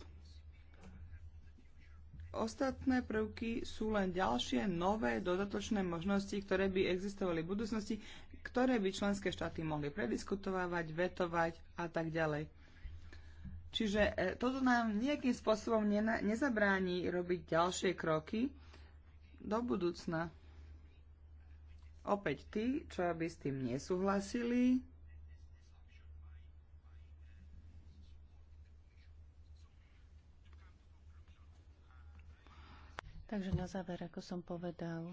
Ostatné prvky sú len ďalšie nové dodatočné možnosti, ktoré by existovali v budúcnosti, ktoré by členské štáty mohli prediskutovať, vetovať a tak ďalej. Čiže e, toto nám nejakým spôsobom nezabráni robiť ďalšie kroky do budúcna. Opäť tí, čo by s tým nesúhlasili, Takže na záver, ako som povedal,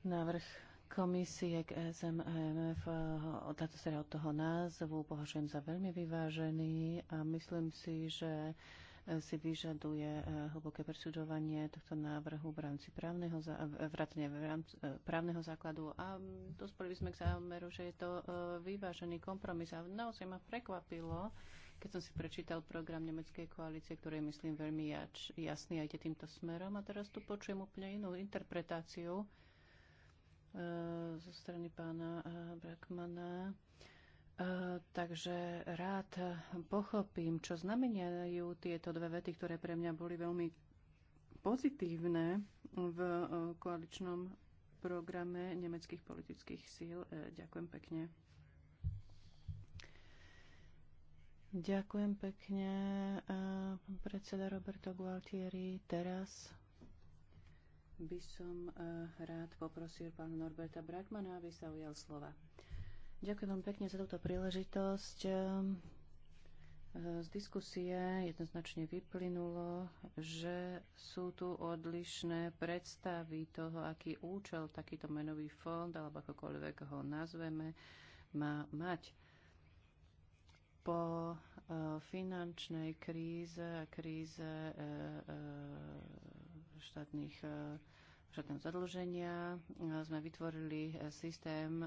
návrh komisie k ESM a e MF, eh, táto sa od toho názvu považujem za veľmi vyvážený a myslím si, že eh, si vyžaduje eh, hlboké presudovanie tohto návrhu v rámci právneho, v rámci právneho základu a dospeli sme k zámeru, že je to vyvážený kompromis a naozaj ma prekvapilo, keď som si prečítal program nemeckej koalície, ktorý je, myslím, veľmi jač, jasný aj týmto smerom, a teraz tu počujem úplne inú interpretáciu e, zo strany pána e, Brakmana. Uh, e, takže rád pochopím, čo znamenajú tieto dve vety, ktoré pre mňa boli veľmi pozitívne v uh, koaličnom programe nemeckých politických síl. Uh, ďakujem pekne. Ďakujem pekne, pán predseda Roberto Gualtieri. Teraz by som e, rád poprosil pána Norberta Bragmana, aby sa ujal slova. Ďakujem vám pekne za túto príležitosť. E, z diskusie jednoznačne vyplynulo, že sú tu odlišné predstavy toho, aký účel takýto menový fond, alebo akokoľvek ho nazveme, má mať po eh, finančnej kríze a kríze eh, eh, štátnych štátneho zadlženia sme vytvorili systém,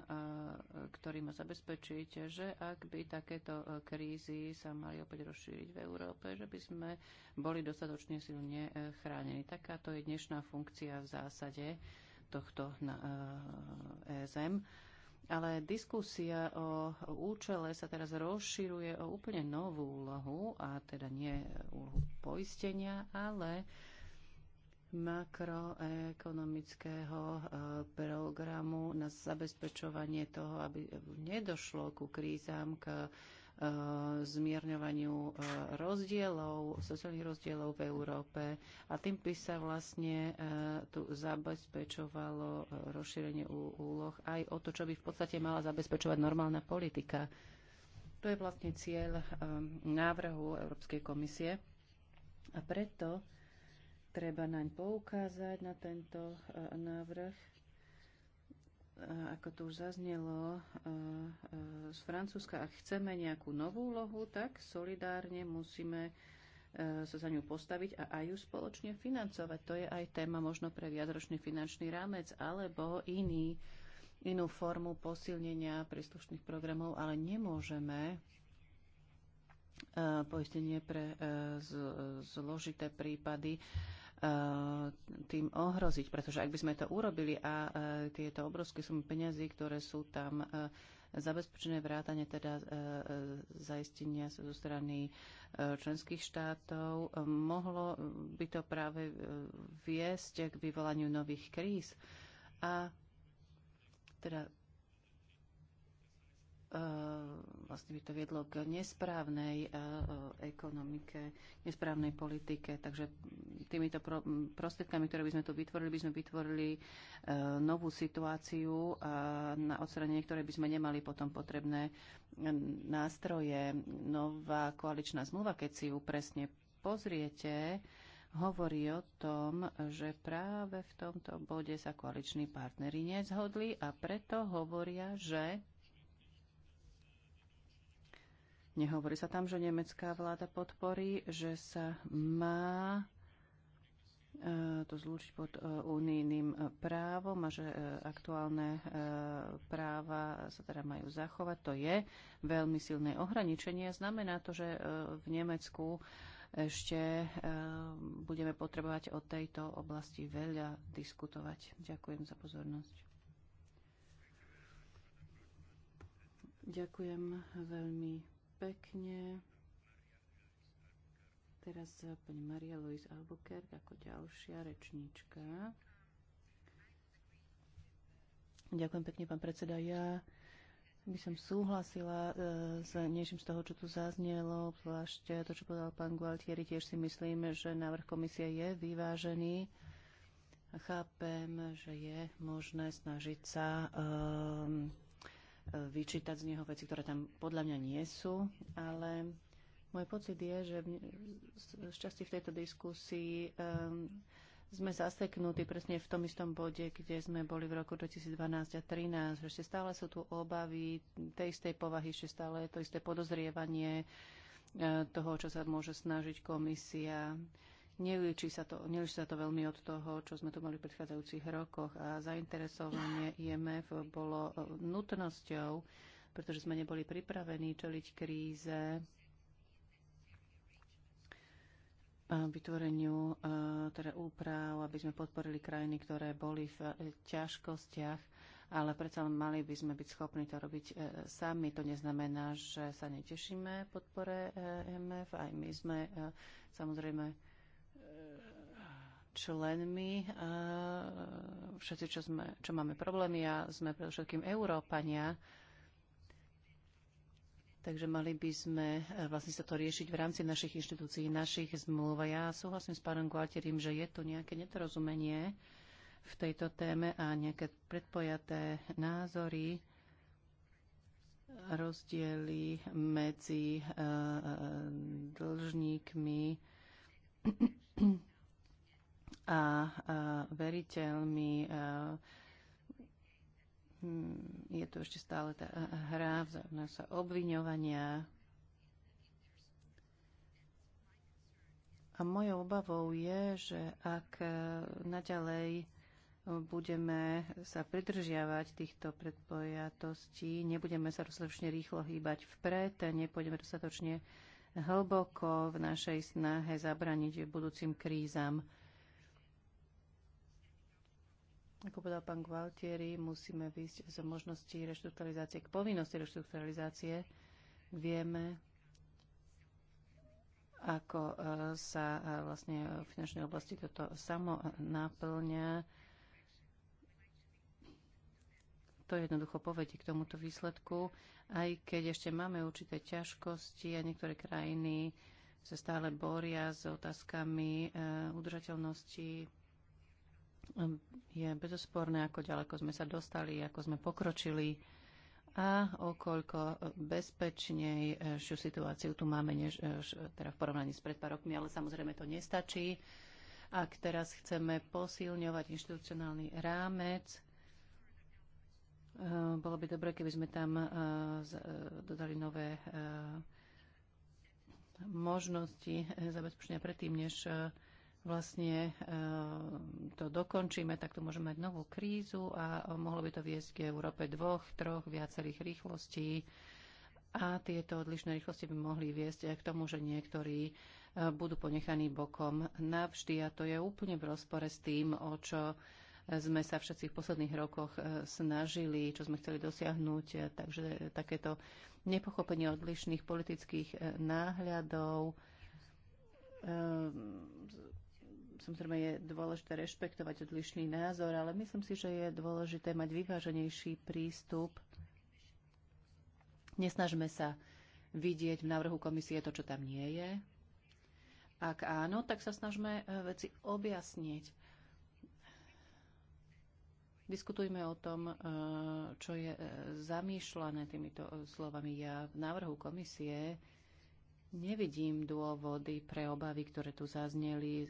ktorý má zabezpečiť, že ak by takéto krízy sa mali opäť rozšíriť v Európe, že by sme boli dostatočne silne chránení. Takáto je dnešná funkcia v zásade tohto ESM. Ale diskusia o účele sa teraz rozširuje o úplne novú úlohu, a teda nie úlohu poistenia, ale makroekonomického e, programu na zabezpečovanie toho, aby nedošlo ku krízam, k zmierňovaniu e, rozdielov, sociálnych rozdielov v Európe a tým by sa vlastne e, tu zabezpečovalo e, rozšírenie úloh aj o to, čo by v podstate mala zabezpečovať normálna politika. To je vlastne cieľ návrhu Európskej komisie a preto treba naň poukázať na tento návrh Eh, ako to už zaznelo, eh, eh, z Francúzska, ak chceme nejakú novú lohu, tak solidárne musíme sa za ňu postaviť a aj ju spoločne financovať. To je aj téma možno pre viadročný finančný rámec alebo iný, inú formu posilnenia príslušných programov, ale nemôžeme poistenie pre zložité prípady E, tým ohroziť, pretože ak by sme to urobili a e, tieto obrovské sumy peňazí, ktoré sú tam e, zabezpečené vrátane teda zaistenia zo strany členských štátov, mohlo by to práve viesť k vyvolaniu nových kríz. A teda E, vlastne by to viedlo k nesprávnej e, ekonomike, nesprávnej politike. Takže týmito prostriedkami, ktoré by sme tu vytvorili, by sme vytvorili e, novú situáciu a na odstranenie ktoré by sme nemali potom potrebné nástroje. Nová koaličná zmluva, keď si ju presne pozriete, hovorí o tom, že práve v tomto bode sa koaliční partnery nezhodli a preto hovoria, že Nehovorí sa tam, že nemecká vláda podporí, že sa má e, to zlúčiť pod e, unijným e, právom a že aktuálne práva sa teda majú zachovať. To je veľmi silné ohraničenie. Znamená to, že v Nemecku ešte budeme potrebovať o tejto oblasti veľa diskutovať. Ďakujem za pozornosť. Ďakujem veľmi pekne. Teraz pani Maria Louise Albuquerque ako ďalšia rečníčka. Ďakujem pekne, pán predseda. Ja by som súhlasila e, s niečím z toho, čo tu zaznelo, zvlášť to, čo povedal pán Gualtieri, tiež si myslím, že návrh komisie je vyvážený. Chápem, že je možné snažiť sa e, vyčítať z neho veci, ktoré tam podľa mňa nie sú, ale môj pocit je, že z časti v tejto diskusii um, sme zaseknutí presne v tom istom bode, kde sme boli v roku 2012 a 2013, že ešte stále sú tu obavy tej istej povahy, ešte stále to isté podozrievanie uh, toho, čo sa môže snažiť komisia. Uh, Nelieči sa, to, nelieči sa to veľmi od toho, čo sme tu mali v predchádzajúcich rokoch a zainteresovanie IMF bolo e, nutnosťou, pretože sme neboli pripravení čeliť kríze a vytvoreniu e, teda úprav, aby sme podporili krajiny, ktoré boli v e, ťažkostiach, ale predsa mali by sme byť schopní to robiť sami. To neznamená, že sa netešíme podpore MF, aj my sme samozrejme členmi. Eh, všetci, čo, sme, čo máme problémy a sme predovšetkým Európania, Takže mali by sme eh, vlastne sa to riešiť v rámci našich inštitúcií, našich zmluv. A ja súhlasím s pánom Gualterim, že je tu nejaké nedorozumenie v tejto téme a nejaké predpojaté názory, rozdiely medzi uh, dlžníkmi a veriteľmi. Hm, je tu ešte stále tá hra vzájomného sa obviňovania. A mojou obavou je, že ak e, naďalej budeme sa pridržiavať týchto predpojatostí, nebudeme sa dostatočne rýchlo hýbať vpred, nepôjdeme dostatočne hlboko v našej snahe zabraniť budúcim krízam. Ako povedal pán Gualtieri, musíme výjsť z možnosti reštrukturalizácie k povinnosti reštrukturalizácie. Vieme, ako e, sa e, vlastne v finančnej oblasti toto samo naplňa. To jednoducho povedie k tomuto výsledku, aj keď ešte máme určité ťažkosti a niektoré krajiny sa stále boria s otázkami e, udržateľnosti je bezosporné, ako ďaleko sme sa dostali, ako sme pokročili a okoľko bezpečnejšiu e, situáciu tu máme než e, teda v porovnaní s pred pár rokmi, ale samozrejme to nestačí. Ak teraz chceme posilňovať inštitucionálny rámec, e, bolo by dobre, keby sme tam dodali nové možnosti zabezpečenia predtým, než vlastne e, to dokončíme, tak tu môžeme mať novú krízu a mohlo by to viesť k Európe dvoch, troch, viacerých rýchlostí. A tieto odlišné rýchlosti by mohli viesť aj k tomu, že niektorí e, budú ponechaní bokom navždy a to je úplne v rozpore s tým, o čo sme sa všetci v posledných rokoch e, snažili, čo sme chceli dosiahnuť. Takže takéto nepochopenie odlišných politických náhľadov samozrejme je dôležité rešpektovať odlišný názor, ale myslím si, že je dôležité mať vyváženejší prístup. Nesnažme sa vidieť v návrhu komisie to, čo tam nie je. Ak áno, tak sa snažme e, veci objasniť. Diskutujme o tom, e, čo je e, zamýšľané týmito slovami. Ja v návrhu komisie Nevidím dôvody pre obavy, ktoré tu zazneli e,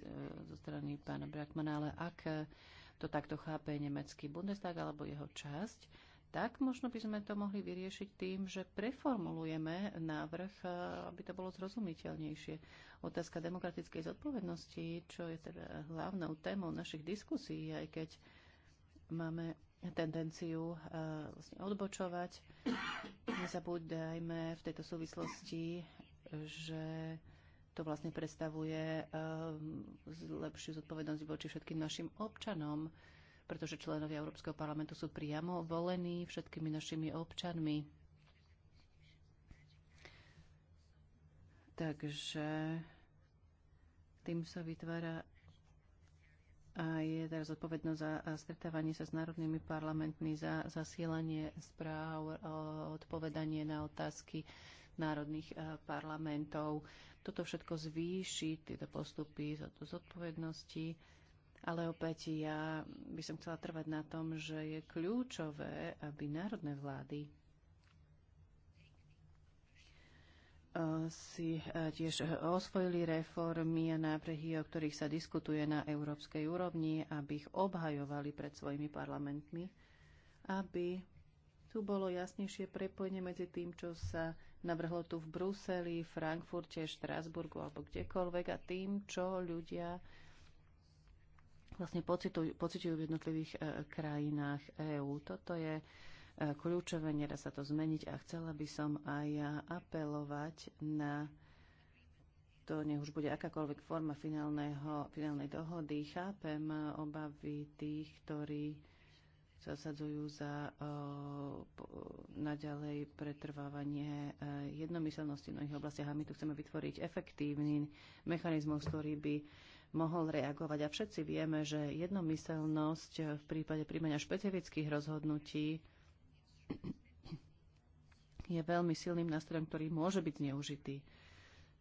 zo strany pána Brakmana, ale ak to takto chápe nemecký Bundestag alebo jeho časť, tak možno by sme to mohli vyriešiť tým, že preformulujeme návrh, e, aby to bolo zrozumiteľnejšie. Otázka demokratickej zodpovednosti, čo je teda hlavnou témou našich diskusí, aj keď máme tendenciu e, vlastne odbočovať. Nezabúdajme v tejto súvislosti že to vlastne predstavuje eh, lepšiu zodpovednosť voči všetkým našim občanom, pretože členovia Európskeho parlamentu sú priamo volení všetkými našimi občanmi. Takže tým sa vytvára a je teraz odpovednosť za stretávanie sa s národnými parlamentmi, za zasielanie správ, eh, odpovedanie na otázky národných eh, parlamentov. Toto všetko zvýši, tieto postupy za to zodpovednosti. Ale opäť ja by som chcela trvať na tom, že je kľúčové, aby národné vlády eh, si eh, tiež osvojili reformy a návrhy, o ktorých sa diskutuje na európskej úrovni, aby ich obhajovali pred svojimi parlamentmi, aby tu bolo jasnejšie prepojenie medzi tým, čo sa navrhlo tu v Bruseli, Frankfurte, Štrásburgu alebo kdekoľvek a tým, čo ľudia vlastne pocitujú, pocitujú v jednotlivých e, krajinách EÚ. Toto je e, kľúčové, nedá sa to zmeniť a chcela by som aj ja apelovať na to, nech už bude akákoľvek forma finálneho, finálnej dohody. Chápem obavy tých, ktorí zasadzujú za eh, naďalej pretrvávanie eh, jednomyselnosti v mnohých oblastiach a my tu chceme vytvoriť efektívny mechanizmus, ktorý by mohol reagovať. A všetci vieme, že jednomyselnosť v prípade príjmania špecifických rozhodnutí je veľmi silným nástrojom, ktorý môže byť zneužitý.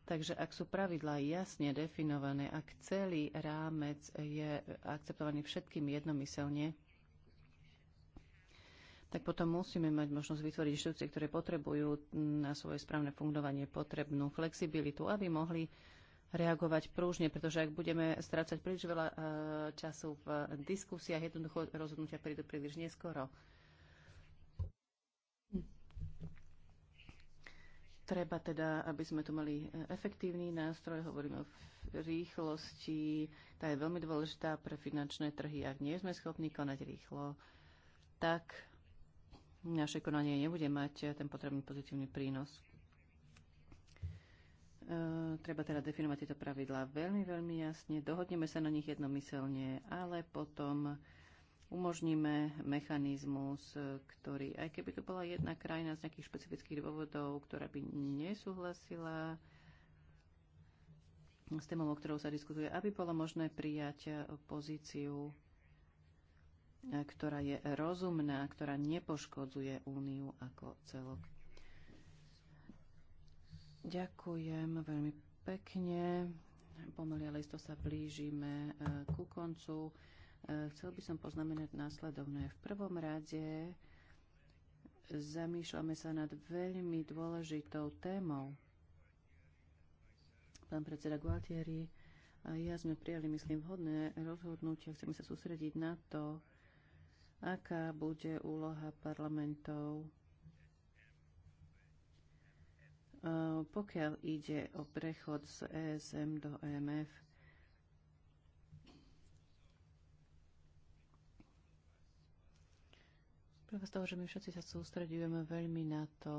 Takže ak sú pravidlá jasne definované, ak celý rámec je akceptovaný všetkým jednomyselne, tak potom musíme mať možnosť vytvoriť inštitúcie, ktoré potrebujú na svoje správne fungovanie potrebnú flexibilitu, aby mohli reagovať prúžne, pretože ak budeme strácať príliš veľa e, času v diskusiách, jednoducho rozhodnutia prídu príliš neskoro. Treba teda, aby sme tu mali e, efektívny nástroj, hovoríme o rýchlosti, tá je veľmi dôležitá pre finančné trhy. Ak nie sme schopní konať rýchlo, tak naše konanie nebude mať ten potrebný pozitívny prínos. E, treba teda definovať tieto pravidlá veľmi, veľmi jasne. Dohodneme sa na nich jednomyselne, ale potom umožníme mechanizmus, e, ktorý, aj keby to bola jedna krajina z nejakých špecifických dôvodov, ktorá by nesúhlasila s témou, o ktorou sa diskutuje, aby bolo možné prijať pozíciu E, ktorá je rozumná, ktorá nepoškodzuje úniu ako celok. Ďakujem veľmi pekne. Pomaly, ale isto sa blížime e, ku koncu. E, chcel by som poznamenať následovné. V prvom rade zamýšľame sa nad veľmi dôležitou témou. Pán predseda Gualtieri a ja sme prijali, myslím, vhodné rozhodnutie. Chceme sa sústrediť na to, aká bude úloha parlamentov, pokiaľ ide o prechod z ESM do EMF. Prvá z toho, že my všetci sa sústredujeme veľmi na to,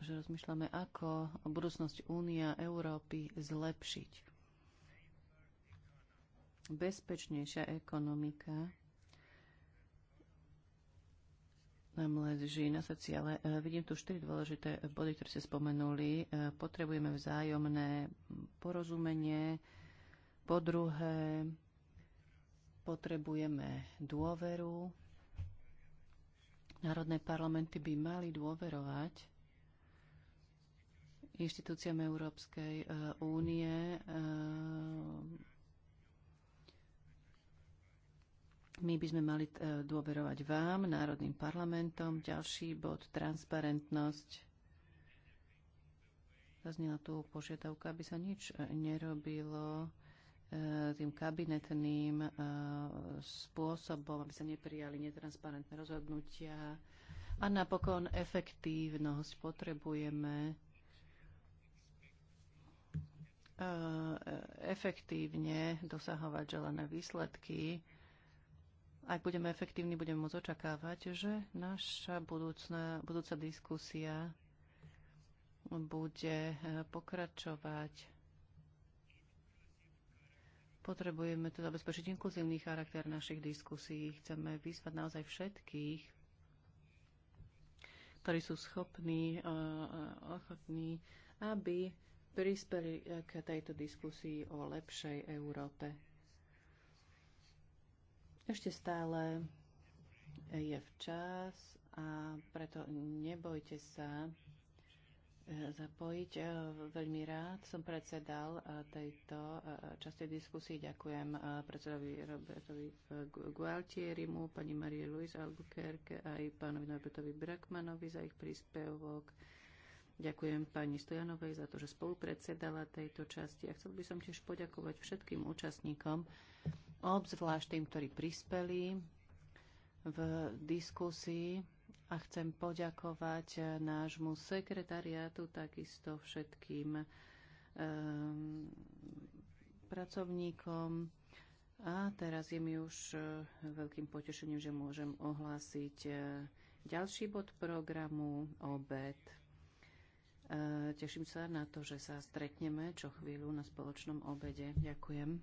že rozmýšľame, ako budúcnosť Únia Európy zlepšiť. Bezpečnejšia ekonomika nám leží na srdci, ale e, vidím tu štyri dôležité body, ktoré ste spomenuli. E, potrebujeme vzájomné porozumenie, po druhé, potrebujeme dôveru. Národné parlamenty by mali dôverovať inštitúciám Európskej e, únie My by sme mali e, dôverovať vám, národným parlamentom. Ďalší bod, transparentnosť. Zaznela tu požiadavka, aby sa nič e, nerobilo e, tým kabinetným spôsobom, aby sa neprijali netransparentné rozhodnutia. A napokon efektívnosť potrebujeme efektívne dosahovať želané výsledky ak budeme efektívni, budeme môcť očakávať, že naša budúcna, budúca diskusia bude e, pokračovať. Potrebujeme to zabezpečiť inkluzívny charakter našich diskusí. Chceme vyzvať naozaj všetkých, ktorí sú schopní, e, e, ochotní, aby prispeli k tejto diskusii o lepšej Európe. Ešte stále je včas a preto nebojte sa e, zapojiť. E, veľmi rád som predsedal e, tejto častej diskusii. Ďakujem predsedovi Robertovi Gualtierimu, pani Marie Louise Albuquerque aj pánovi Norbertovi Brakmanovi za ich príspevok. Ďakujem pani Stojanovej za to, že spolupredsedala tejto časti a chcel by som tiež poďakovať všetkým účastníkom, obzvlášť tým, ktorí prispeli v diskusii a chcem poďakovať nášmu sekretariátu, takisto všetkým um, pracovníkom. A teraz je mi už uh, veľkým potešením, že môžem ohlásiť uh, ďalší bod programu obed. Uh, teším sa na to, že sa stretneme čo chvíľu na spoločnom obede. Ďakujem.